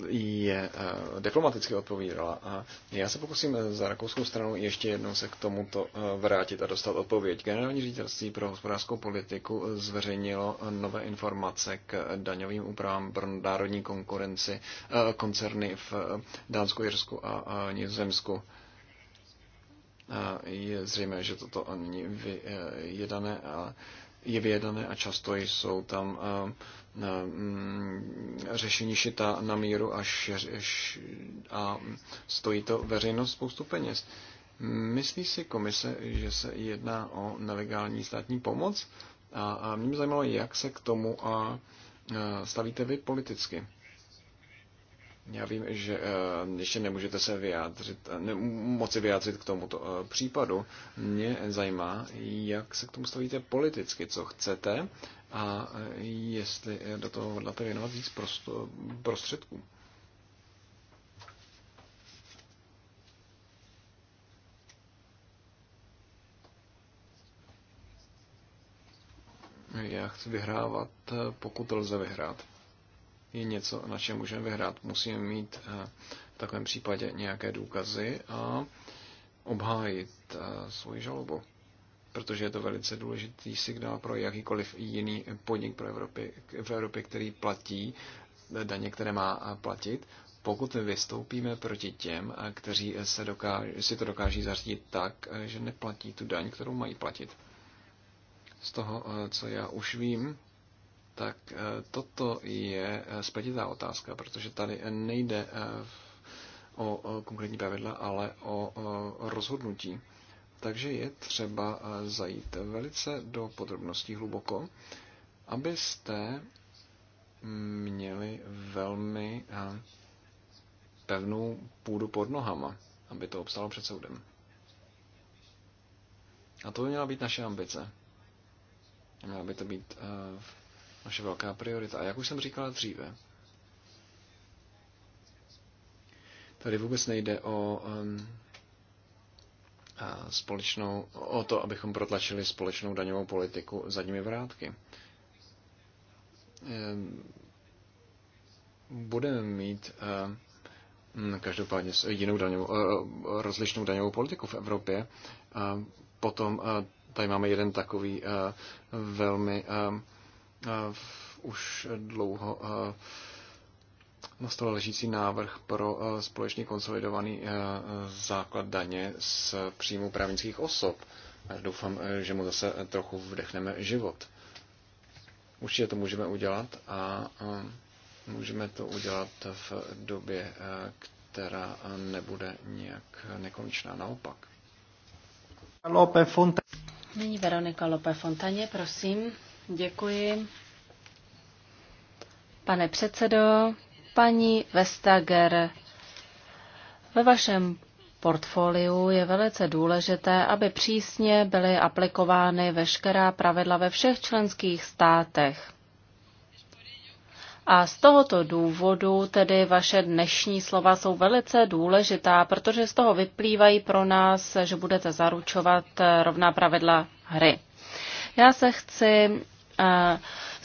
je eh, diplomaticky odpovídala. A já se pokusím za rakouskou stranu ještě jednou se k tomuto vrátit a dostat odpověď. Generální ředitelství pro hospodářskou politiku zveřejnilo nové informace k daňovým úpravám pro národní konkurenci koncerny v Dánsku, Jirsku a Nizozemsku. Je zřejmé, že toto není vyjedané, a je vyjedané a často jsou tam mm, řešení šita na míru a, šeř, a stojí to veřejnost spoustu peněz. Myslí si komise, že se jedná o nelegální státní pomoc? A, a mě by zajímalo, jak se k tomu a, stavíte vy politicky. Já vím, že eh, ještě nemůžete se vyjádřit, eh, ne, moci vyjádřit k tomuto eh, případu. Mě zajímá, jak se k tomu stavíte politicky, co chcete a jestli do toho hodláte věnovat víc prost, prostředků. Já chci vyhrávat, pokud lze vyhrát je něco, na čem můžeme vyhrát. Musíme mít eh, v takovém případě nějaké důkazy a obhájit eh, svoji žalobu. Protože je to velice důležitý signál pro jakýkoliv jiný podnik pro Evropě, v Evropě, který platí eh, daně, které má platit, pokud vystoupíme proti těm, kteří se dokáž, si to dokáží zařídit tak, že neplatí tu daň, kterou mají platit. Z toho, co já už vím, tak eh, toto je eh, spletitá otázka, protože tady eh, nejde o konkrétní pravidla, ale o rozhodnutí. Takže je třeba zajít velice do podrobností hluboko, abyste měli velmi pevnou půdu pod nohama, aby to obstalo před soudem. A to by měla být naše ambice. Měla by to být uh, naše velká priorita. A jak už jsem říkala dříve, tady vůbec nejde o um, společnou, o to, abychom protlačili společnou daňovou politiku zadními vrátky. Ehm, budeme mít ehm, každopádně jinou daňovou, e, e, rozlišnou daňovou politiku v Evropě. Potom e, tady máme jeden takový velmi ehm, Eh, už dlouho eh, na stole ležící návrh pro eh, společně konsolidovaný základ daně z příjmu právnických osob. A doufám, že mu zase trochu vdechneme život. Určitě to můžeme udělat a můžeme to udělat v době, která nebude nějak nekonečná, naopak. Nyní Veronika Lope Fontaně, prosím. Děkuji. Pane předsedo, paní Vestager, ve vašem portfoliu je velice důležité, aby přísně byly aplikovány veškerá pravidla ve všech členských státech. A z tohoto důvodu tedy vaše dnešní slova jsou velice důležitá, protože z toho vyplývají pro nás, že budete zaručovat rovná pravidla hry. Já se chci Eh,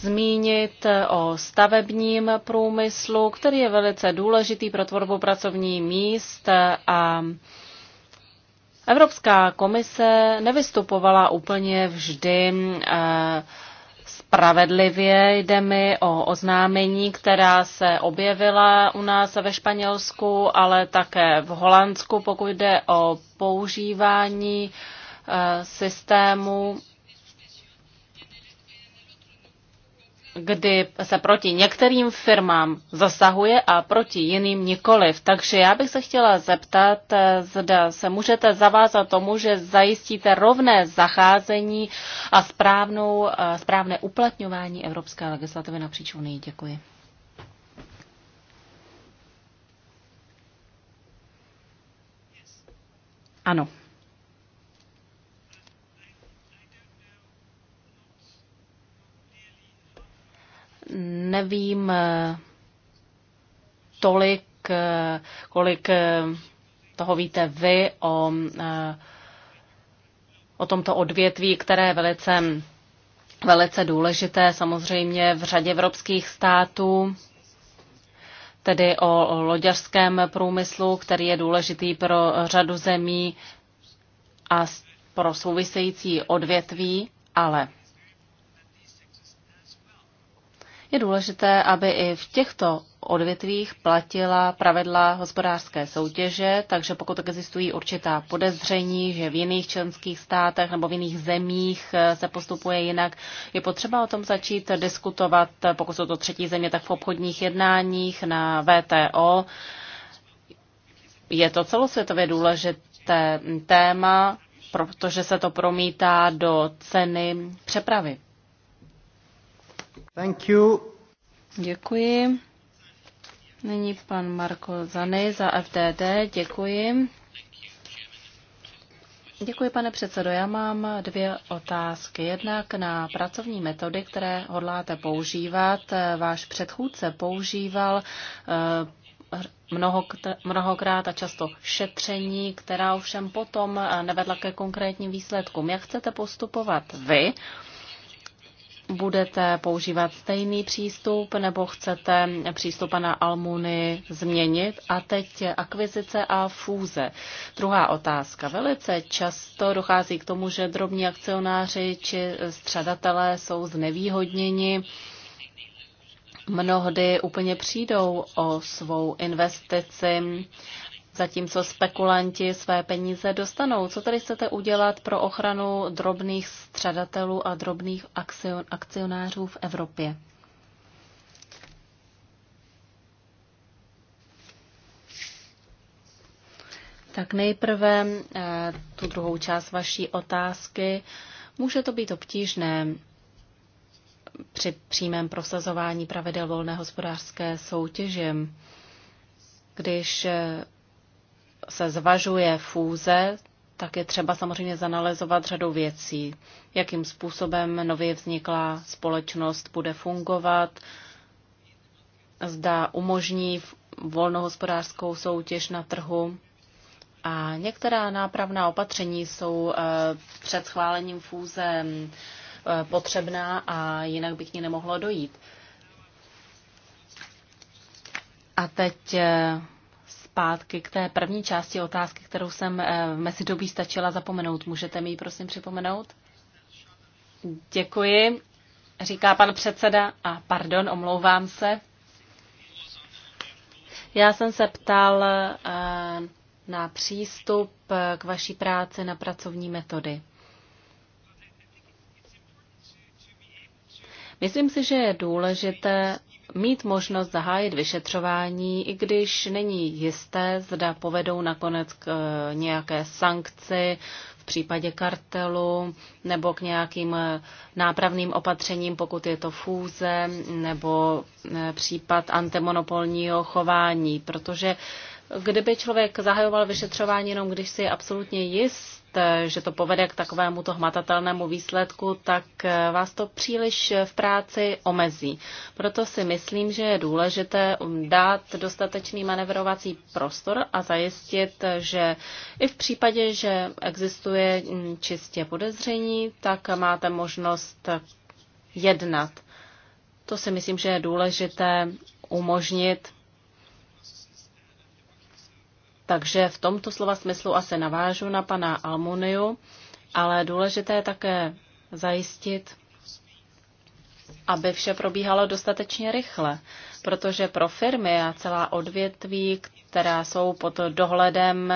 zmínit o stavebním průmyslu, který je velice důležitý pro tvorbu pracovních míst a Evropská komise nevystupovala úplně vždy eh, spravedlivě. Jde mi o oznámení, která se objevila u nás ve Španělsku, ale také v Holandsku, pokud jde o používání eh, systému kdy se proti některým firmám zasahuje a proti jiným nikoliv. Takže já bych se chtěla zeptat, eh, zda se můžete zavázat tomu, že zajistíte rovné zacházení a správnou, eh, správné uplatňování evropské legislativy napříč Unii. Děkuji. Ano. nevím eh, tolik, eh, kolik eh, toho víte vy o, o tomto odvětví, které je velice, velice důležité samozřejmě v řadě evropských států tedy o loďařském průmyslu, který je důležitý pro řadu zemí a pro související odvětví, ale je důležité, aby i v těchto odvětvích platila pravidla hospodářské soutěže, takže pokud existují určitá podezření, že v jiných členských státech nebo v jiných zemích eh, se postupuje jinak, je potřeba o tom začít diskutovat, eh, pokud jsou to třetí země, tak v obchodních jednáních na VTO. Je to celosvětově důležité téma, protože se to promítá do ceny přepravy. Thank you. Děkuji. Nyní pan Marko Zany za FDD. Děkuji. Děkuji, pane předsedo. Já mám dvě otázky. Jednak na pracovní metody, které hodláte používat. Váš předchůdce používal eh, mnohokrát a často šetření, která ovšem potom nevedla ke konkrétním výsledkům. Jak chcete postupovat vy? budete používat stejný přístup nebo chcete přístup na Almuny změnit? A teď akvizice a fúze. Druhá otázka. Velice často dochází k tomu, že drobní akcionáři či střadatelé jsou znevýhodněni mnohdy úplně přijdou o svou investici zatímco spekulanti své peníze dostanou. Co tady chcete udělat pro ochranu drobných střadatelů a drobných akcionářů v Evropě? Tak nejprve eh, tu druhou část vaší otázky. Může to být obtížné při přímém prosazování pravidel volné hospodářské soutěže, když eh, se zvažuje fůze, tak je třeba samozřejmě zanalizovat řadu věcí, jakým způsobem nově vzniklá společnost bude fungovat, zda umožní volnohospodářskou soutěž na trhu. A některá nápravná opatření jsou eh, před schválením fůze mm, eh, potřebná a jinak by k ní nemohlo dojít. A teď eh, zpátky k té první části otázky, kterou jsem eh, v mezidobí stačila zapomenout. Můžete mi ji prosím připomenout? Děkuji, říká pan předseda. A pardon, omlouvám se. Já jsem se ptal eh, na přístup eh, k vaší práci na pracovní metody. Myslím si, že je důležité mít možnost zahájit vyšetřování, i když není jisté, zda povedou nakonec k eh, nějaké sankci v případě kartelu nebo k nějakým eh, nápravným opatřením, pokud je to fúze nebo eh, případ antimonopolního chování, protože kdyby člověk zahajoval vyšetřování jenom když si je absolutně jist, Eh, že to povede k takovému to hmatatelnému výsledku, tak eh, vás to příliš v práci omezí. Proto si myslím, že je důležité dát dostatečný manevrovací prostor a zajistit, že i v případě, že existuje hm, čistě podezření, tak máte možnost jednat. To si myslím, že je důležité umožnit takže v tomto slova smyslu asi navážu na pana Almuniu, ale důležité je také zajistit, aby vše probíhalo dostatečně rychle, protože pro firmy a celá odvětví, která jsou pod dohledem,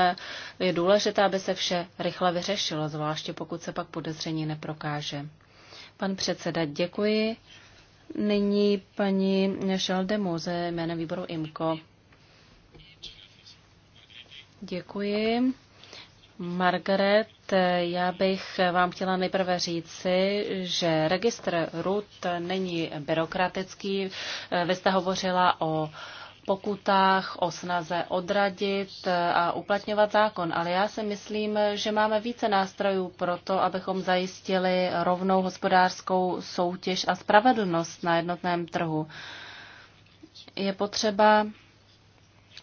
je důležité, aby se vše rychle vyřešilo, zvláště pokud se pak podezření neprokáže. Pan předseda, děkuji. Nyní paní Šaldemu ze jménem výboru IMKO. Děkuji. Margaret, já bych vám chtěla nejprve říci, že registr RUT není byrokratický. Vy jste hovořila o pokutách, o snaze odradit a uplatňovat zákon, ale já si myslím, že máme více nástrojů pro to, abychom zajistili rovnou hospodářskou soutěž a spravedlnost na jednotném trhu. Je potřeba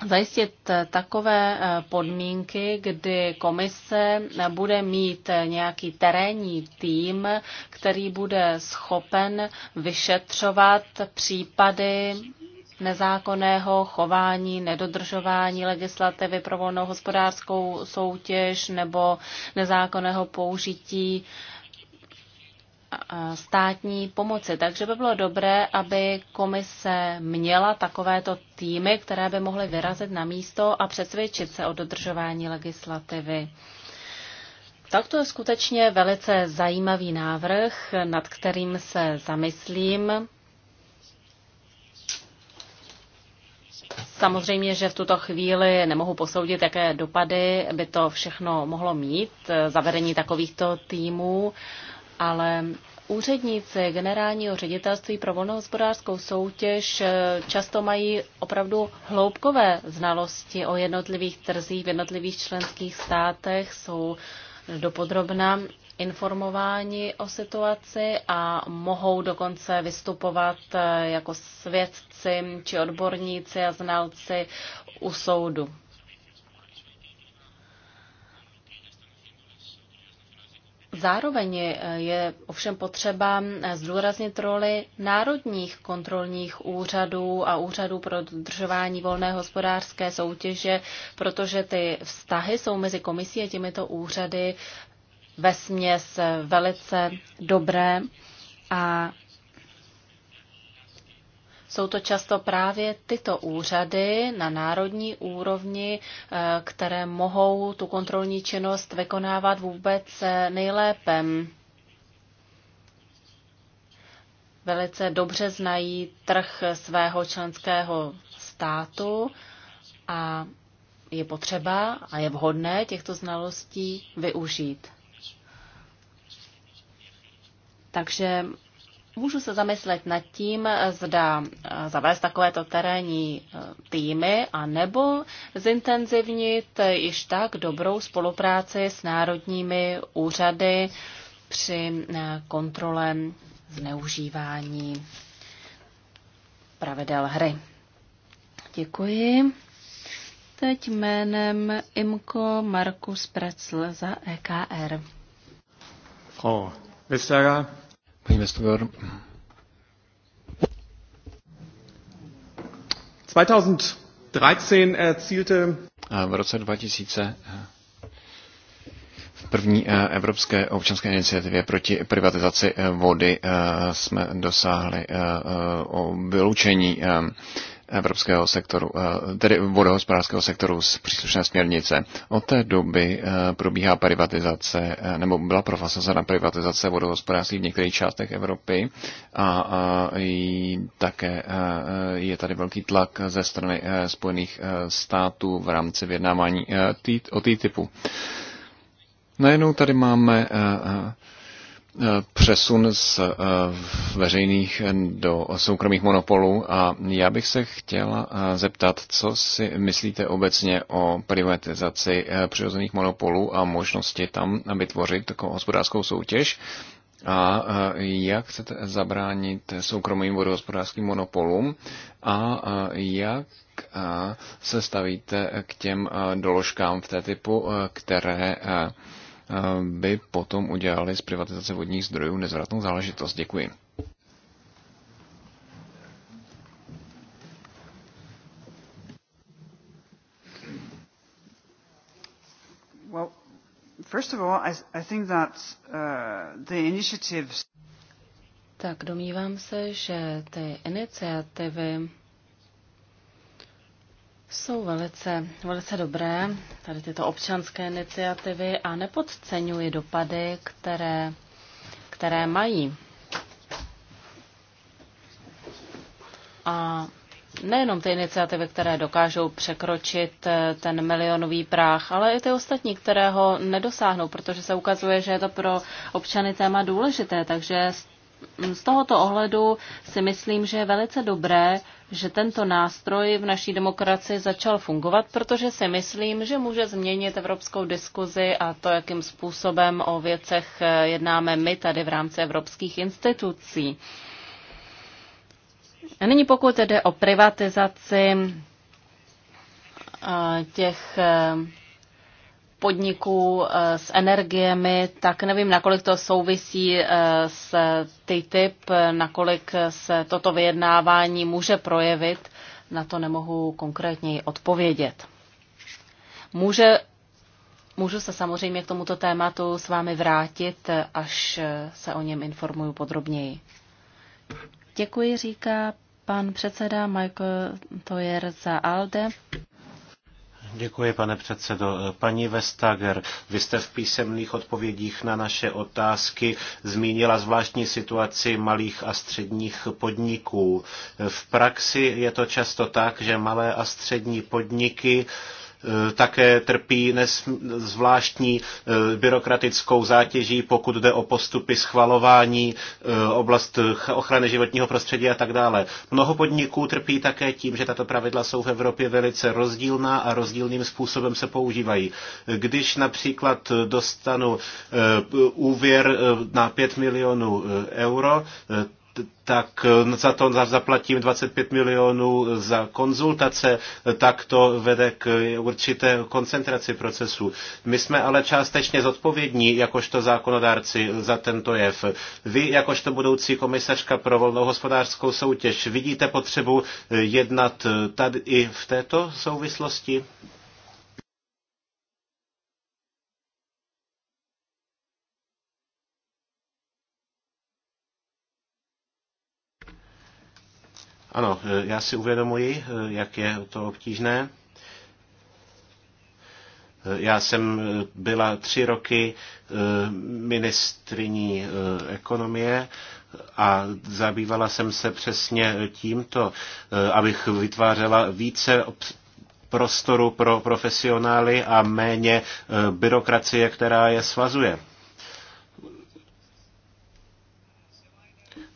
zajistit eh, takové eh, podmínky, kdy komise eh, bude mít nějaký terénní tým, který bude schopen vyšetřovat případy nezákonného chování, nedodržování legislativy pro volnou hospodářskou soutěž nebo nezákonného použití uh, státní pomoci. Takže by bylo dobré, aby komise měla takovéto týmy, které by mohly vyrazit na místo a přesvědčit se o dodržování legislativy. Tak to je skutečně velice zajímavý návrh, nad kterým se zamyslím. Samozřejmě, že v tuto chvíli nemohu posoudit, jaké dopady by to všechno mohlo mít, zavedení takovýchto týmů ale úředníci generálního ředitelství pro volnohospodářskou soutěž eh, často mají opravdu hloubkové znalosti o jednotlivých trzích v jednotlivých členských státech, jsou dopodrobna informováni o situaci a mohou dokonce vystupovat eh, jako svědci či odborníci a znalci u soudu. Zároveň je ovšem potřeba zdůraznit roli národních kontrolních úřadů a úřadů pro dodržování volné hospodářské soutěže, protože ty vztahy jsou mezi komisí a těmito úřady ve směs velice dobré a jsou to často právě tyto úřady na národní úrovni, eh, které mohou tu kontrolní činnost vykonávat vůbec eh, nejlépe. Velice dobře znají trh svého členského státu a je potřeba a je vhodné těchto znalostí využít. Takže Můžu se zamyslet nad tím, zda eh, zavést takovéto terénní eh, týmy a nebo zintenzivnit již tak dobrou spolupráci s národními úřady při eh, kontrole zneužívání pravidel hry. Děkuji. Teď jménem Imko Markus Pretzl za EKR. Frau Vestager, 2013 erzielte v roce 2000 eh, v první eh, evropské občanské iniciativě proti privatizaci eh, vody jsme dosáhli o vyloučení evropského sektoru, eh, tedy vodohospodářského sektoru z příslušné směrnice. Od té doby eh, probíhá privatizace, eh, nebo byla profesazena privatizace vodohospodářství v některých částech Evropy a také je tady velký tlak ze strany Spojených států v rámci vyjednávání o typu. Najednou tady máme přesun z eh, veřejných do soukromých monopolů a já bych se chtěla eh, zeptat, co si myslíte obecně o privatizaci eh, přirozených monopolů a možnosti tam vytvořit takovou hospodářskou soutěž a jak chcete zabránit soukromým vodohospodářským monopolům a jak se stavíte k těm doložkám v té typu, které Eh, by potom udělali z privatizace vodních zdrojů nezvratnou záležitost. Děkuji. Uh, tak domnívám se, že ty iniciativy jsou velice, velice dobré, tady tyto občanské iniciativy a nepodceňuji dopady, které, které mají. A nejenom ty iniciativy, které dokážou překročit eh, ten milionový práh, ale i ty ostatní, které ho nedosáhnou, protože se ukazuje, že je to pro občany téma důležité, takže z tohoto ohledu si myslím, že je velice dobré, že tento nástroj v naší demokracii začal fungovat, protože si myslím, že může změnit evropskou diskuzi a to, jakým způsobem o věcech jednáme my tady v rámci evropských institucí. A nyní pokud jde o privatizaci těch podniků eh, s energiemi, tak nevím, nakolik to souvisí eh, s TTIP, nakolik se toto vyjednávání může projevit, na to nemohu konkrétněji odpovědět. Může, můžu se samozřejmě k tomuto tématu s vámi vrátit, až se o něm informuju podrobněji. Děkuji, říká pan předseda Michael Toyer za ALDE. Děkuji, pane předsedo. Paní Vestager, vy jste v písemných odpovědích na naše otázky zmínila zvláštní situaci malých a středních podniků. V praxi je to často tak, že malé a střední podniky Eh, také trpí zvláštní eh, byrokratickou zátěží, pokud jde o postupy schvalování, eh, oblast ochrany životního prostředí a tak dále. Mnoho podniků trpí také tím, že tato pravidla jsou v Evropě velice rozdílná a rozdílným způsobem se používají. Když například dostanu úvěr na 5 milionů euro, tak eh, za to zaplatím 25 milionů za konzultace, tak to vede k eh, určité koncentraci procesu. My jsme ale částečně zodpovědní, jakožto zákonodárci, za tento jev. Vy, jakožto budoucí komisařka pro volnou hospodářskou soutěž, vidíte potřebu eh, jednat tady i v této souvislosti? Ano, e, já si uvědomuji, e, jak je to obtížné. E, já jsem byla tři roky ministriní ekonomie a zabývala jsem se přesně tímto, abych vytvářela více prostoru pro profesionály a méně byrokracie, která je svazuje.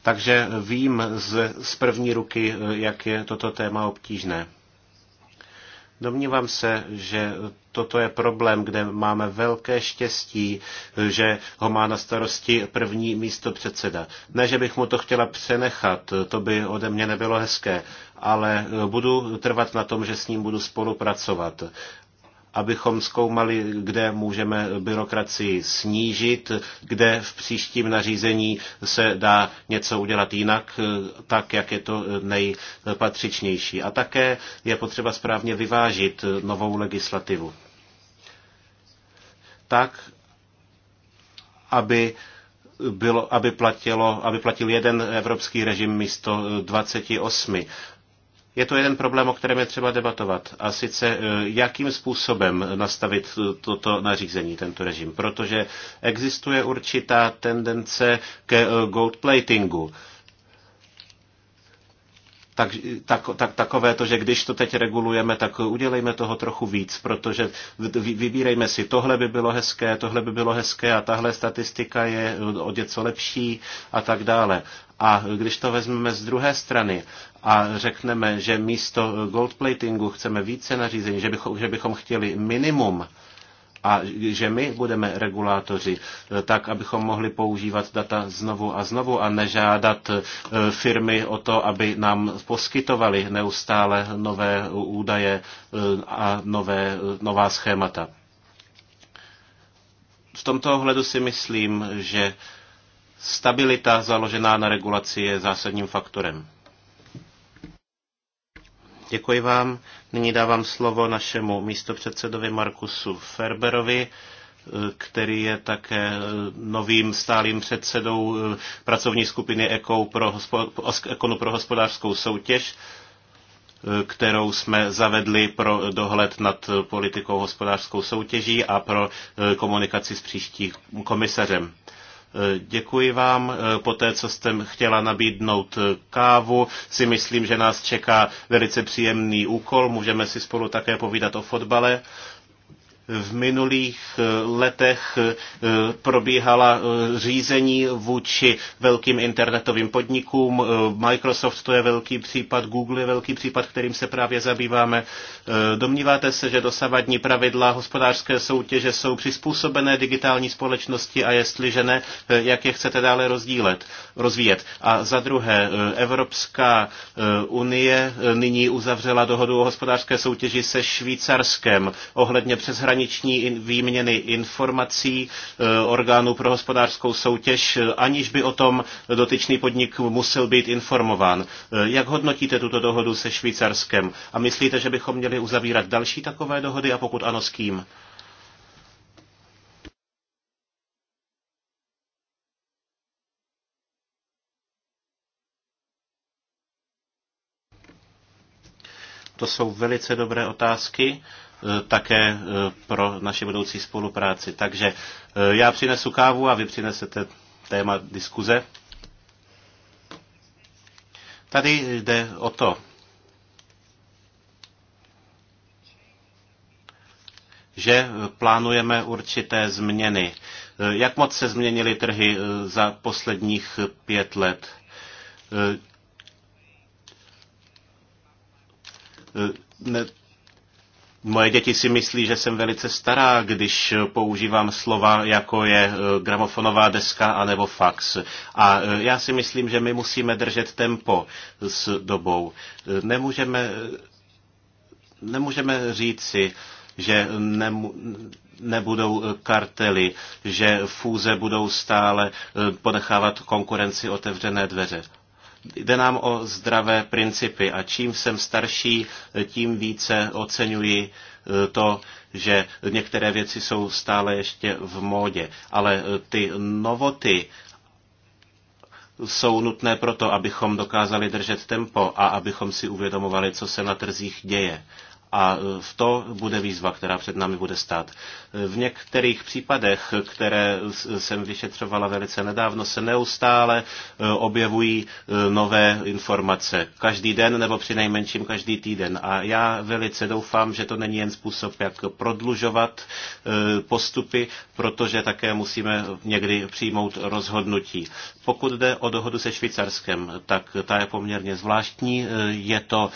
Takže vím z, z první ruky, jak je toto téma obtížné. Domnívám se, že toto je problém, kde máme velké štěstí, že ho má na starosti první místo předseda. Ne, že bych mu to chtěla přenechat, to by ode mě nebylo hezké, ale budu trvat na tom, že s ním budu spolupracovat abychom zkoumali, kde můžeme byrokracii snížit, kde v příštím nařízení se dá něco udělat jinak, tak, jak je to nejpatřičnější. A také je potřeba správně vyvážit novou legislativu. Tak, aby bylo, aby, platilo, aby platil jeden evropský režim místo 28 je to jeden problém, o kterém je třeba debatovat. A sice, eh, jakým způsobem nastavit toto nařízení, tento režim. Protože existuje určitá tendence ke eh, gold platingu tak, tak, tak, takové to, že když to teď regulujeme, tak udělejme toho trochu víc, protože vybírejme si, tohle by bylo hezké, tohle by bylo hezké a tahle statistika je o něco lepší a tak dále. A když to vezmeme z druhé strany a řekneme, že místo goldplatingu chceme více nařízení, že bychom, že bychom chtěli minimum, a že my budeme regulátoři, e, tak abychom mohli používat data znovu a znovu a nežádat e, firmy o to, aby nám poskytovali neustále nové údaje e, a nové, nová schémata. V tomto ohledu si myslím, že stabilita založená na regulaci je zásadním faktorem. Děkuji vám. Nyní dávám slovo našemu místopředsedovi Markusu Ferberovi, eh, který je také eh, novým stálým předsedou eh, pracovní skupiny ECO pro, hospo, ECONu pro hospodářskou soutěž, kterou jsme zavedli pro dohled nad politikou hospodářskou soutěží a pro komunikaci s příštím komisařem. Děkuji vám. Po té, co jste chtěla nabídnout kávu, si myslím, že nás čeká velice příjemný úkol. Můžeme si spolu také povídat o fotbale v minulých eh, letech eh, probíhala eh, řízení vůči velkým internetovým podnikům. Microsoft to je velký případ, Google je velký případ, kterým se právě zabýváme. Domníváte se, že dosavadní pravidla hospodářské soutěže jsou přizpůsobené digitální společnosti a jestliže ne, jak je chcete dále rozdílet, rozvíjet? A za druhé, Evropská unie nyní uzavřela dohodu o hospodářské soutěži se Švýcarskem ohledně přeshraničního přeshraniční výměny informací e, orgánu pro hospodářskou soutěž, e, aniž by o tom dotyčný podnik musel být informován. E, jak hodnotíte tuto dohodu se Švýcarskem? A myslíte, že bychom měli uzavírat další takové dohody a pokud ano, s kým? To jsou velice dobré otázky. E, také e, pro naši budoucí spolupráci. Takže e, já přinesu kávu a vy přinesete téma diskuze. Tady jde o to, že plánujeme určité změny. Jak moc se změnily trhy za posledních pět let? Ne, Moje děti si myslí, že jsem velice stará, když používám slova, jako je e, gramofonová deska anebo fax. A e, já si myslím, že my musíme držet tempo s dobou. E, nemůžeme, nemůžeme říci, že nemu, nebudou kartely, že fúze budou stále ponechávat konkurenci otevřené dveře. Jde nám o zdravé principy a čím jsem starší, tím více oceňuji e, to, že některé věci jsou stále ještě v módě, ale e, ty novoty jsou nutné proto, abychom dokázali držet tempo a abychom si uvědomovali, co se na trzích děje a e, to bude výzva, která před námi bude stát. E, v některých případech, které jsem vyšetřovala velice nedávno, se neustále e, objevují nové informace. Každý den nebo při nejmenším každý týden. A já velice doufám, že to není jen způsob, jak prodlužovat postupy, protože také musíme někdy přijmout rozhodnutí. Pokud jde o dohodu se Švýcarskem, tak ta je poměrně zvláštní. Je to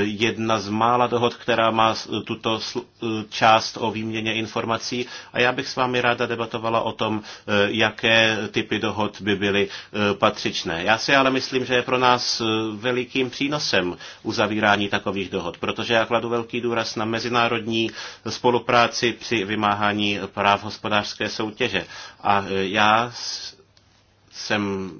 jedna z mála dohod, která která má tuto část o výměně informací a já bych s vámi ráda debatovala o tom, eh, jaké typy dohod by byly eh, patřičné. Já si ale myslím, že je pro nás eh, velikým přínosem uzavírání takových dohod, protože já kladu velký důraz na mezinárodní spolupráci při vymáhání práv hospodářské soutěže. A já jsem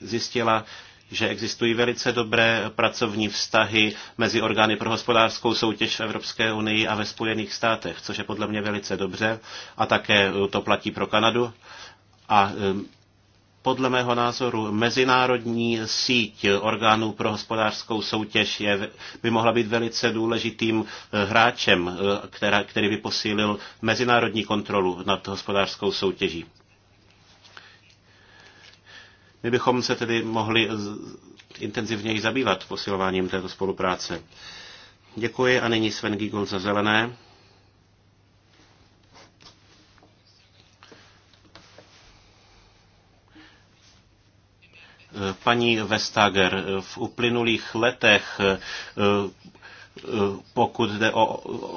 zjistila, že existují velice dobré pracovní vztahy mezi orgány pro hospodářskou soutěž v Evropské unii a ve Spojených státech, což je podle mě velice dobře a také e, to platí pro Kanadu. A e, podle mého názoru mezinárodní síť orgánů pro hospodářskou soutěž je, by mohla být velice důležitým e, hráčem, která, který by posílil mezinárodní kontrolu nad hospodářskou soutěží. My bychom se tedy mohli intenzivněji zabývat posilováním této spolupráce. Děkuji a nyní Sven Giegel za zelené. Paní Vestager, v uplynulých letech eh, pokud jde o,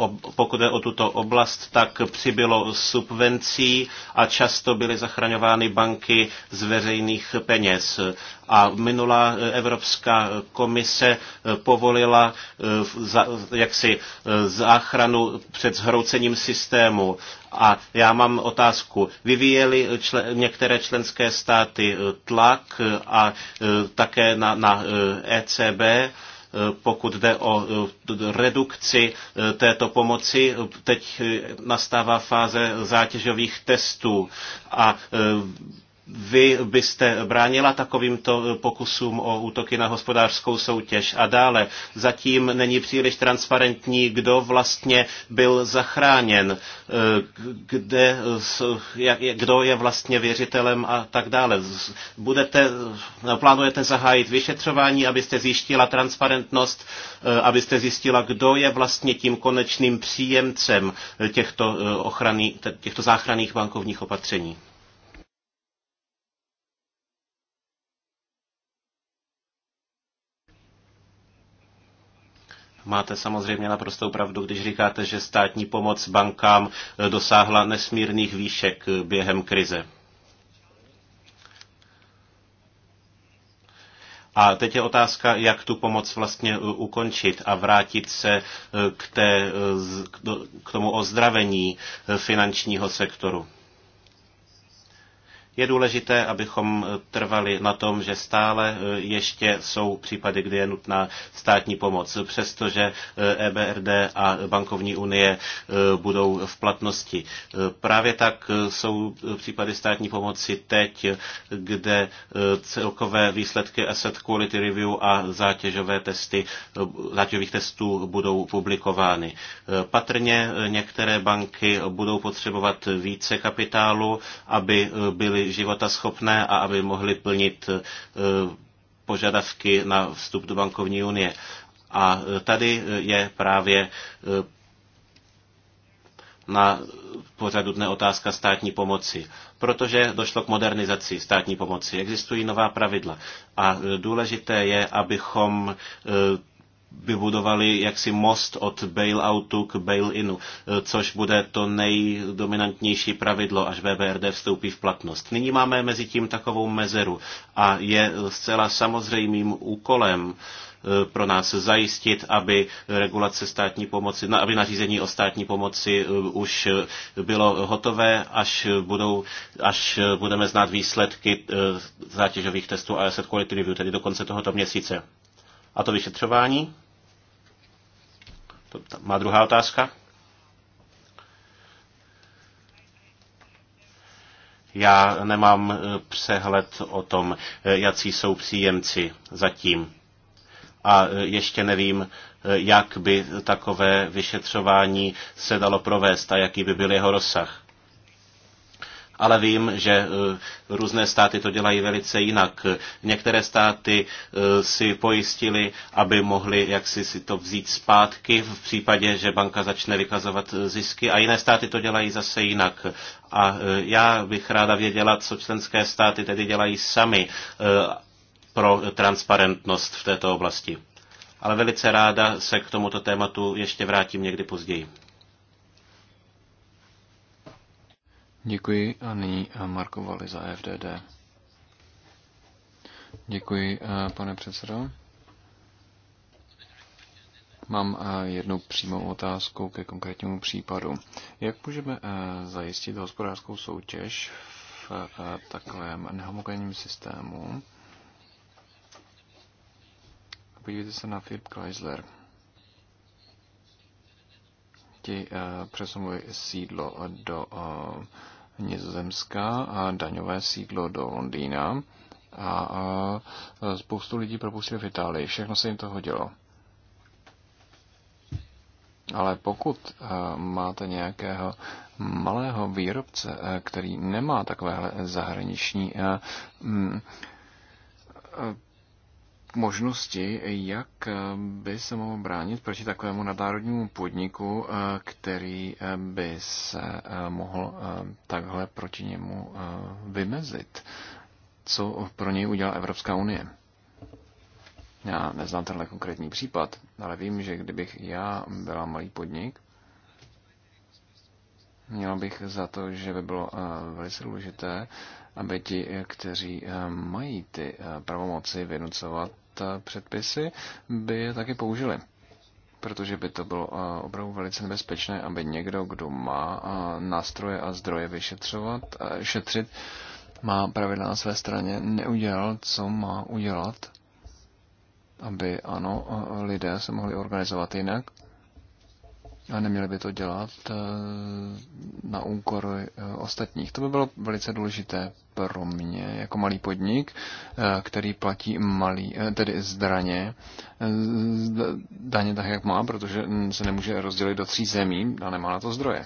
o, pokud jde o tuto oblast, tak přibylo subvencí a často byly zachraňovány banky z veřejných peněz. A minulá Evropská komise povolila eh, jaksi eh, záchranu před zhroucením systému. A já mám otázku. Vyvíjeli člen, některé členské státy eh, tlak a také na, na ECB? E pokud jde o e, redukci e, této pomoci. Teď e, nastává fáze zátěžových testů a vy byste bránila takovýmto pokusům o útoky na hospodářskou soutěž. A dále, zatím není příliš transparentní, kdo vlastně byl zachráněn, eh, kde, kdo je vlastně věřitelem a tak dále. Budete, no, plánujete zahájit vyšetřování, abyste zjištila transparentnost, eh, abyste zjistila, kdo je vlastně tím konečným příjemcem eh, těchto, ochrany, těchto záchranných bankovních opatření. Máte samozřejmě naprostou pravdu, když říkáte, že státní pomoc bankám eh, dosáhla nesmírných výšek eh, během krize. A teď je otázka, jak tu pomoc vlastně eh, ukončit a vrátit se k, té, k tomu ozdravení finančního sektoru. Je důležité, abychom eh, trvali na tom, že stále eh, ještě jsou případy, kdy je nutná státní pomoc, přestože EBRD eh, e a bankovní unie budou v platnosti. Právě tak jsou případy státní pomoci teď, kde celkové výsledky asset quality review a zátěžové testy, zátěžových testů budou publikovány. Patrně některé banky budou potřebovat více kapitálu, aby byly životaschopné a aby mohly plnit eh, požadavky na vstup do bankovní unie. A eh, tady eh, je právě na pořadu dne otázka státní pomoci, protože došlo k modernizaci státní pomoci. Existují nová pravidla a důležité je, abychom vybudovali jaksi most od bailoutu k bail-inu, eh, což bude to nejdominantnější pravidlo, až BBRD vstoupí v platnost. Nyní máme mezi tím takovou mezeru a je zcela samozřejmým úkolem eh, pro nás zajistit, aby regulace státní pomoci, aby nařízení o státní pomoci eh, už bylo hotové, až, budou, až budeme znát výsledky zátěžových testů a asset quality review, tedy do konce tohoto měsíce. A to vyšetřování? To má druhá otázka. Já nemám eh, přehled o tom, eh, jaký jsou příjemci zatím. A eh, ještě nevím, jak by takové vyšetřování se dalo provést a jaký by byl jeho rozsah ale vím, že eh, různé státy to dělají velice jinak. Některé státy eh, si pojistili, aby mohli jaksi si to vzít zpátky v případě, že banka začne vykazovat eh, zisky a jiné státy to dělají zase jinak. A já bych ráda věděla, co členské státy tedy dělají sami pro transparentnost v této oblasti. Ale velice ráda se k tomuto tématu ještě vrátím někdy později. Děkuji a nyní eh, Marko Vali za FDD. Děkuji, eh, pane předsedo. Mám eh, jednu přímou otázku ke konkrétnímu případu. Jak můžeme zajistit hospodářskou soutěž v takovém nehomogenním systému? Podívejte se na Filip Chrysler ti eh, přesunuli sídlo do eh, Nizozemska a daňové sídlo do Londýna a eh, spoustu lidí propustili v Itálii. Všechno se jim to hodilo. Ale pokud máte nějakého malého výrobce, který nemá takovéhle zahraniční mm, možnosti, jak eh, by se mohl bránit proti takovému nadárodnímu podniku, eh, který eh, by se mohl takhle proti němu vymezit. Co pro něj udělá Evropská unie? Já neznám tenhle konkrétní případ, ale vím, že kdybych já byla malý podnik, měla bych za to, že by bylo velice důležité, aby ti, kteří mají ty pravomoci vynucovat předpisy, by je taky použili. Protože by to bylo eh, opravdu velice nebezpečné, aby někdo, kdo má eh, nástroje a zdroje vyšetřovat, eh, šetřit, má pravidla na své straně, neudělal, co má udělat, aby ano, lidé se mohli organizovat jinak a neměli by to dělat eh, na úkor eh, ostatních. To by bylo velice důležité pro mě jako malý podnik, eh, který platí malý, tedy zdraně, daně tak, jak má, protože se nemůže rozdělit do tří zemí a nemá na to zdroje.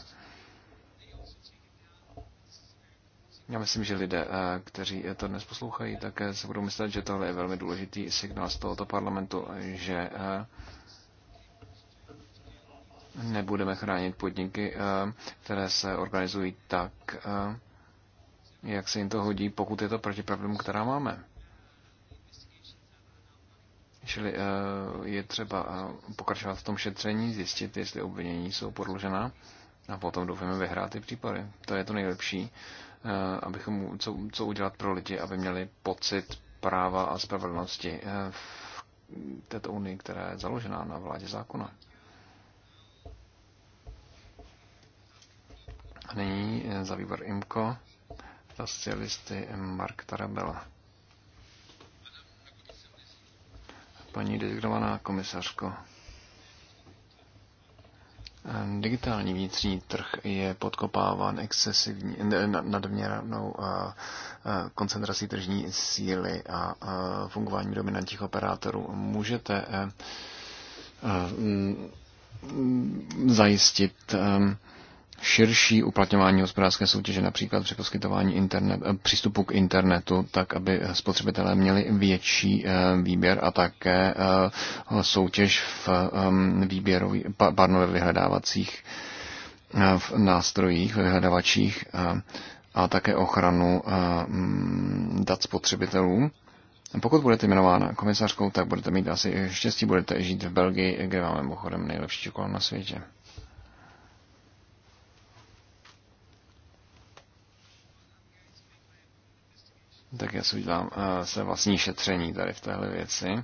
Já myslím, že lidé, kteří to dnes poslouchají, také se budou myslet, že tohle je velmi důležitý signál z tohoto parlamentu, že nebudeme chránit podniky, eh, které se organizují tak, eh, jak se jim to hodí, pokud je to proti pravdům, která máme. Čili eh, je třeba pokračovat v tom šetření, zjistit, jestli obvinění jsou podložená a potom doufáme vyhrát ty případy. To je to nejlepší, abychom, co, co udělat pro lidi, aby měli pocit práva a spravedlnosti v této unii, která je založená na vládě zákona. nyní eh, za výbor IMCO za socialisty eh, Mark Tarabella. Paní designovaná komisařko, eh, digitální vnitřní trh je podkopáván excesivní, nadměrnou koncentrací tržní síly a fungování dominantních operátorů. Můžete mm, zajistit širší uplatňování hospodářské soutěže, například při poskytování internet, eh, přístupu k internetu, tak aby spotřebitelé měli větší eh, výběr a také eh, soutěž v ehm, výběrových pardon, vyhledávacích v nástrojích, ve vyhledavačích a také ochranu mm, dat spotřebitelů. Pokud budete jmenována komisařkou, tak budete mít asi štěstí, budete žít v Belgii, kde máme mimochodem nejlepší čokoládu na světě. tak já si udělám eh, se vlastní šetření tady v téhle věci.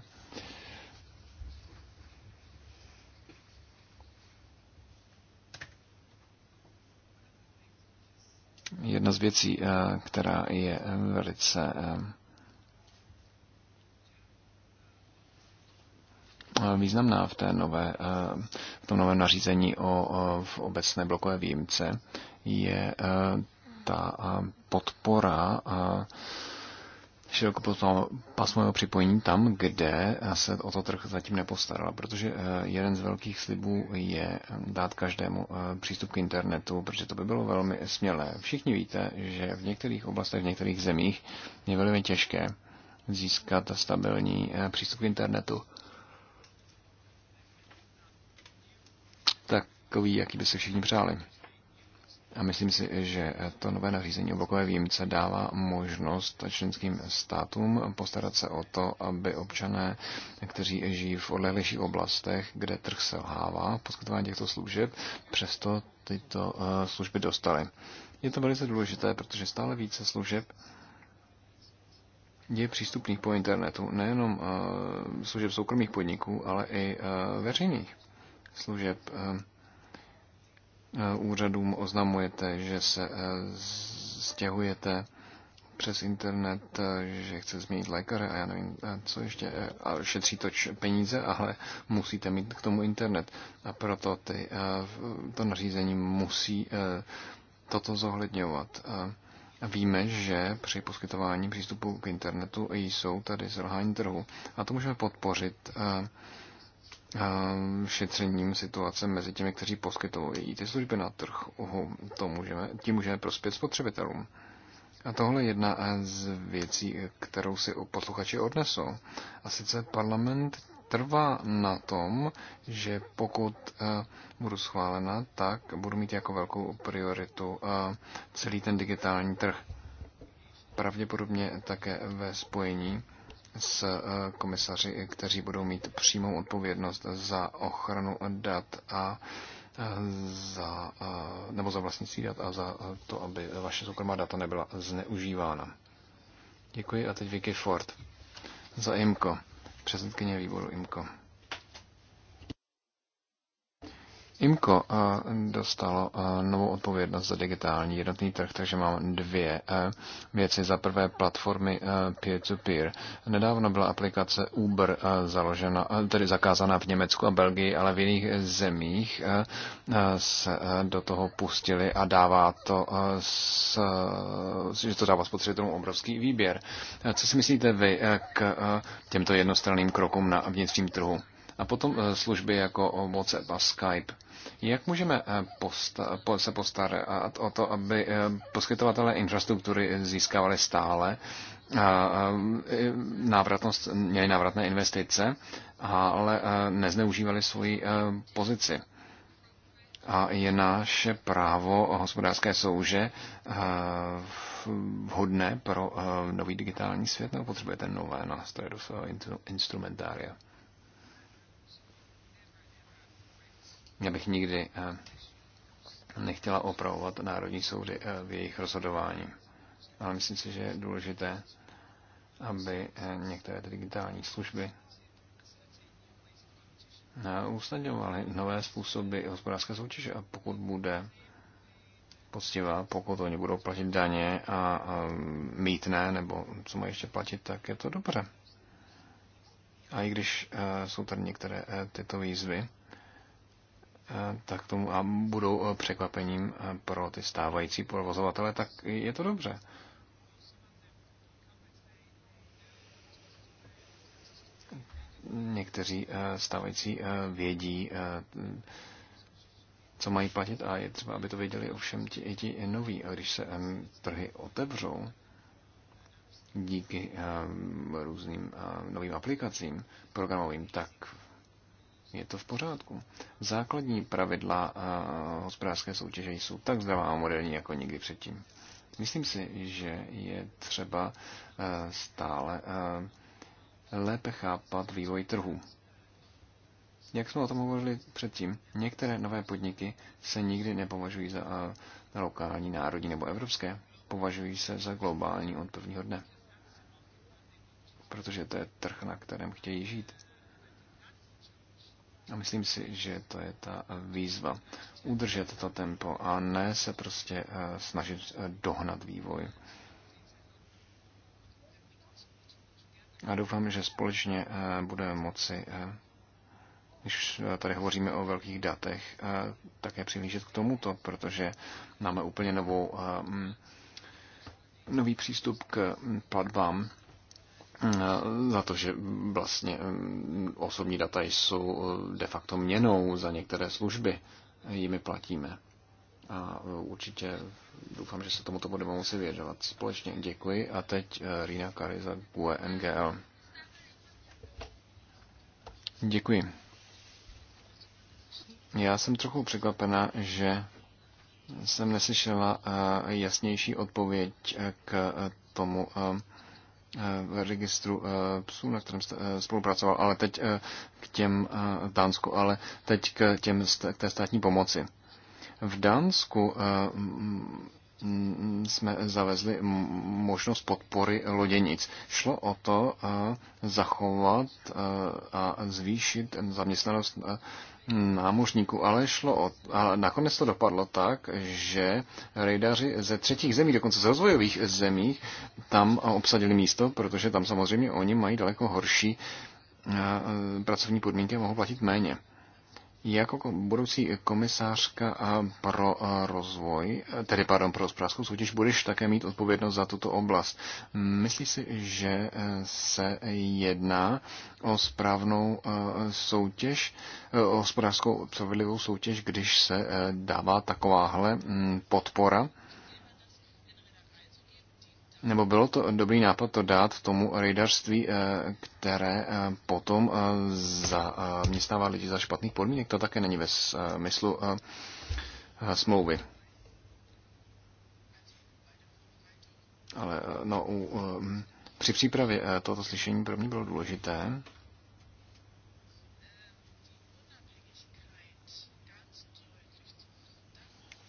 Jedna z věcí, eh, která je eh, velice významná v, té nové, v tom novém nařízení o, uh, v obecné blokové výjimce, je ta podpora uh, širokopásmového připojení tam, kde se o to trh zatím nepostarala, protože eh, jeden z velkých slibů je dát každému eh, přístup k internetu, protože to by bylo velmi smělé. Všichni víte, že v některých oblastech, v některých zemích je velmi těžké získat stabilní eh, přístup k internetu. Takový, jaký by se všichni přáli. A myslím si, že to nové nařízení o blokové výjimce dává možnost členským státům postarat se o to, aby občané, kteří žijí v odlehlejších oblastech, kde trh selhává poskytování těchto služeb, přesto tyto eh, služby dostali. Je to velice důležité, protože stále více služeb je přístupných po internetu, nejenom eh, služeb soukromých podniků, ale i eh, veřejných služeb Eh, úřadům oznamujete, že se eh, stěhujete přes internet, eh, že chce změnit lékaře a já nevím, co ještě, a šetří to peníze, ale musíte mít k tomu internet. A proto ty, to nařízení musí toto zohledňovat. Víme, že při poskytování přístupu k internetu jsou tady zrhání trhu a to můžeme podpořit šetřením situace mezi těmi, kteří poskytují ty služby na trhu. To můžeme, tím můžeme prospět spotřebitelům. A tohle je jedna z věcí, kterou si posluchači odnesou. A sice parlament trvá na tom, že pokud eh, budu schválena, tak budu mít jako velkou prioritu eh, celý ten digitální trh. Pravděpodobně také ve spojení s eh, komisaři, kteří budou mít přímou odpovědnost za ochranu dat a eh, za, eh, nebo za vlastnictví dat a za to, aby vaše soukromá data nebyla zneužívána. Děkuji a teď Vicky Ford za IMCO, předsedkyně výboru IMCO. IMCO eh, dostalo eh, novou odpovědnost za digitální jednotný trh, takže mám dvě eh, věci. Za prvé platformy peer-to-peer. -peer. Nedávno byla aplikace Uber založena, tedy zakázaná v Německu a Belgii, ale v jiných zemích se do toho pustili a dává to, s, že to dává spotřebitelům obrovský výběr. Co si myslíte vy k těmto jednostranným krokům na vnitřním trhu? A potom služby jako WhatsApp a Skype. Jak můžeme eh, posta- eh, se postarat o to, aby eh, poskytovatelé infrastruktury získávali stále návratnost, měli návratné investice, ale nezneužívali svoji pozici? a je naše právo hospodářské souže vhodné pro nový digitální svět, nebo potřebujete nové nástroje do svého instrumentária? Já bych nikdy eh, nechtěla opravovat národní soudy eh, v jejich rozhodování. Ale myslím si, že je důležité, aby eh, některé digitální služby usnadňovaly nové způsoby hospodářské soutěže. A pokud bude poctivá, pokud oni budou platit daně a, mít mítné, nebo co mají ještě platit, tak je to dobře. A i když jsou tady některé tyto výzvy, Eh, tak tomu a budou eh, překvapením eh, pro ty stávající provozovatele, tak je to dobře. Někteří stávající vědí, co mají platit a je třeba, aby to věděli ovšem ti, i ti noví. A když se trhy otevřou díky různým novým aplikacím programovým, tak je to v pořádku. Základní pravidla eh, hospodářské soutěže jsou tak zdravá a moderní jako nikdy předtím. Myslím si, že je třeba eh, stále eh, lépe chápat vývoj trhu. Jak jsme o tom hovořili předtím, některé nové podniky se nikdy nepovažují za lokální, národní nebo evropské. Považují se za globální od prvního dne. Protože to je trh, na kterém chtějí žít. A myslím si, že to je ta eh, výzva. Udržet to tempo a ne se prostě eh, snažit eh, dohnat vývoj. A doufám, že společně budeme moci, když tady hovoříme o velkých datech, také přihlížet k tomuto, protože máme úplně novou, mm, nový přístup k mm, platbám za to, že vlastně osobní data jsou eh, de facto měnou za některé služby, jimi platíme. A eh, určitě doufám, že se tomuto budeme muset věřovat společně. Děkuji. A teď eh, Rina Kary za QNGL. Děkuji. Já jsem trochu překvapena, že jsem neslyšela jasnější odpověď k tomu Eh, registru eh, psů, na kterém eh, spolupracoval, ale teď k těm Dánsku, ale teď k, těm, k té státní pomoci. V Dánsku mm, mm, jsme zavezli možnost podpory loděnic. Šlo o to zachovat a zvýšit zaměstnanost námořníků, ale šlo o, ale nakonec to dopadlo tak, že rejdaři ze třetích zemí, dokonce z rozvojových zemí, tam obsadili místo, protože tam samozřejmě oni mají daleko horší eh, pracovní podmínky a mohou platit méně. Jako budoucí komisářka pro rozvoj, tedy pardon, pro hospodářskou soutěž, budeš také mít odpovědnost za tuto oblast. Myslíš si, že e, se jedná o správnou e, soutěž, e, o hospodářskou spravedlivou soutěž, když se dává takováhle podpora? nebo bylo to dobrý nápad to dát tomu rejdařství, eh, které eh, potom eh, zaměstnává lidi za špatných podmínek. To také není ve smyslu smlouvy. Ale no, u, při přípravě tohoto slyšení pro mě bylo důležité,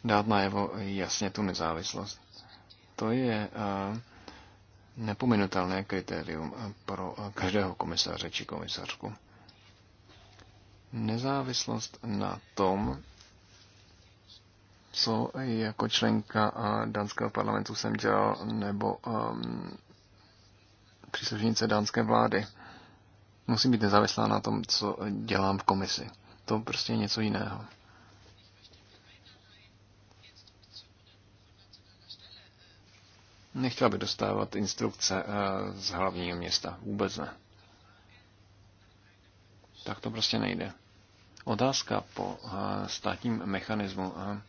dát najevo jasně tu nezávislost to je eh, nepominutelné kritérium eh, pro eh, každého komisaře či komisařku. Nezávislost na tom, co jako členka dánského parlamentu jsem dělal, nebo um, příslušnice dánské vlády. Musím být nezávislá na tom, co dělám v komisi. To prostě je něco jiného. Nechtěla by dostávat instrukce eh, z hlavního města. Vůbec ne. Tak to prostě nejde. Otázka po eh, státním mechanismu eh,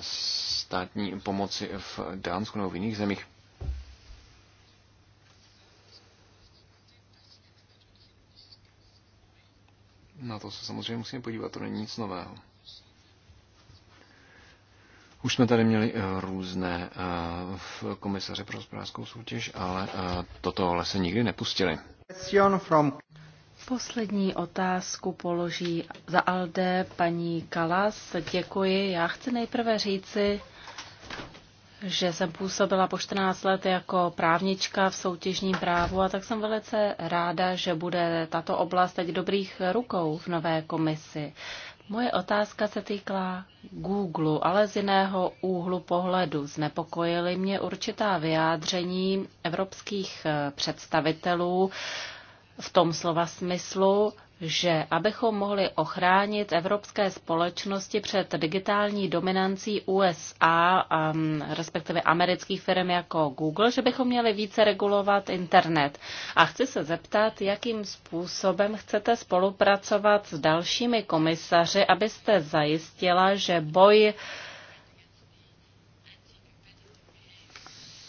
státní pomoci v Dánsku nebo v jiných zemích. Na to se samozřejmě musíme podívat, to není nic nového. Už jsme tady měli eh, různé eh, komisaře pro hospodářskou soutěž, ale eh, toto se nikdy nepustili. Poslední otázku položí za Alde paní Kalas. Děkuji. Já chci nejprve říci, že jsem působila po 14 let jako právnička v soutěžním právu a tak jsem velice ráda, že bude tato oblast teď dobrých rukou v nové komisi. Moje otázka se týkala Google, ale z jiného úhlu pohledu. Znepokojily mě určitá vyjádření evropských eh, představitelů v tom slova smyslu, že abychom mohli ochránit evropské společnosti před digitální dominancí USA, um, respektive amerických firm jako Google, že bychom měli více regulovat internet. A chci se zeptat, jakým způsobem chcete spolupracovat s dalšími komisaři, abyste zajistila, že boj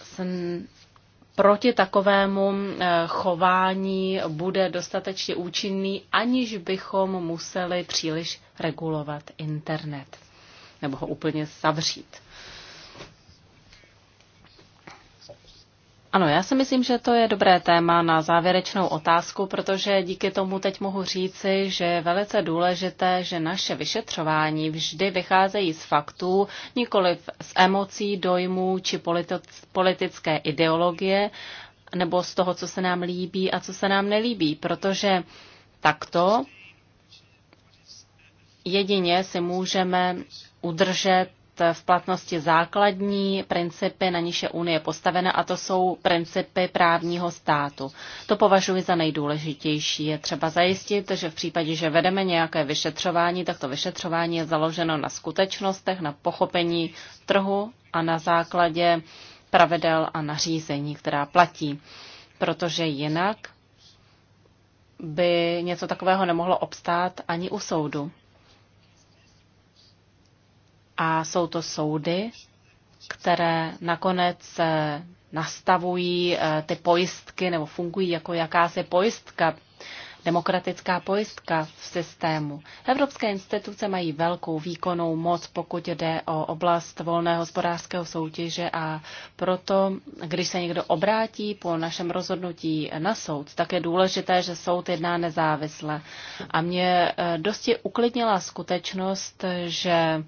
s proti takovému eh, chování bude dostatečně účinný, aniž bychom museli příliš regulovat internet nebo ho úplně zavřít. Ano, já si myslím, že to je dobré téma na závěrečnou otázku, protože díky tomu teď mohu říci, že je velice důležité, že naše vyšetřování vždy vycházejí z faktů, nikoli z emocí, dojmů či politické ideologie, nebo z toho, co se nám líbí a co se nám nelíbí, protože takto jedině si můžeme udržet v platnosti základní principy, na níž je Unie postavena, a to jsou principy právního státu. To považuji za nejdůležitější. Je třeba zajistit, že v případě, že vedeme nějaké vyšetřování, tak to vyšetřování je založeno na skutečnostech, na pochopení trhu a na základě pravidel a nařízení, která platí. Protože jinak by něco takového nemohlo obstát ani u soudu a jsou to soudy, které nakonec eh, nastavují eh, ty pojistky nebo fungují jako jakási pojistka, demokratická pojistka v systému. Evropské instituce mají velkou výkonnou moc, pokud jde o oblast volné hospodářského soutěže a proto, když se někdo obrátí po našem rozhodnutí na soud, tak je důležité, že soud jedná nezávisle. A mě eh, dosti uklidnila skutečnost, že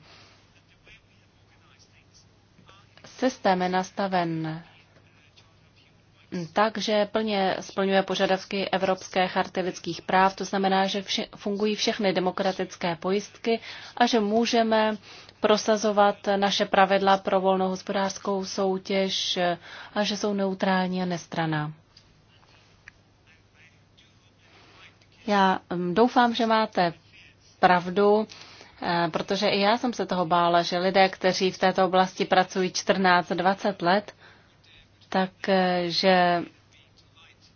Systém je nastaven tak, že plně splňuje požadavky Evropské charty lidských práv, to znamená, že vše, fungují všechny demokratické pojistky a že můžeme prosazovat naše pravidla pro volnou hospodářskou soutěž a že jsou neutrální a nestraná. Já mm, doufám, že máte pravdu Eh, protože i já jsem se toho bála, že lidé, kteří v této oblasti pracují 14-20 let, takže eh,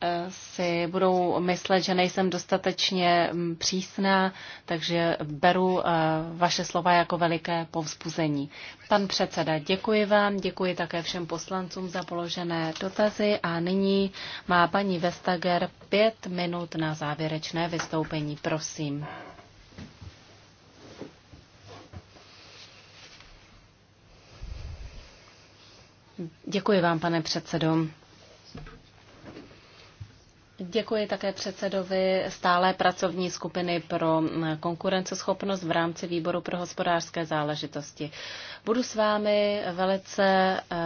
eh, si budou myslet, že nejsem dostatečně mm, přísná, takže beru vaše slova jako veliké povzbuzení. Pan předseda, děkuji vám, děkuji také všem poslancům za položené dotazy a nyní má paní Vestager pět minut na závěrečné vystoupení. Prosím. Děkuji vám, pane předsedo. Děkuji také předsedovi stále pracovní skupiny pro konkurenceschopnost v rámci výboru pro hospodářské záležitosti. Budu s vámi velice eh,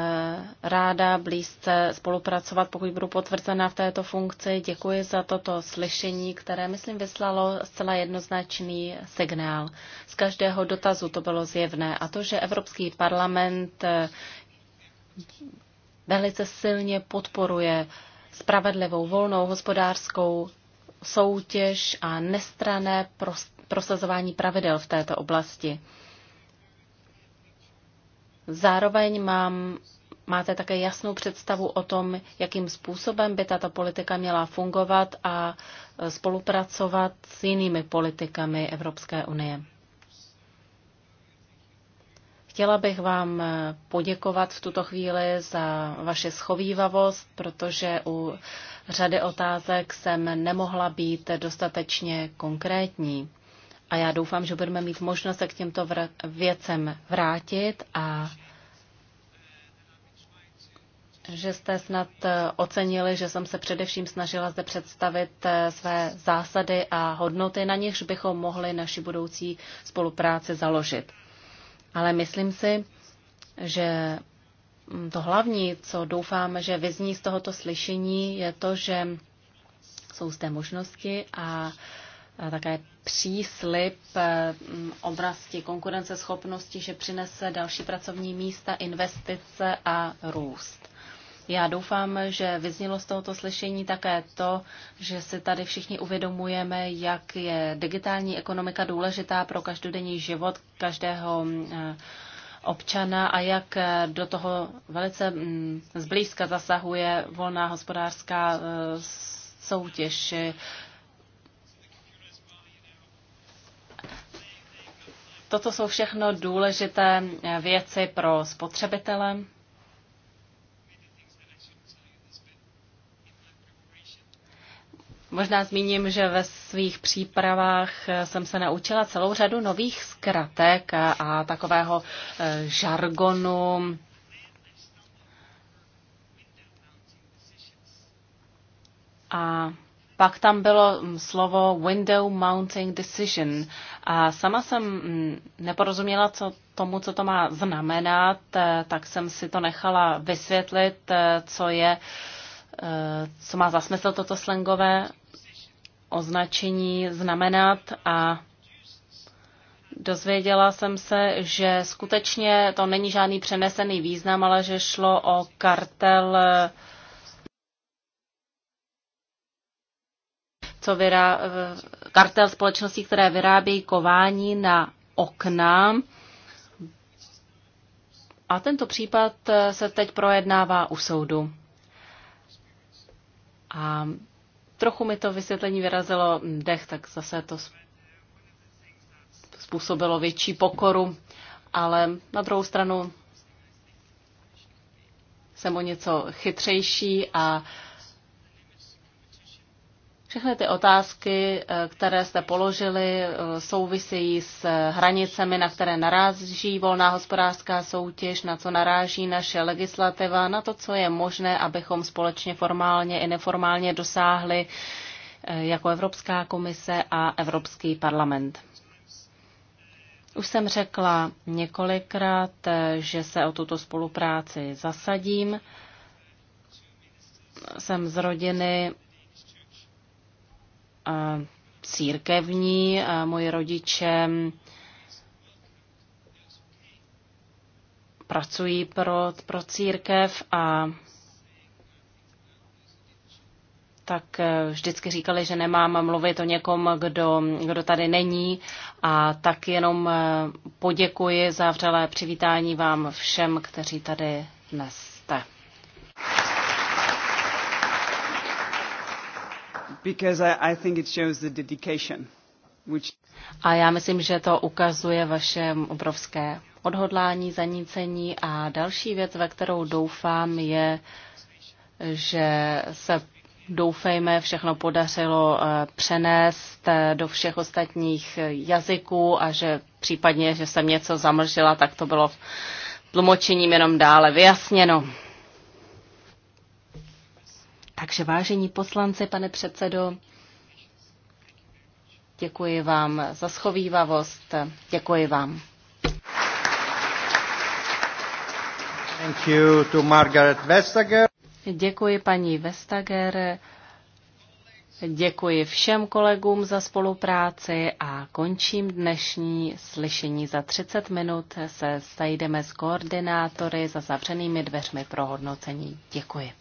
ráda blízce spolupracovat, pokud budu potvrzena v této funkci. Děkuji za toto slyšení, které, myslím, vyslalo zcela jednoznačný signál. Z každého dotazu to bylo zjevné a to, že Evropský parlament eh, velice silně podporuje spravedlivou volnou hospodářskou soutěž a nestrané prosazování pravidel v této oblasti. Zároveň mám, máte také jasnou představu o tom, jakým způsobem by tato politika měla fungovat a e, spolupracovat s jinými politikami Evropské unie. Chtěla bych vám eh, poděkovat v tuto chvíli za vaši schovývavost, protože u řady otázek jsem nemohla být dostatečně konkrétní. A já doufám, že budeme mít možnost se k těmto věcem vrátit a že jste snad eh, ocenili, že jsem se především snažila zde představit eh, své zásady a hodnoty, na nichž bychom mohli naši budoucí spolupráci založit. Ale myslím si, že to hlavní, co doufám, že vyzní z tohoto slyšení, je to, že jsou zde možnosti a také příslip mm, oblasti konkurenceschopnosti, že přinese další pracovní místa, investice a růst. Já doufám, že vyznělo z tohoto slyšení také to, že si tady všichni uvědomujeme, jak je digitální ekonomika důležitá pro každodenní život každého mm, eh, občana a jak eh, do toho velice mm, zblízka zasahuje volná hospodářská eh, soutěž. Toto jsou všechno důležité věci pro spotřebitele. Možná zmíním, že ve svých přípravách eh, jsem se naučila celou řadu nových zkratek a, a takového eh, žargonu. A pak tam bylo hm, slovo window mounting decision. A sama jsem hm, neporozuměla co, tomu, co to má znamenat, eh, tak jsem si to nechala vysvětlit, co je co má za smysl toto slangové označení znamenat a dozvěděla jsem se, že skutečně to není žádný přenesený význam, ale že šlo o kartel, co vyrá, kartel společností, které vyrábí kování na okna. A tento případ se teď projednává u soudu. A trochu mi to vysvětlení vyrazilo dech, tak zase to způsobilo větší pokoru, ale na druhou stranu jsem o něco chytřejší a všechny ty otázky, eh, které jste položili, eh, souvisejí s hranicemi, na které naráží volná hospodářská soutěž, na co naráží naše legislativa, na to, co je možné, abychom společně formálně i neformálně dosáhli eh, jako Evropská komise a Evropský parlament. Už jsem řekla několikrát, že se o tuto spolupráci zasadím. Jsem z rodiny církevní. Moji rodiče pracují pro, pro církev a tak e, vždycky říkali, že nemám mluvit o někom, kdo, kdo tady není. A tak jenom e, poděkuji za vřelé přivítání vám všem, kteří tady dnes A já myslím, že to ukazuje vaše obrovské odhodlání, zanícení a další věc, ve kterou doufám, je, že se doufejme, všechno podařilo eh, přenést eh, do všech ostatních jazyků a že případně, že jsem něco zamlžila, tak to bylo tlumočením jenom dále vyjasněno. Takže vážení poslanci, pane předsedo, děkuji vám za schovývavost, děkuji vám. Thank you to Margaret Vestager. Děkuji paní Vestager, děkuji všem kolegům za spolupráci a končím dnešní slyšení. Za 30 minut se sejdeme s koordinátory za zavřenými dveřmi pro hodnocení. Děkuji.